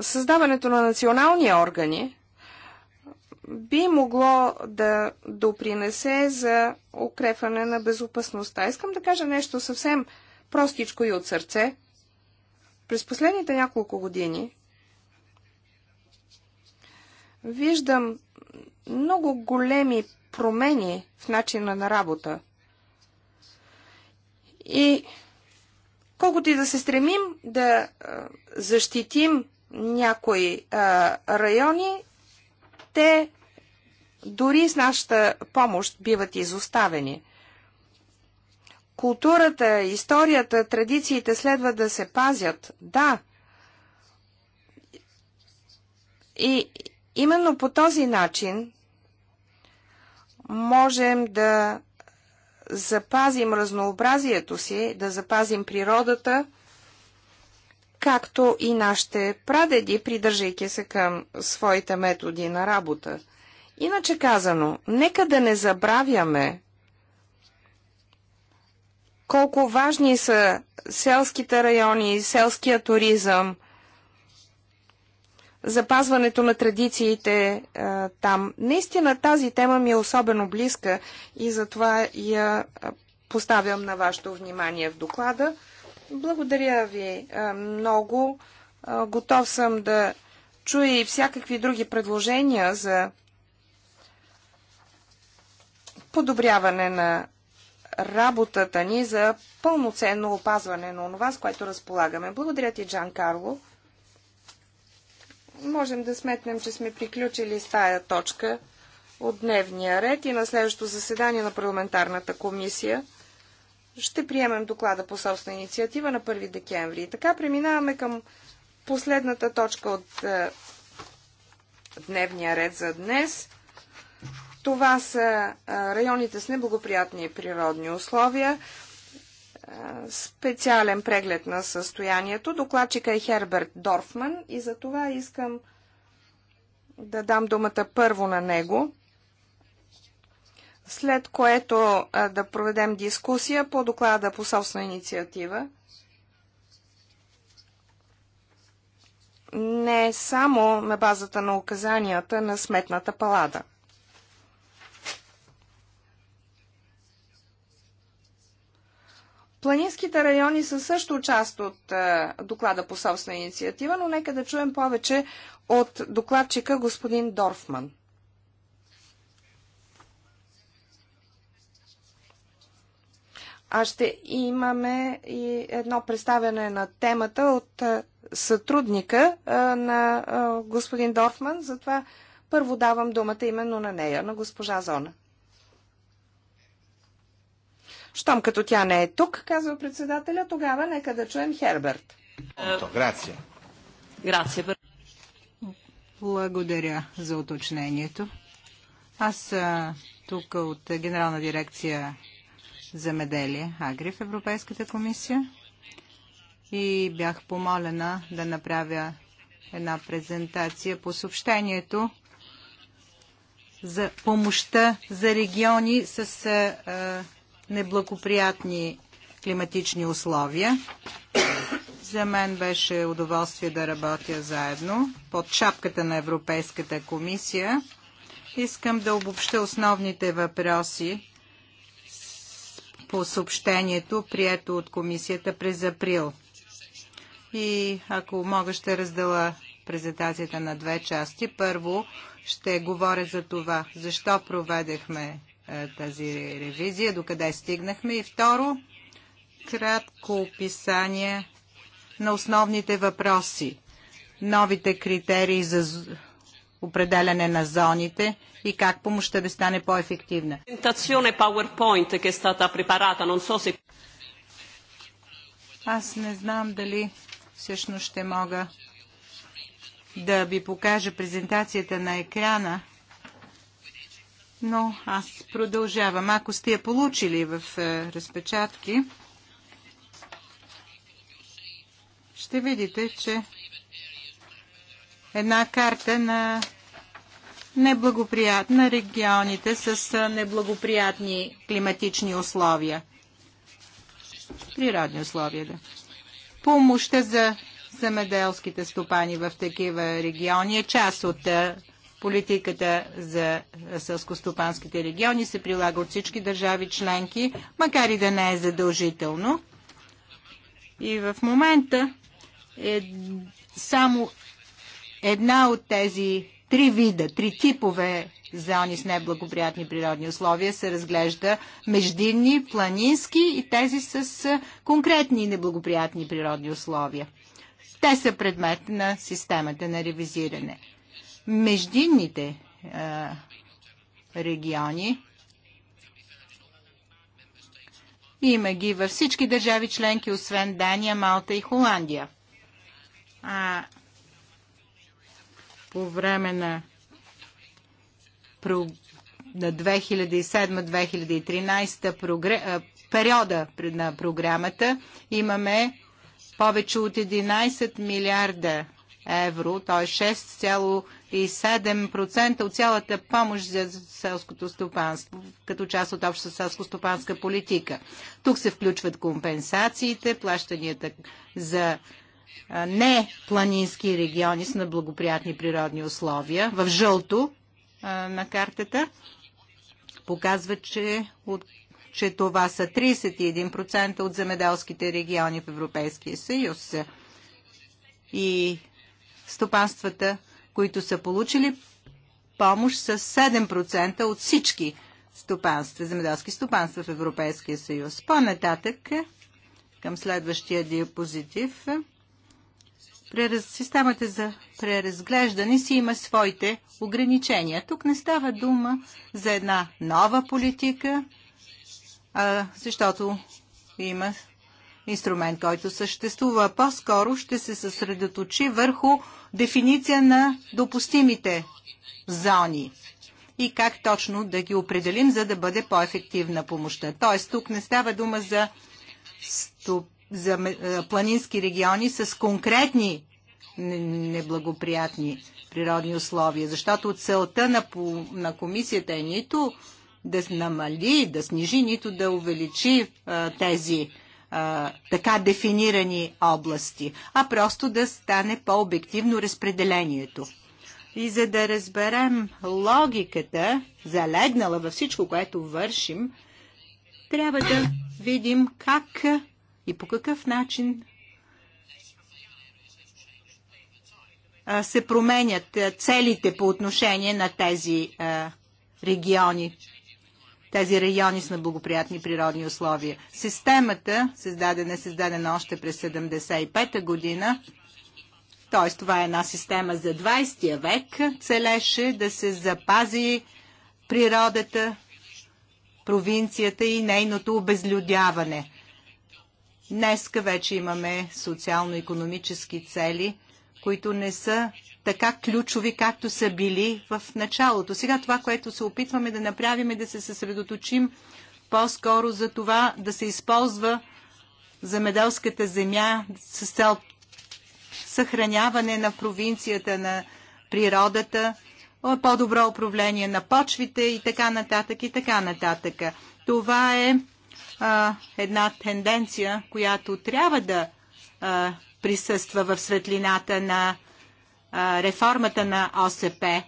създаването на национални органи би могло да допринесе за укрепване на безопасността. Искам да кажа нещо съвсем простичко и от сърце. През последните няколко години виждам много големи промени в начина на работа. И колкото и да се стремим да защитим някои а, райони, те дори с нашата помощ биват изоставени. Културата, историята, традициите следва да се пазят. Да. И именно по този начин можем да запазим разнообразието си, да запазим природата – както и нашите прадеди, придържайки се към своите методи на работа. Иначе казано, нека да не забравяме колко важни са селските райони, селския туризъм, запазването на традициите а, е, там. Наистина тази тема ми е особено близка и затова я е, поставям на вашето внимание в доклада. Благодаря ви много. Готов съм да чуя и всякакви други предложения за подобряване на работата ни за пълноценно опазване на това, с което разполагаме. Благодаря ти, Джан Карло. Можем да сметнем, че сме приключили с тая точка от дневния ред и на следващото заседание на парламентарната комисия ще приемем доклада по собствена инициатива на 1 декември. И така преминаваме към последната точка от е, дневния ред за днес. Това са е, районите с неблагоприятни природни условия. Е, специален преглед на състоянието. Докладчика е Херберт Дорфман и за това искам да дам думата първо на него след което да проведем дискусия по доклада по собствена инициатива. Не само на базата на указанията на Сметната палада. Планинските райони са също част от доклада по собствена инициатива, но нека да чуем повече от докладчика господин Дорфман. а ще имаме и едно представяне на темата от е, сътрудника е, на е, господин Дорфман. Затова първо давам думата именно на нея, на госпожа Зона. Щом като тя не е тук, казва председателя, тогава нека да чуем Херберт. Благодаря за уточнението. Аз тук от Генерална дирекция земеделие Агри в Европейската комисия и бях помолена да направя една презентация по съобщението за помощта за региони с а, е, е, неблагоприятни климатични условия. За мен беше удоволствие да работя заедно под шапката на Европейската комисия. Искам да обобща основните въпроси, по съобщението, прието от комисията през април. И ако мога, ще раздела презентацията на две части. Първо ще говоря за това, защо проведехме е, тази ревизия, докъде стигнахме. И второ, кратко описание на основните въпроси, новите критерии за определяне на зоните и как помощта да стане по-ефективна. Е, е аз не знам дали всъщност ще мога да ви покажа презентацията на екрана, но аз продължавам. Ако сте я получили в е, разпечатки, ще видите, че една карта на неблагоприятна на регионите с неблагоприятни климатични условия. Природни условия, да. Помощта за земеделските стопани в такива региони е част от политиката за сълскостопанските региони се прилага от всички държави членки, макар и да не е задължително. И в момента е само една от тези три вида, три типове зони с неблагоприятни природни условия се разглежда междинни, планински и тези с конкретни неблагоприятни природни условия. Те са предмет на системата на ревизиране. Междинните региони има ги във всички държави членки, освен Дания, Малта и Холандия. А по време на на 2007-2013 периода на програмата имаме повече от 11 милиарда евро, т.е. 6,7% от цялата помощ за селското стопанство, като част от обща селско-стопанска политика. Тук се включват компенсациите, плащанията за не планински региони с неблагоприятни природни условия. В жълто на картата показва, че, от, че това са 31% от земеделските региони в Европейския съюз. И стопанствата, които са получили помощ са 7% от всички стопанства, земеделски стопанства в Европейския съюз. По-нататък към следващия диапозитив прераз... системата за преразглеждане си има своите ограничения. Тук не става дума за една нова политика, а, защото има инструмент, който съществува. По-скоро ще се съсредоточи върху дефиниция на допустимите зони и как точно да ги определим, за да бъде по-ефективна помощта. Тоест, тук не става дума за стоп за планински региони с конкретни неблагоприятни природни условия, защото целта на, на комисията е нито да намали, да снижи, нито да увеличи а, тези а, така дефинирани области, а просто да стане по-обективно разпределението. И за да разберем логиката, залегнала във всичко, което вършим, трябва да видим как и по какъв начин се променят целите по отношение на тези региони. Тези райони с неблагоприятни природни условия. Системата, създадена създадена още през 75 година, т.е. това е една система за 20 век, целеше да се запази природата, провинцията и нейното обезлюдяване. Днеска вече имаме социално-економически цели, които не са така ключови, както са били в началото. Сега това, което се опитваме да направим е да се съсредоточим по-скоро за това да се използва земеделската земя с цел съхраняване на провинцията, на природата, по-добро управление на почвите и така нататък и така нататък. Това е а, една тенденция, която трябва да а, присъства в светлината на а, реформата на ОСП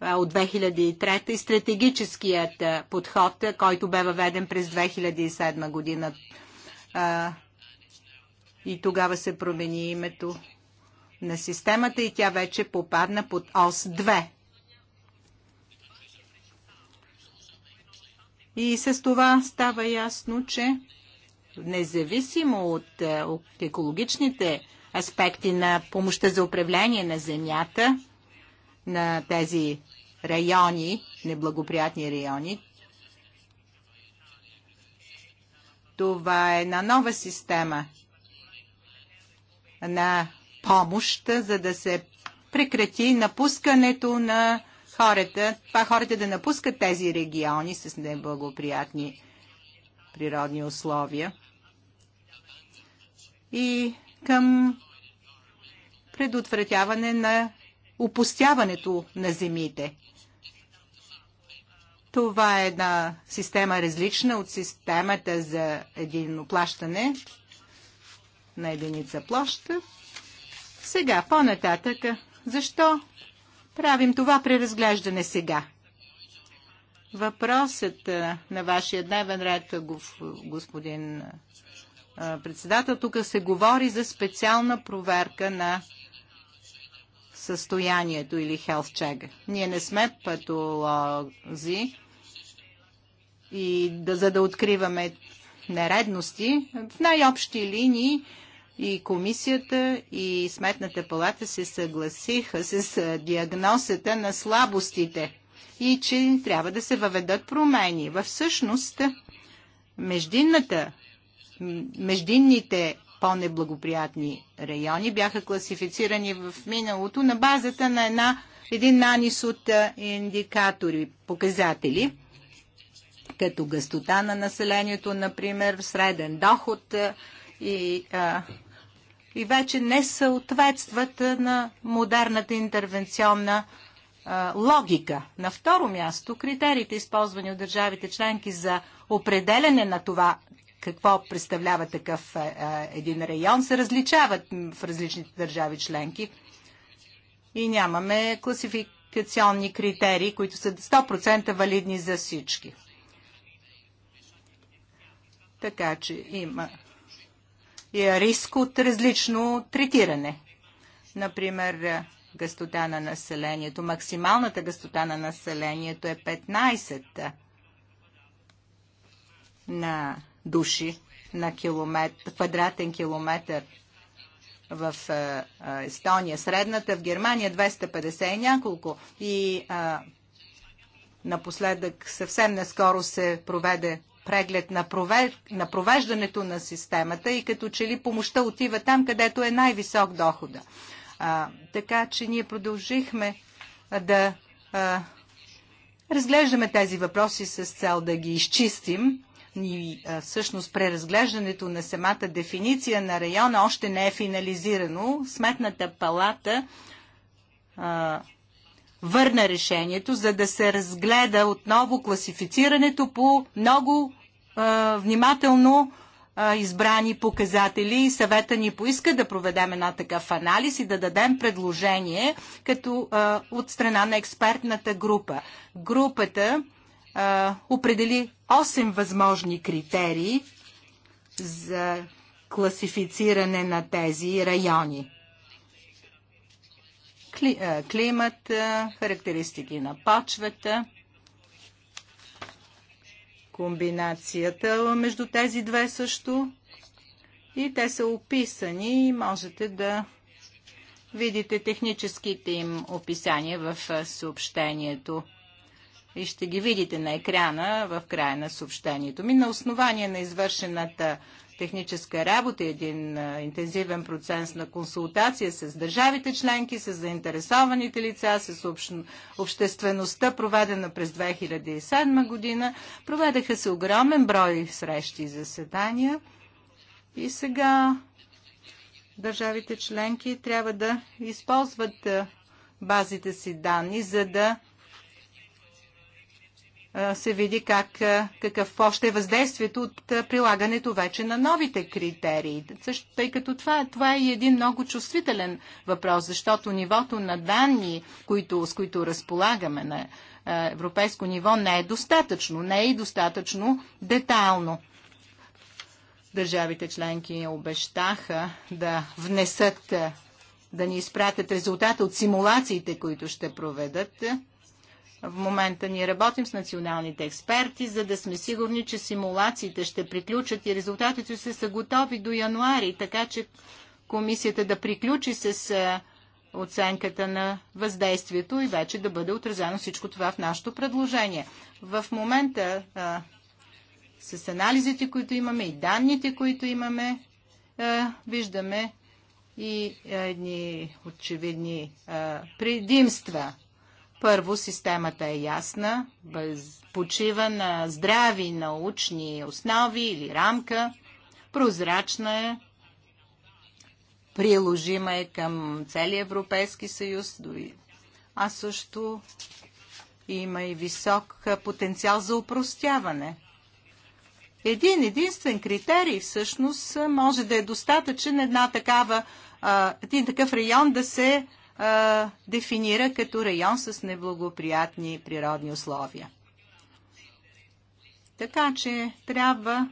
а, от 2003 и стратегическият а, подход, а, който бе въведен през 2007 година. А, и тогава се промени името на системата и тя вече попадна под ОС 2. И с това става ясно, че независимо е, от, екологичните аспекти на помощта за управление на земята, на тези райони, неблагоприятни райони, това е една нова система на помощ, за да се прекрати напускането на хората, това хората да напускат тези региони с неблагоприятни природни условия и към предотвратяване на опустяването на земите. Това е една система различна от системата за единно плащане на единица площа. Сега, по-нататък, защо Правим това при разглеждане сега. Въпросът на вашия дневен ред, господин председател, тук се говори за специална проверка на състоянието или health check. Ние не сме патолози и да, за да откриваме нередности. В най-общи линии и комисията и Сметната палата се съгласиха с диагнозата на слабостите и че трябва да се въведат промени. В всъщност, междинната, междинните по-неблагоприятни райони бяха класифицирани в миналото на базата на една, един нанис от индикатори, показатели, като гъстота на населението, например, среден доход и а, и вече не съответстват на модерната интервенционна а, логика. На второ място, критериите, използвани от държавите членки за определене на това какво представлява такъв а, един район, се различават в различните държави членки и нямаме класификационни критерии, които са 100% валидни за всички. Така че има е риск от различно третиране. Например, гъстота на населението. Максималната гъстота на населението е 15 на души на километр, квадратен километр в Естония. Средната в Германия 250 и няколко. И а, напоследък съвсем наскоро се проведе преглед на, провеждането на системата и като че ли помощта отива там, където е най-висок дохода. така че ние продължихме да разглеждаме тези въпроси с цел да ги изчистим. И всъщност преразглеждането на самата дефиниция на района още не е финализирано. Сметната палата върна решението, за да се разгледа отново класифицирането по много внимателно избрани показатели и съвета ни поиска да проведем една такъв анализ и да дадем предложение като от страна на експертната група. Групата определи 8 възможни критерии за класифициране на тези райони. климат, характеристики на почвата, комбинацията между тези две също. И те са описани и можете да видите техническите им описания в съобщението. И ще ги видите на екрана в края на съобщението ми. На основание на извършената техническа работа, един интензивен процес на консултация с държавите членки, с заинтересованите лица, с общ... обществеността, проведена през 2007 година. Проведаха се огромен брой срещи и заседания. И сега държавите членки трябва да използват базите си данни, за да се види как, какъв още е въздействието от прилагането вече на новите критерии. Също, тъй като това, това е един много чувствителен въпрос, защото нивото на данни, които, с които разполагаме на европейско ниво, не е достатъчно, не е и достатъчно детайлно. Държавите членки обещаха да внесат, да ни изпратят резултата от симулациите, които ще проведат в момента ние работим с националните експерти, за да сме сигурни, че симулациите ще приключат и резултатите се са готови до януари, така че комисията да приключи с е, оценката на въздействието и вече да бъде отразено всичко това в нашето предложение. В момента а, е, с анализите, които имаме и данните, които имаме, а, е, виждаме и едни очевидни а, предимства първо, системата е ясна, без, почива на здрави научни основи или рамка, прозрачна е, приложима е към целия Европейски съюз, а също има и висок потенциал за упростяване. Един единствен критерий всъщност може да е достатъчен една такава, един такъв район да се а, дефинира като район с неблагоприятни природни условия. Така че трябва,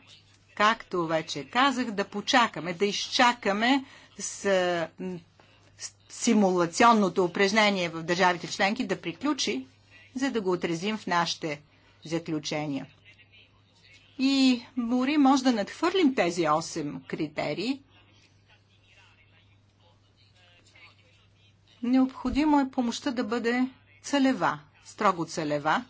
както вече казах, да почакаме, да изчакаме с симулационното упражнение в държавите членки да приключи, за да го отразим в нашите заключения. И Мори може да надхвърлим тези 8 критерии Необходимо е помощта да бъде целева, строго целева,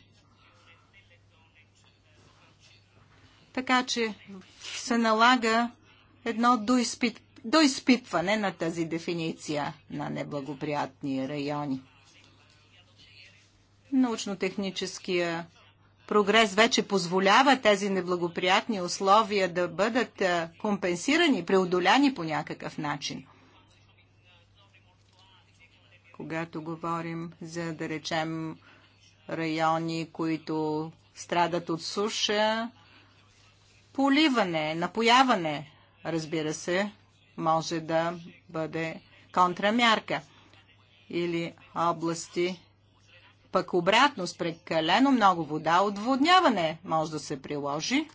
така че се налага едно доизпит, доизпитване на тази дефиниция на неблагоприятни райони. Научно-техническия прогрес вече позволява тези неблагоприятни условия да бъдат компенсирани, преодоляни по някакъв начин – когато говорим за, да речем, райони, които страдат от суша, поливане, напояване, разбира се, може да бъде контрамярка. Или области, пък обратно с прекалено много вода, отводняване може да се приложи.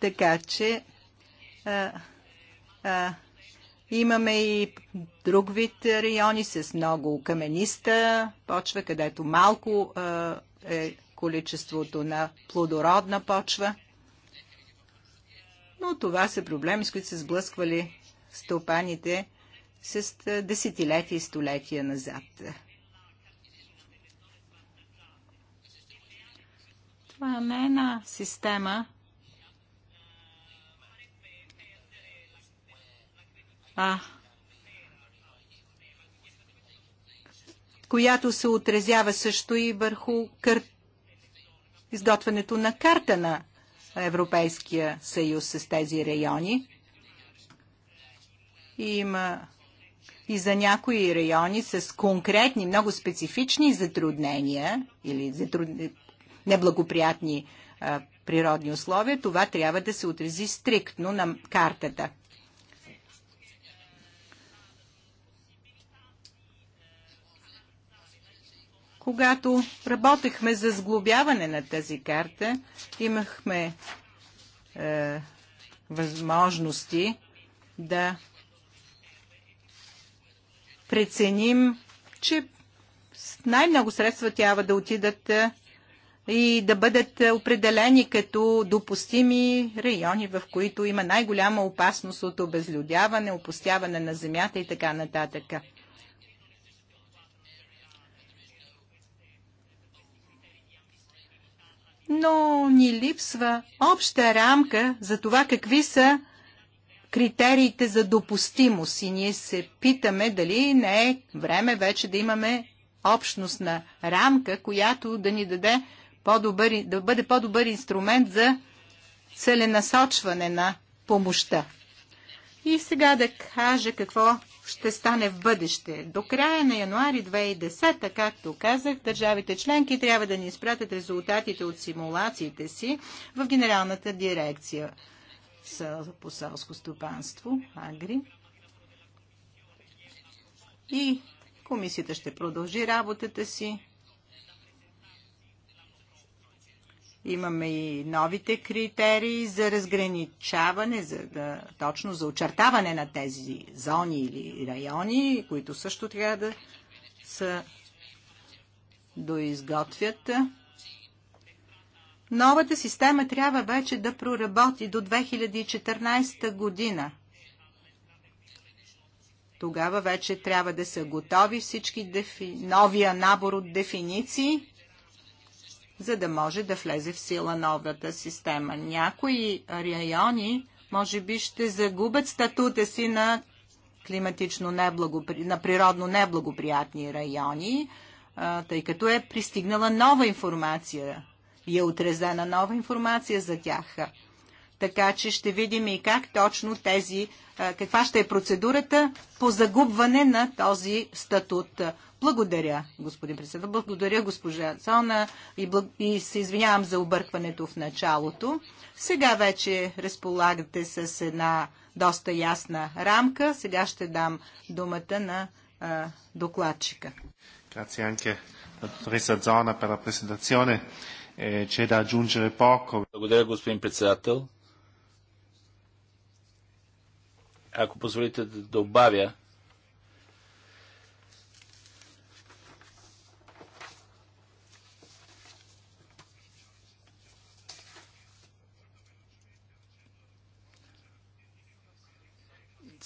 Така че а, а, Имаме и друг вид райони с много камениста почва, където малко е количеството на плодородна почва. Но това са проблеми, с които се сблъсквали стопаните с десетилетия и столетия назад. Това не е една система, а, която се отразява също и върху кър... изготвянето на карта на Европейския съюз с тези райони. И има и за някои райони с конкретни, много специфични затруднения или затруд... неблагоприятни а, природни условия, това трябва да се отрази стриктно на картата. Когато работехме за сглобяване на тази карта, имахме е, възможности да преценим, че най-много средства трябва да отидат е, и да бъдат определени като допустими райони, в които има най-голяма опасност от обезлюдяване, опустяване на земята и така нататък. но ни липсва обща рамка за това какви са критериите за допустимост и ние се питаме дали не е време вече да имаме общностна рамка, която да ни даде по-добър, да бъде по-добър инструмент за целенасочване на помощта. И сега да кажа какво ще стане в бъдеще. До края на януари 2010, както казах, държавите членки трябва да ни изпратят резултатите от симулациите си в Генералната дирекция по селско стопанство, Агри. И комисията ще продължи работата си Имаме и новите критерии за разграничаване, за да, точно за очертаване на тези зони или райони, които също трябва да са доизготвят. Новата система трябва вече да проработи до 2014 година. Тогава вече трябва да са готови всички дефи... новия набор от дефиниции за да може да влезе в сила новата система. Някои райони може би ще загубят статута си на климатично неблагопри... на природно неблагоприятни райони, тъй като е пристигнала нова информация и е отрезена нова информация за тях. Така че ще видим и как точно тези, каква ще е процедурата по загубване на този статут благодаря, господин председател. Благодаря, госпожа Цона. И, благ... и се извинявам за объркването в началото. Сега вече разполагате с една доста ясна рамка. Сега ще дам думата на а, докладчика. Grazie anche alla dottoressa Zona per la presentazione. Eh, c'è da aggiungere poco. Благодаря, господин председател. Ако позволите да добавя,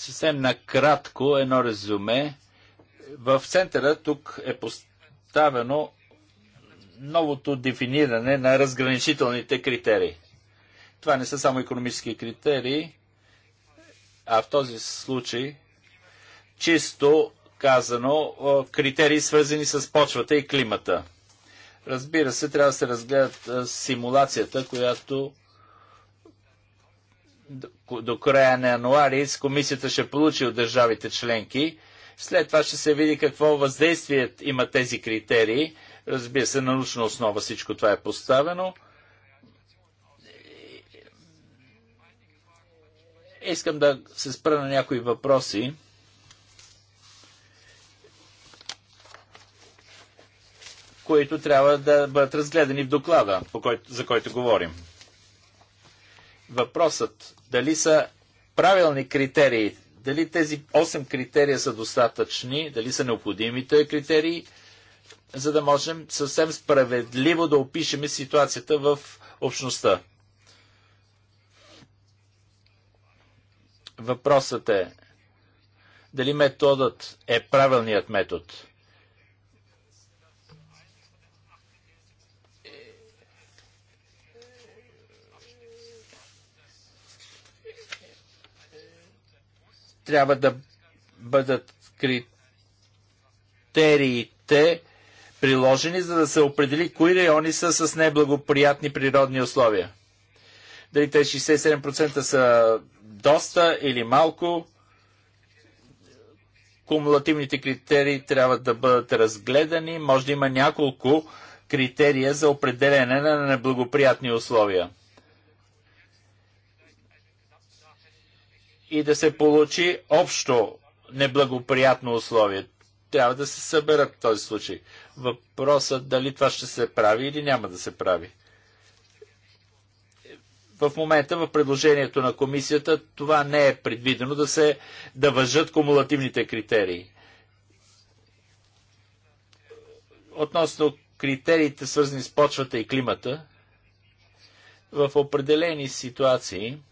Съвсем накратко едно резюме. В центъра тук е поставено новото дефиниране на разграничителните критерии. Това не са само економически критерии, а в този случай чисто казано критерии свързани с почвата и климата. Разбира се, трябва да се разгледат симулацията, която до, до края на януари комисията ще получи от държавите членки. След това ще се види какво въздействие има тези критерии. Разбира се, на научна основа всичко това е поставено. Искам да се спра на някои въпроси. които трябва да бъдат разгледани в доклада, по който, за който говорим въпросът дали са правилни критерии, дали тези 8 критерия са достатъчни, дали са необходимите критерии, за да можем съвсем справедливо да опишем ситуацията в общността. Въпросът е дали методът е правилният метод – трябва да бъдат критериите приложени, за да се определи кои райони са с неблагоприятни природни условия. Дали те 67% са доста или малко, кумулативните критерии трябва да бъдат разгледани. Може да има няколко критерия за определене на неблагоприятни условия. и да се получи общо неблагоприятно условие. Трябва да се съберат в този случай. Въпросът дали това ще се прави или няма да се прави. В момента в предложението на комисията това не е предвидено да се да въжат кумулативните критерии. Относно критериите свързани с почвата и климата, в определени ситуации –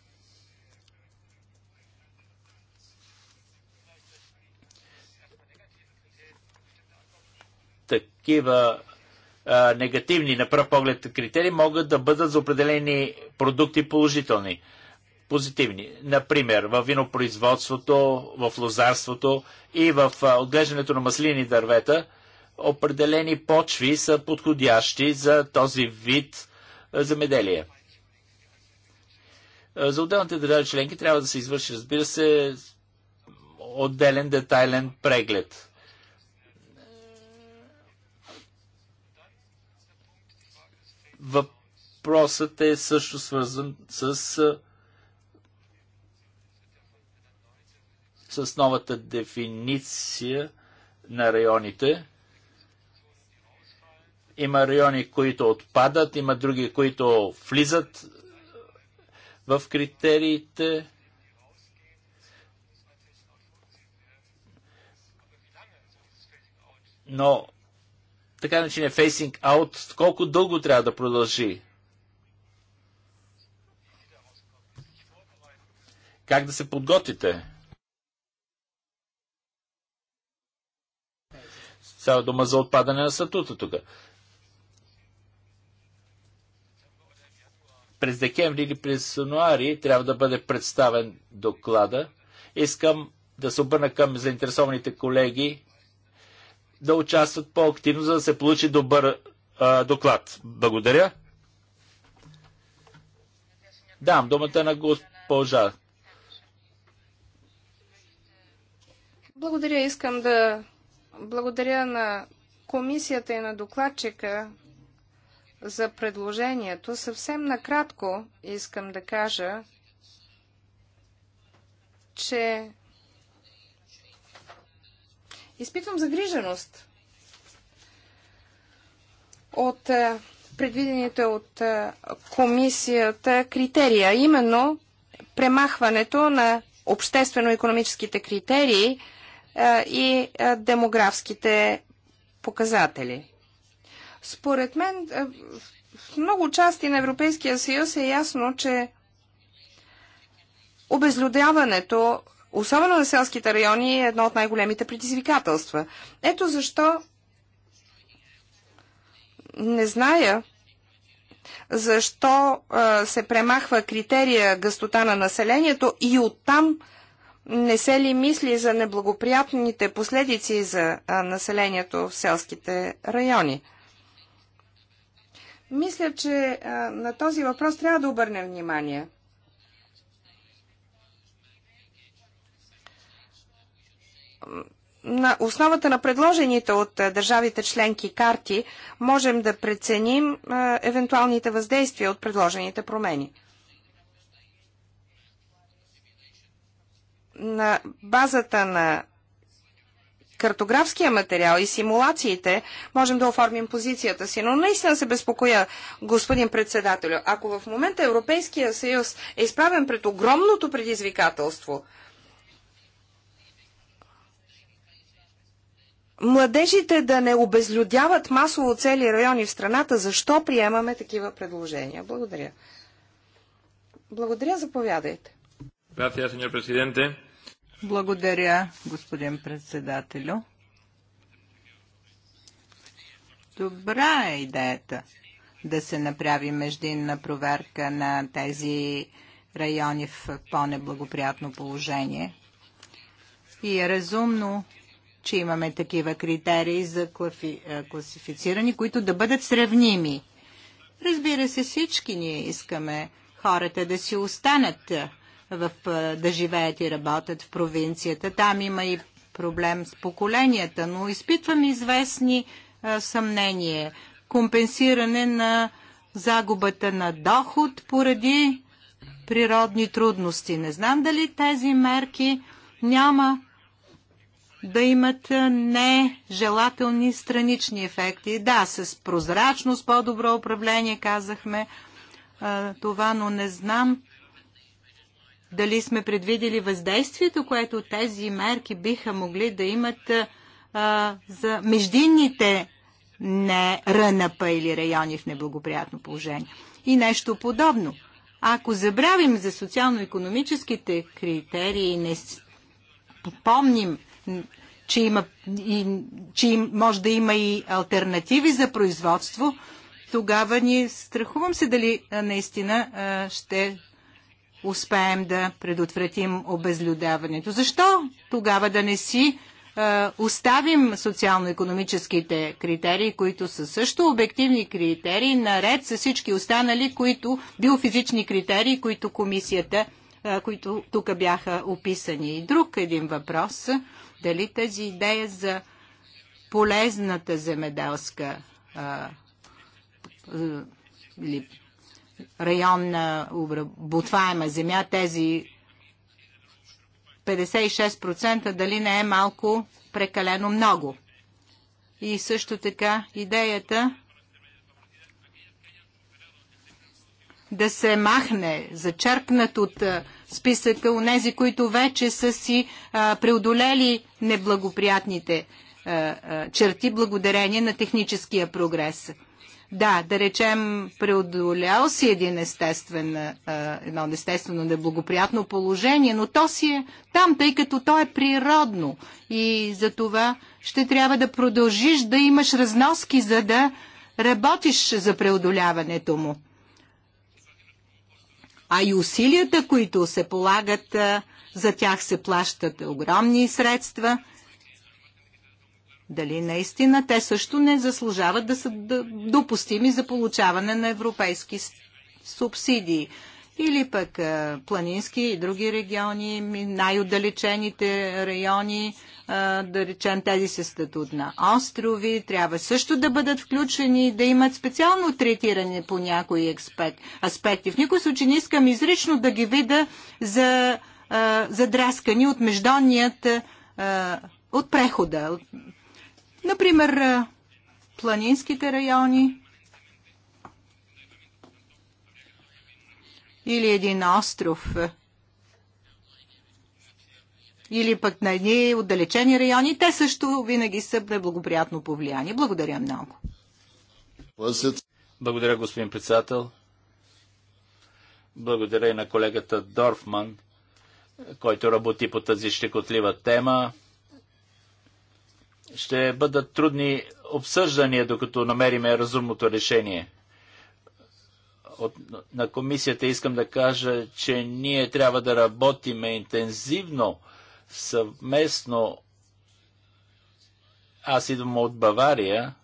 такива а, негативни на пръв поглед критерии могат да бъдат за определени продукти положителни, позитивни. Например, в винопроизводството, в лозарството и в отглеждането на маслини дървета определени почви са подходящи за този вид земеделие. За отделните държави членки трябва да се извърши, разбира се, отделен детайлен преглед. Въпросът е също свързан с, с новата дефиниция на районите. Има райони, които отпадат, има други, които влизат в критериите. Но така начине фейсинг аут, колко дълго трябва да продължи? Как да се подготвите? Става дума за отпадане на статута тук. През декември или през януари трябва да бъде представен доклада. Искам да се обърна към заинтересованите колеги да участват по-активно, за да се получи добър а, доклад. Благодаря. Дам думата на госпожа. Благодаря. Искам да благодаря на комисията и на докладчика за предложението. Съвсем накратко искам да кажа, че изпитвам загриженост от е, предвидените от е, комисията критерия, именно премахването на обществено-економическите критерии е, и демографските показатели. Според мен, в много части на Европейския съюз е ясно, че обезлюдяването особено на селските райони, е едно от най-големите предизвикателства. Ето защо не зная защо а, се премахва критерия гъстота на населението и оттам не се ли мисли за неблагоприятните последици за а, населението в селските райони. Мисля, че а, на този въпрос трябва да обърнем внимание – на основата на предложените от е, държавите членки карти можем да преценим е, евентуалните въздействия от предложените промени. На базата на картографския материал и симулациите можем да оформим позицията си. Но наистина се безпокоя, господин председателю, ако в момента Европейския съюз е изправен пред огромното предизвикателство – младежите да не обезлюдяват масово цели райони в страната, защо приемаме такива предложения? Благодаря. Благодаря, заповядайте. Благодаря, господин председателю. Добра е идеята да се направи междинна проверка на тези райони в по-неблагоприятно положение. И е разумно че имаме такива критерии за е, класифицирани, които да бъдат сравними. Разбира се, всички ние искаме хората да си останат е, в, е, да живеят и работят в провинцията. Там има и проблем с поколенията, но изпитвам известни а, съмнение. Компенсиране на загубата на доход поради природни трудности. Не знам дали тези мерки няма да имат нежелателни странични ефекти. Да, с прозрачност, по-добро управление, казахме това, но не знам дали сме предвидели въздействието, което тези мерки биха могли да имат за междинните не РНП или райони в неблагоприятно положение. И нещо подобно. Ако забравим за социално-економическите критерии и не помним че, има, и, че може да има и альтернативи за производство, тогава ни страхувам се дали наистина ще успеем да предотвратим обезлюдаването. Защо тогава да не си оставим социално-економическите критерии, които са също обективни критерии, наред с всички останали, които биофизични критерии, които комисията, които тук бяха описани. И друг един въпрос – дали тази идея за полезната земеделска а, или районна обработваема земя, тези 56% дали не е малко прекалено много. И също така идеята да се махне, зачерпнат от списъка у нези, които вече са си а, преодолели неблагоприятните а, а, черти благодарение на техническия прогрес. Да, да речем, преодолял си един естествен, едно естествено неблагоприятно положение, но то си е там, тъй като то е природно. И за това ще трябва да продължиш да имаш разноски, за да работиш за преодоляването му а и усилията, които се полагат, за тях се плащат огромни средства. Дали наистина те също не заслужават да са допустими за получаване на европейски субсидии? Или пък планински и други региони, най-отдалечените райони, да речем тези с статут на острови, трябва също да бъдат включени и да имат специално третиране по някои аспекти. В никой случай не искам изрично да ги видя за задраскани от междонният от прехода. Например, планинските райони или един остров или пък на едни отдалечени райони, те също винаги са неблагоприятно повлияни. Благодаря много. Благодаря, господин председател. Благодаря и на колегата Дорфман, който работи по тази щекотлива тема. Ще бъдат трудни обсъждания, докато намериме разумното решение. От, на комисията искам да кажа, че ние трябва да работиме интензивно съвместно аз идвам от Бавария.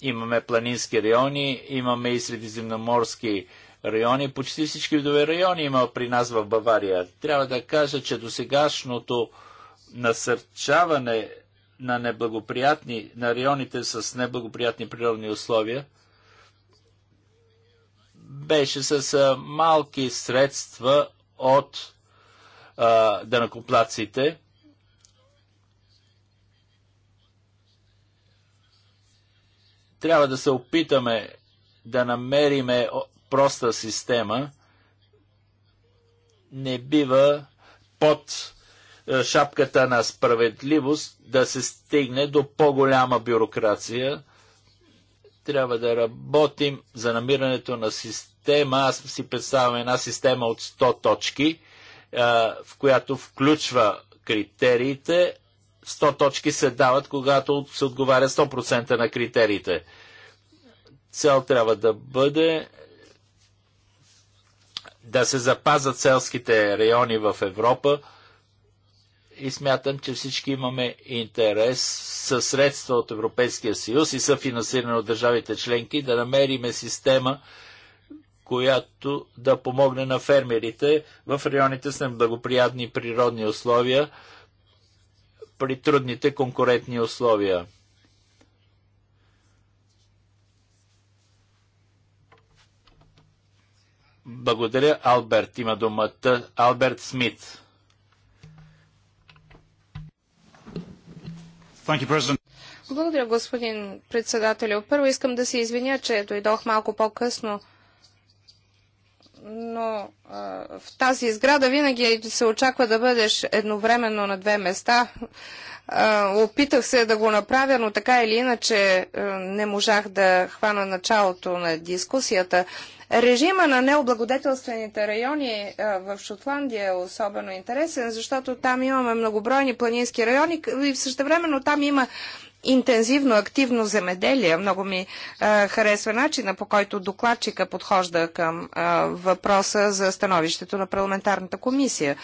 Имаме планински райони, имаме и средиземноморски райони. Почти всички видове райони има при нас в Бавария. Трябва да кажа, че досегашното насърчаване на неблагоприятни, на районите с неблагоприятни природни условия беше с малки средства от а, данакоплаците. Трябва да се опитаме да намериме проста система. Не бива под шапката на справедливост да се стигне до по-голяма бюрокрация. Трябва да работим за намирането на система. Аз си представям една система от 100 точки, в която включва критериите. 100 точки се дават, когато се отговаря 100% на критериите. Цел трябва да бъде да се запазат селските райони в Европа и смятам, че всички имаме интерес със средства от Европейския съюз и съфинансиране от държавите членки да намериме система, която да помогне на фермерите в районите с неблагоприятни природни условия при трудните конкурентни условия. Благодаря, Алберт. Има думата Алберт Смит. Благодаря, господин председател. Първо искам да се извиня, че дойдох малко по-късно но а, в тази сграда винаги се очаква да бъдеш едновременно на две места. А, опитах се да го направя, но така или иначе а, не можах да хвана началото на дискусията. Режима на необлагодетелствените райони а, в Шотландия е особено интересен, защото там имаме многобройни планински райони и същевременно там има интензивно, активно земеделие. Много ми а, харесва начина по който докладчика подхожда към а, въпроса за становището на парламентарната комисия.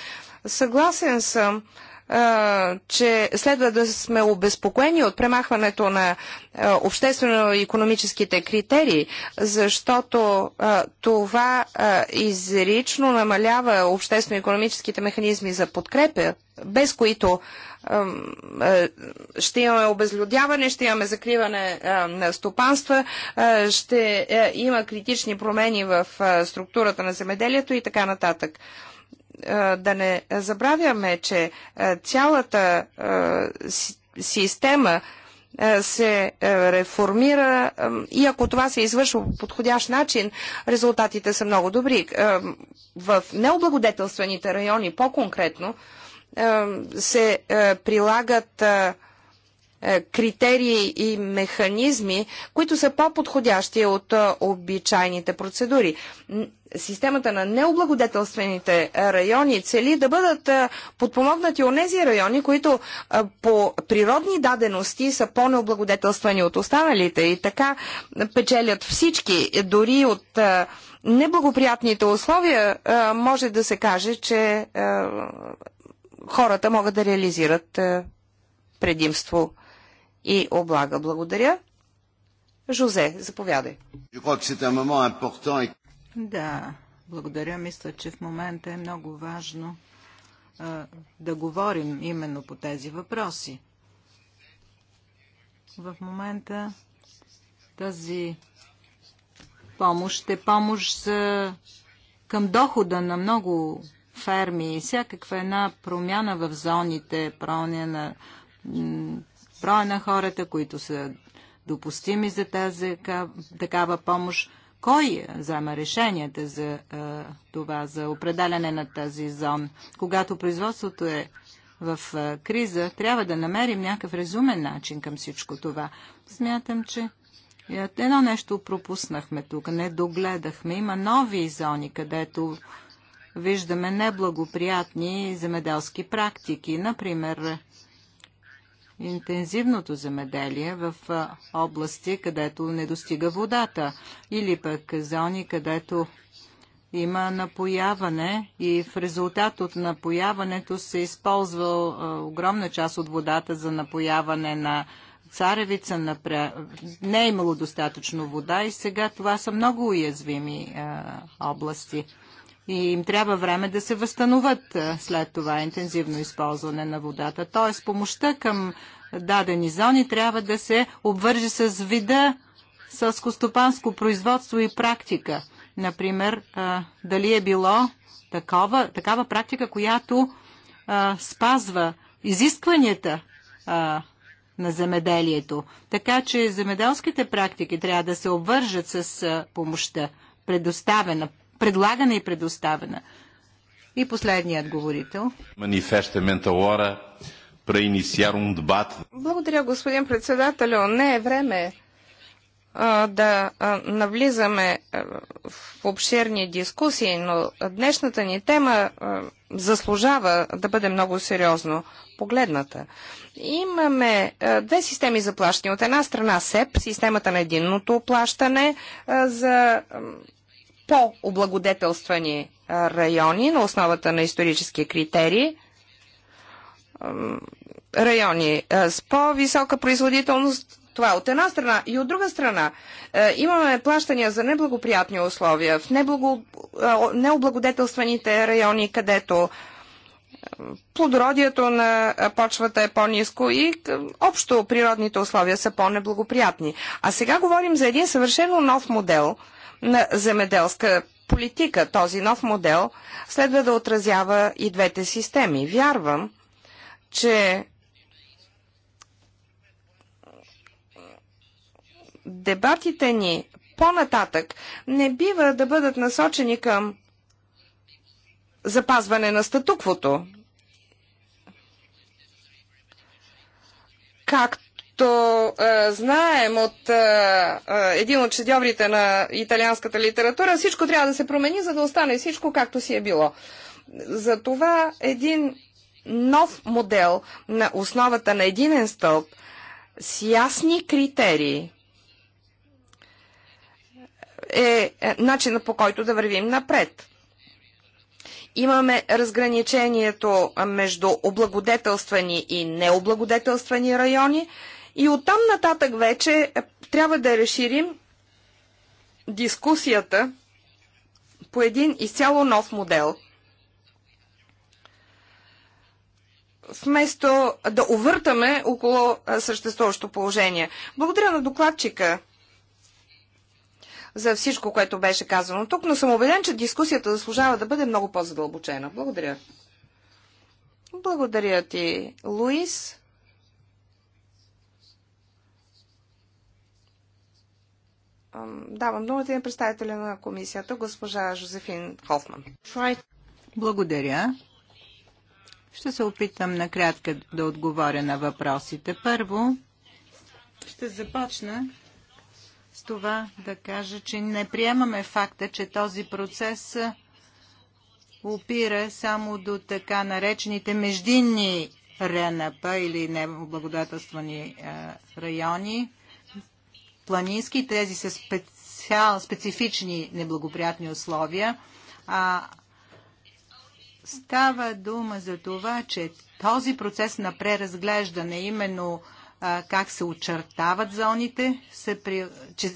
Съгласен съм, а, че следва да сме обезпокоени от премахването на обществено-економическите критерии, защото а, това а, изрично намалява обществено-економическите механизми за подкрепа, без които е, ще имаме обезлюдяване, ще имаме закриване на стопанства, ще е, има критични промени в структурата на земеделието и така нататък. Да не забравяме, че цялата система се реформира и ако това се извършва по подходящ начин, резултатите са много добри. В необлагодетелстваните райони по-конкретно, се е, прилагат е, е, критерии и механизми, които са по-подходящи от обичайните процедури. Системата на необлагодетелствените райони цели да бъдат подпомогнати от тези райони, които по природни дадености са по-необлагодетелствани от останалите и така печелят всички, дори от неблагоприятните условия може да се каже, че хората могат да реализират е, предимство и облага. Благодаря. Жозе, заповядай. Да, благодаря. Мисля, че в момента е много важно а, е, да говорим именно по тези въпроси. В момента тази помощ е помощ за, към дохода на много ферми. и Всякаква една промяна в зоните, броя на, броя на хората, които са допустими за тази такава помощ. Кой взема решенията за а, това, за определяне на тази зона? Когато производството е в а, криза, трябва да намерим някакъв разумен начин към всичко това. Смятам, че е, едно нещо пропуснахме тук, не догледахме. Има нови зони, където виждаме неблагоприятни земеделски практики. Например, интензивното земеделие в области, където не достига водата или пък зони, където има напояване и в резултат от напояването се използва огромна част от водата за напояване на царевица. Напря... Не е имало достатъчно вода и сега това са много уязвими области и им трябва време да се възстановят след това интензивно използване на водата. Тоест помощта към дадени зони трябва да се обвържи с вида сълскостопанско производство и практика. Например, дали е било такова, такава практика, която спазва изискванията на земеделието. Така че земеделските практики трябва да се обвържат с помощта, предоставена предлагана и предоставена. И последният говорител. Манифестамента ора преинициарум дебат. Благодаря, господин председател, Не е време да навлизаме в обширни дискусии, но днешната ни тема заслужава да бъде много сериозно погледната. Имаме две системи за плащане. От една страна СЕП, системата на единното плащане за по-облагодетелствани райони на основата на исторически критерии, райони с по-висока производителност. Това е от една страна и от друга страна имаме плащания за неблагоприятни условия в неблаго... необлагодетелстваните райони, където плодородието на почвата е по-низко и общо природните условия са по-неблагоприятни. А сега говорим за един съвършено нов модел – на земеделска политика. Този нов модел следва да отразява и двете системи. Вярвам, че дебатите ни по-нататък не бива да бъдат насочени към запазване на статуквото, както както е, знаем от е, е един от шедьоврите на италианската литература, всичко трябва да се промени, за да остане всичко както си е било. Затова един нов модел на основата на единен стълб с ясни критерии е, е начина по който да вървим напред имаме разграничението между облагодетелствани и необлагодетелствани райони, и оттам нататък вече трябва да разширим дискусията по един изцяло нов модел. Вместо да увъртаме около съществуващо положение. Благодаря на докладчика за всичко, което беше казано тук, но съм убеден, че дискусията заслужава да бъде много по-задълбочена. Благодаря. Благодаря ти, Луис. давам думата на представителя на комисията, госпожа Жозефин Хофман. Благодаря. Ще се опитам накратко да отговоря на въпросите. Първо, ще започна с това да кажа, че не приемаме факта, че този процес опира само до така наречените междинни РНП или неблагодателствани е, райони планински, тези са специал, специфични неблагоприятни условия. А, става дума за това, че този процес на преразглеждане, именно а, как се очертават зоните, се при, че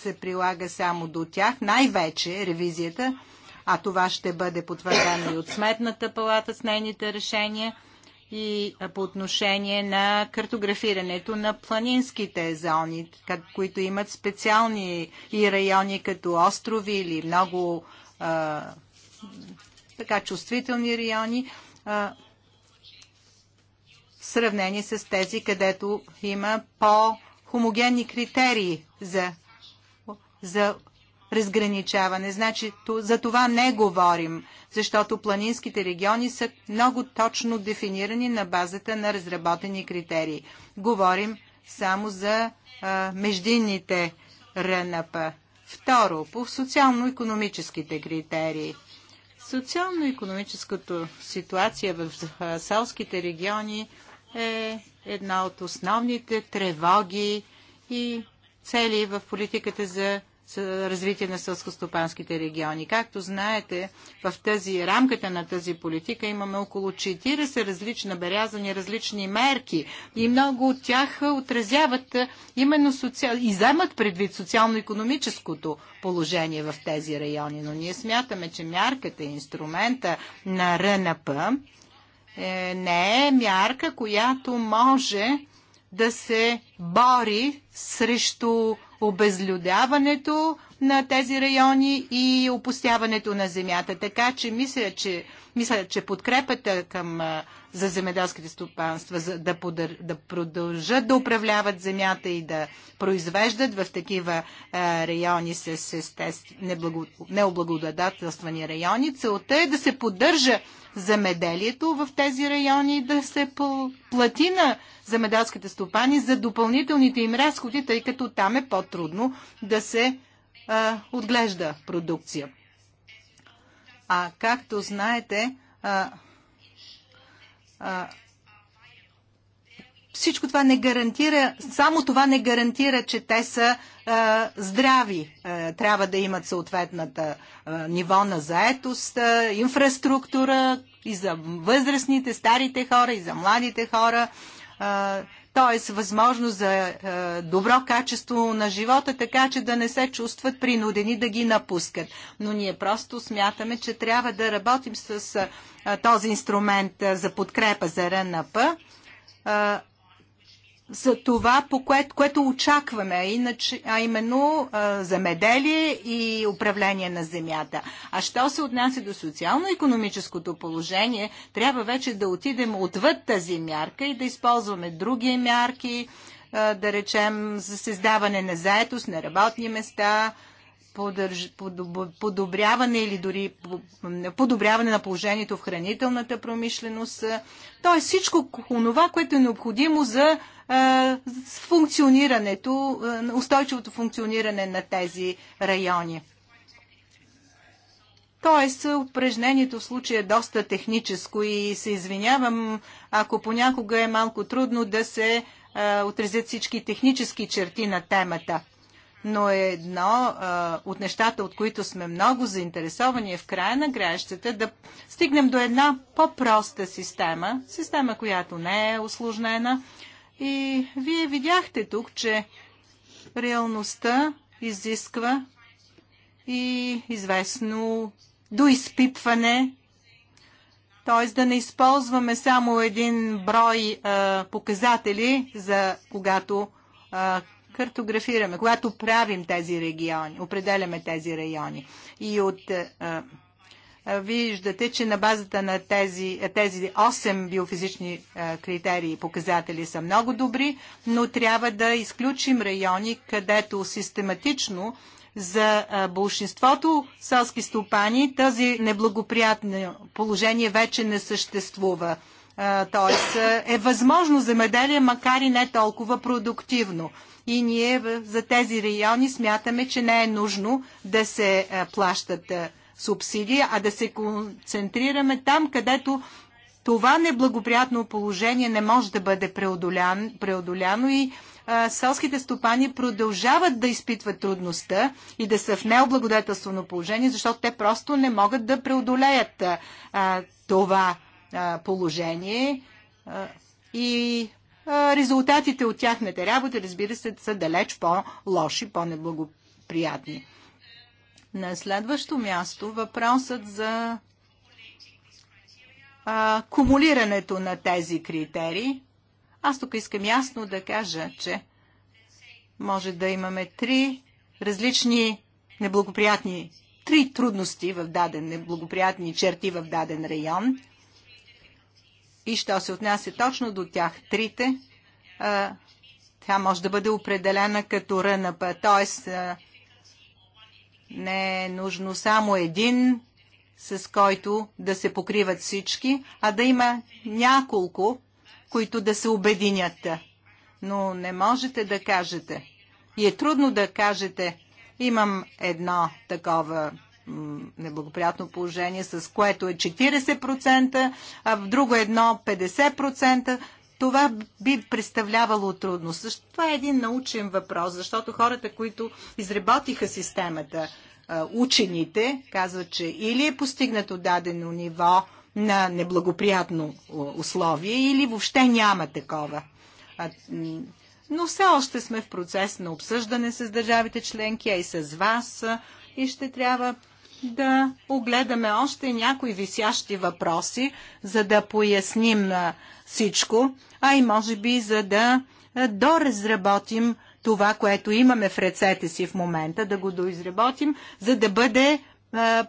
се прилага само до тях, най-вече ревизията, а това ще бъде потвърдено и от Сметната палата с нейните решения – и по отношение на картографирането на планинските зони, които имат специални и райони като острови или много а, така чувствителни райони, а, в сравнение с тези, където има по-хомогенни критерии за, за разграничаване. Значи за това не говорим, защото планинските региони са много точно дефинирани на базата на разработени критерии. Говорим само за а, междинните РНП. Второ, по социално-економическите критерии. Социално-економическата ситуация в селските региони е една от основните тревоги и цели в политиката за развитие на сълскостопанските региони. Както знаете, в тази рамката на тази политика имаме около 40 различни набелязани различни мерки и много от тях отразяват именно социал... и вземат предвид социално-економическото положение в тези райони. Но ние смятаме, че мярката, и инструмента на РНП е, не е мярка, която може да се бори срещу обезлюдяването на тези райони и опустяването на земята. Така че мисля, че, мисля, че подкрепата към, за земеделските стопанства, за да, подър, да продължат да управляват земята и да произвеждат в такива а, райони с неблаго, необлагодателствани райони, целта е да се поддържа земеделието в тези райони и да се плати на земеделските стопани за допълнителните им разходи, тъй като там е по-трудно да се а, отглежда продукция. А както знаете, а, а, всичко това не гарантира, само това не гарантира, че те са а, здрави. А, трябва да имат съответната а, ниво на заетост, а, инфраструктура и за възрастните, старите хора, и за младите хора. А, т.е. възможност за добро качество на живота, така че да не се чувстват принудени да ги напускат. Но ние просто смятаме, че трябва да работим с този инструмент за подкрепа за РНП за това, по което, което очакваме, иначе, а именно а, замеделие и управление на земята. А що се отнася до социално-економическото положение, трябва вече да отидем отвъд тази мярка и да използваме други мярки, а, да речем за създаване на заетост, на работни места, подърж, подоб, подобряване или дори подобряване на положението в хранителната промишленост. Тоест всичко онова, което е необходимо за с функционирането, устойчивото функциониране на тези райони. Тоест, упражнението в случая е доста техническо и се извинявам, ако понякога е малко трудно да се а, отрезят всички технически черти на темата. Но е едно а, от нещата, от които сме много заинтересовани е в края на граищата да стигнем до една по-проста система, система, която не е осложнена, и вие видяхте тук, че реалността изисква и известно доизпипване, т.е. да не използваме само един брой а, показатели, за когато а, картографираме, когато правим тези региони, определяме тези райони. И от а, виждате, че на базата на тези, тези 8 биофизични критерии и показатели са много добри, но трябва да изключим райони, където систематично за большинството селски стопани тази неблагоприятно положение вече не съществува. Тоест е възможно земеделие, макар и не толкова продуктивно. И ние за тези райони смятаме, че не е нужно да се плащат субсидия, а да се концентрираме там, където това неблагоприятно положение не може да бъде преодолян, преодоляно и а, селските стопани продължават да изпитват трудността и да са в необлагодетелствено положение, защото те просто не могат да преодолеят а, това а, положение а, и а, резултатите от тяхната работа, разбира се, са далеч по-лоши, по-неблагоприятни. На следващо място въпросът за а, кумулирането на тези критерии. Аз тук искам ясно да кажа, че може да имаме три различни неблагоприятни, три трудности в даден, неблагоприятни черти в даден район. И що се отнася точно до тях трите, а, тя може да бъде определена като РНП, т.е. Не е нужно само един, с който да се покриват всички, а да има няколко, които да се обединят. Но не можете да кажете. И е трудно да кажете, имам едно такова неблагоприятно положение, с което е 40%, а в друго едно 50% това би представлявало трудност. Това е един научен въпрос, защото хората, които изработиха системата, учените, казват, че или е постигнато дадено ниво на неблагоприятно условие, или въобще няма такова. Но все още сме в процес на обсъждане с държавите членки, а и с вас, и ще трябва да огледаме още някои висящи въпроси, за да поясним всичко, а и може би за да доразработим това, което имаме в ръцете си в момента, да го доизработим, за да бъде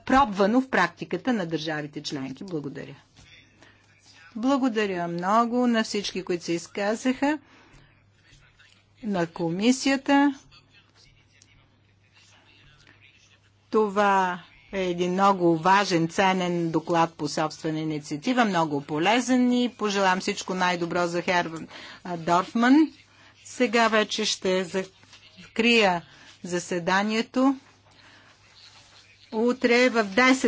пробвано в практиката на държавите членки. Благодаря. Благодаря много на всички, които се изказаха, на комисията. Това е един много важен, ценен доклад по собствена инициатива, много полезен и пожелавам всичко най-добро за Хер Дорфман. Сега вече ще закрия заседанието. Утре в 10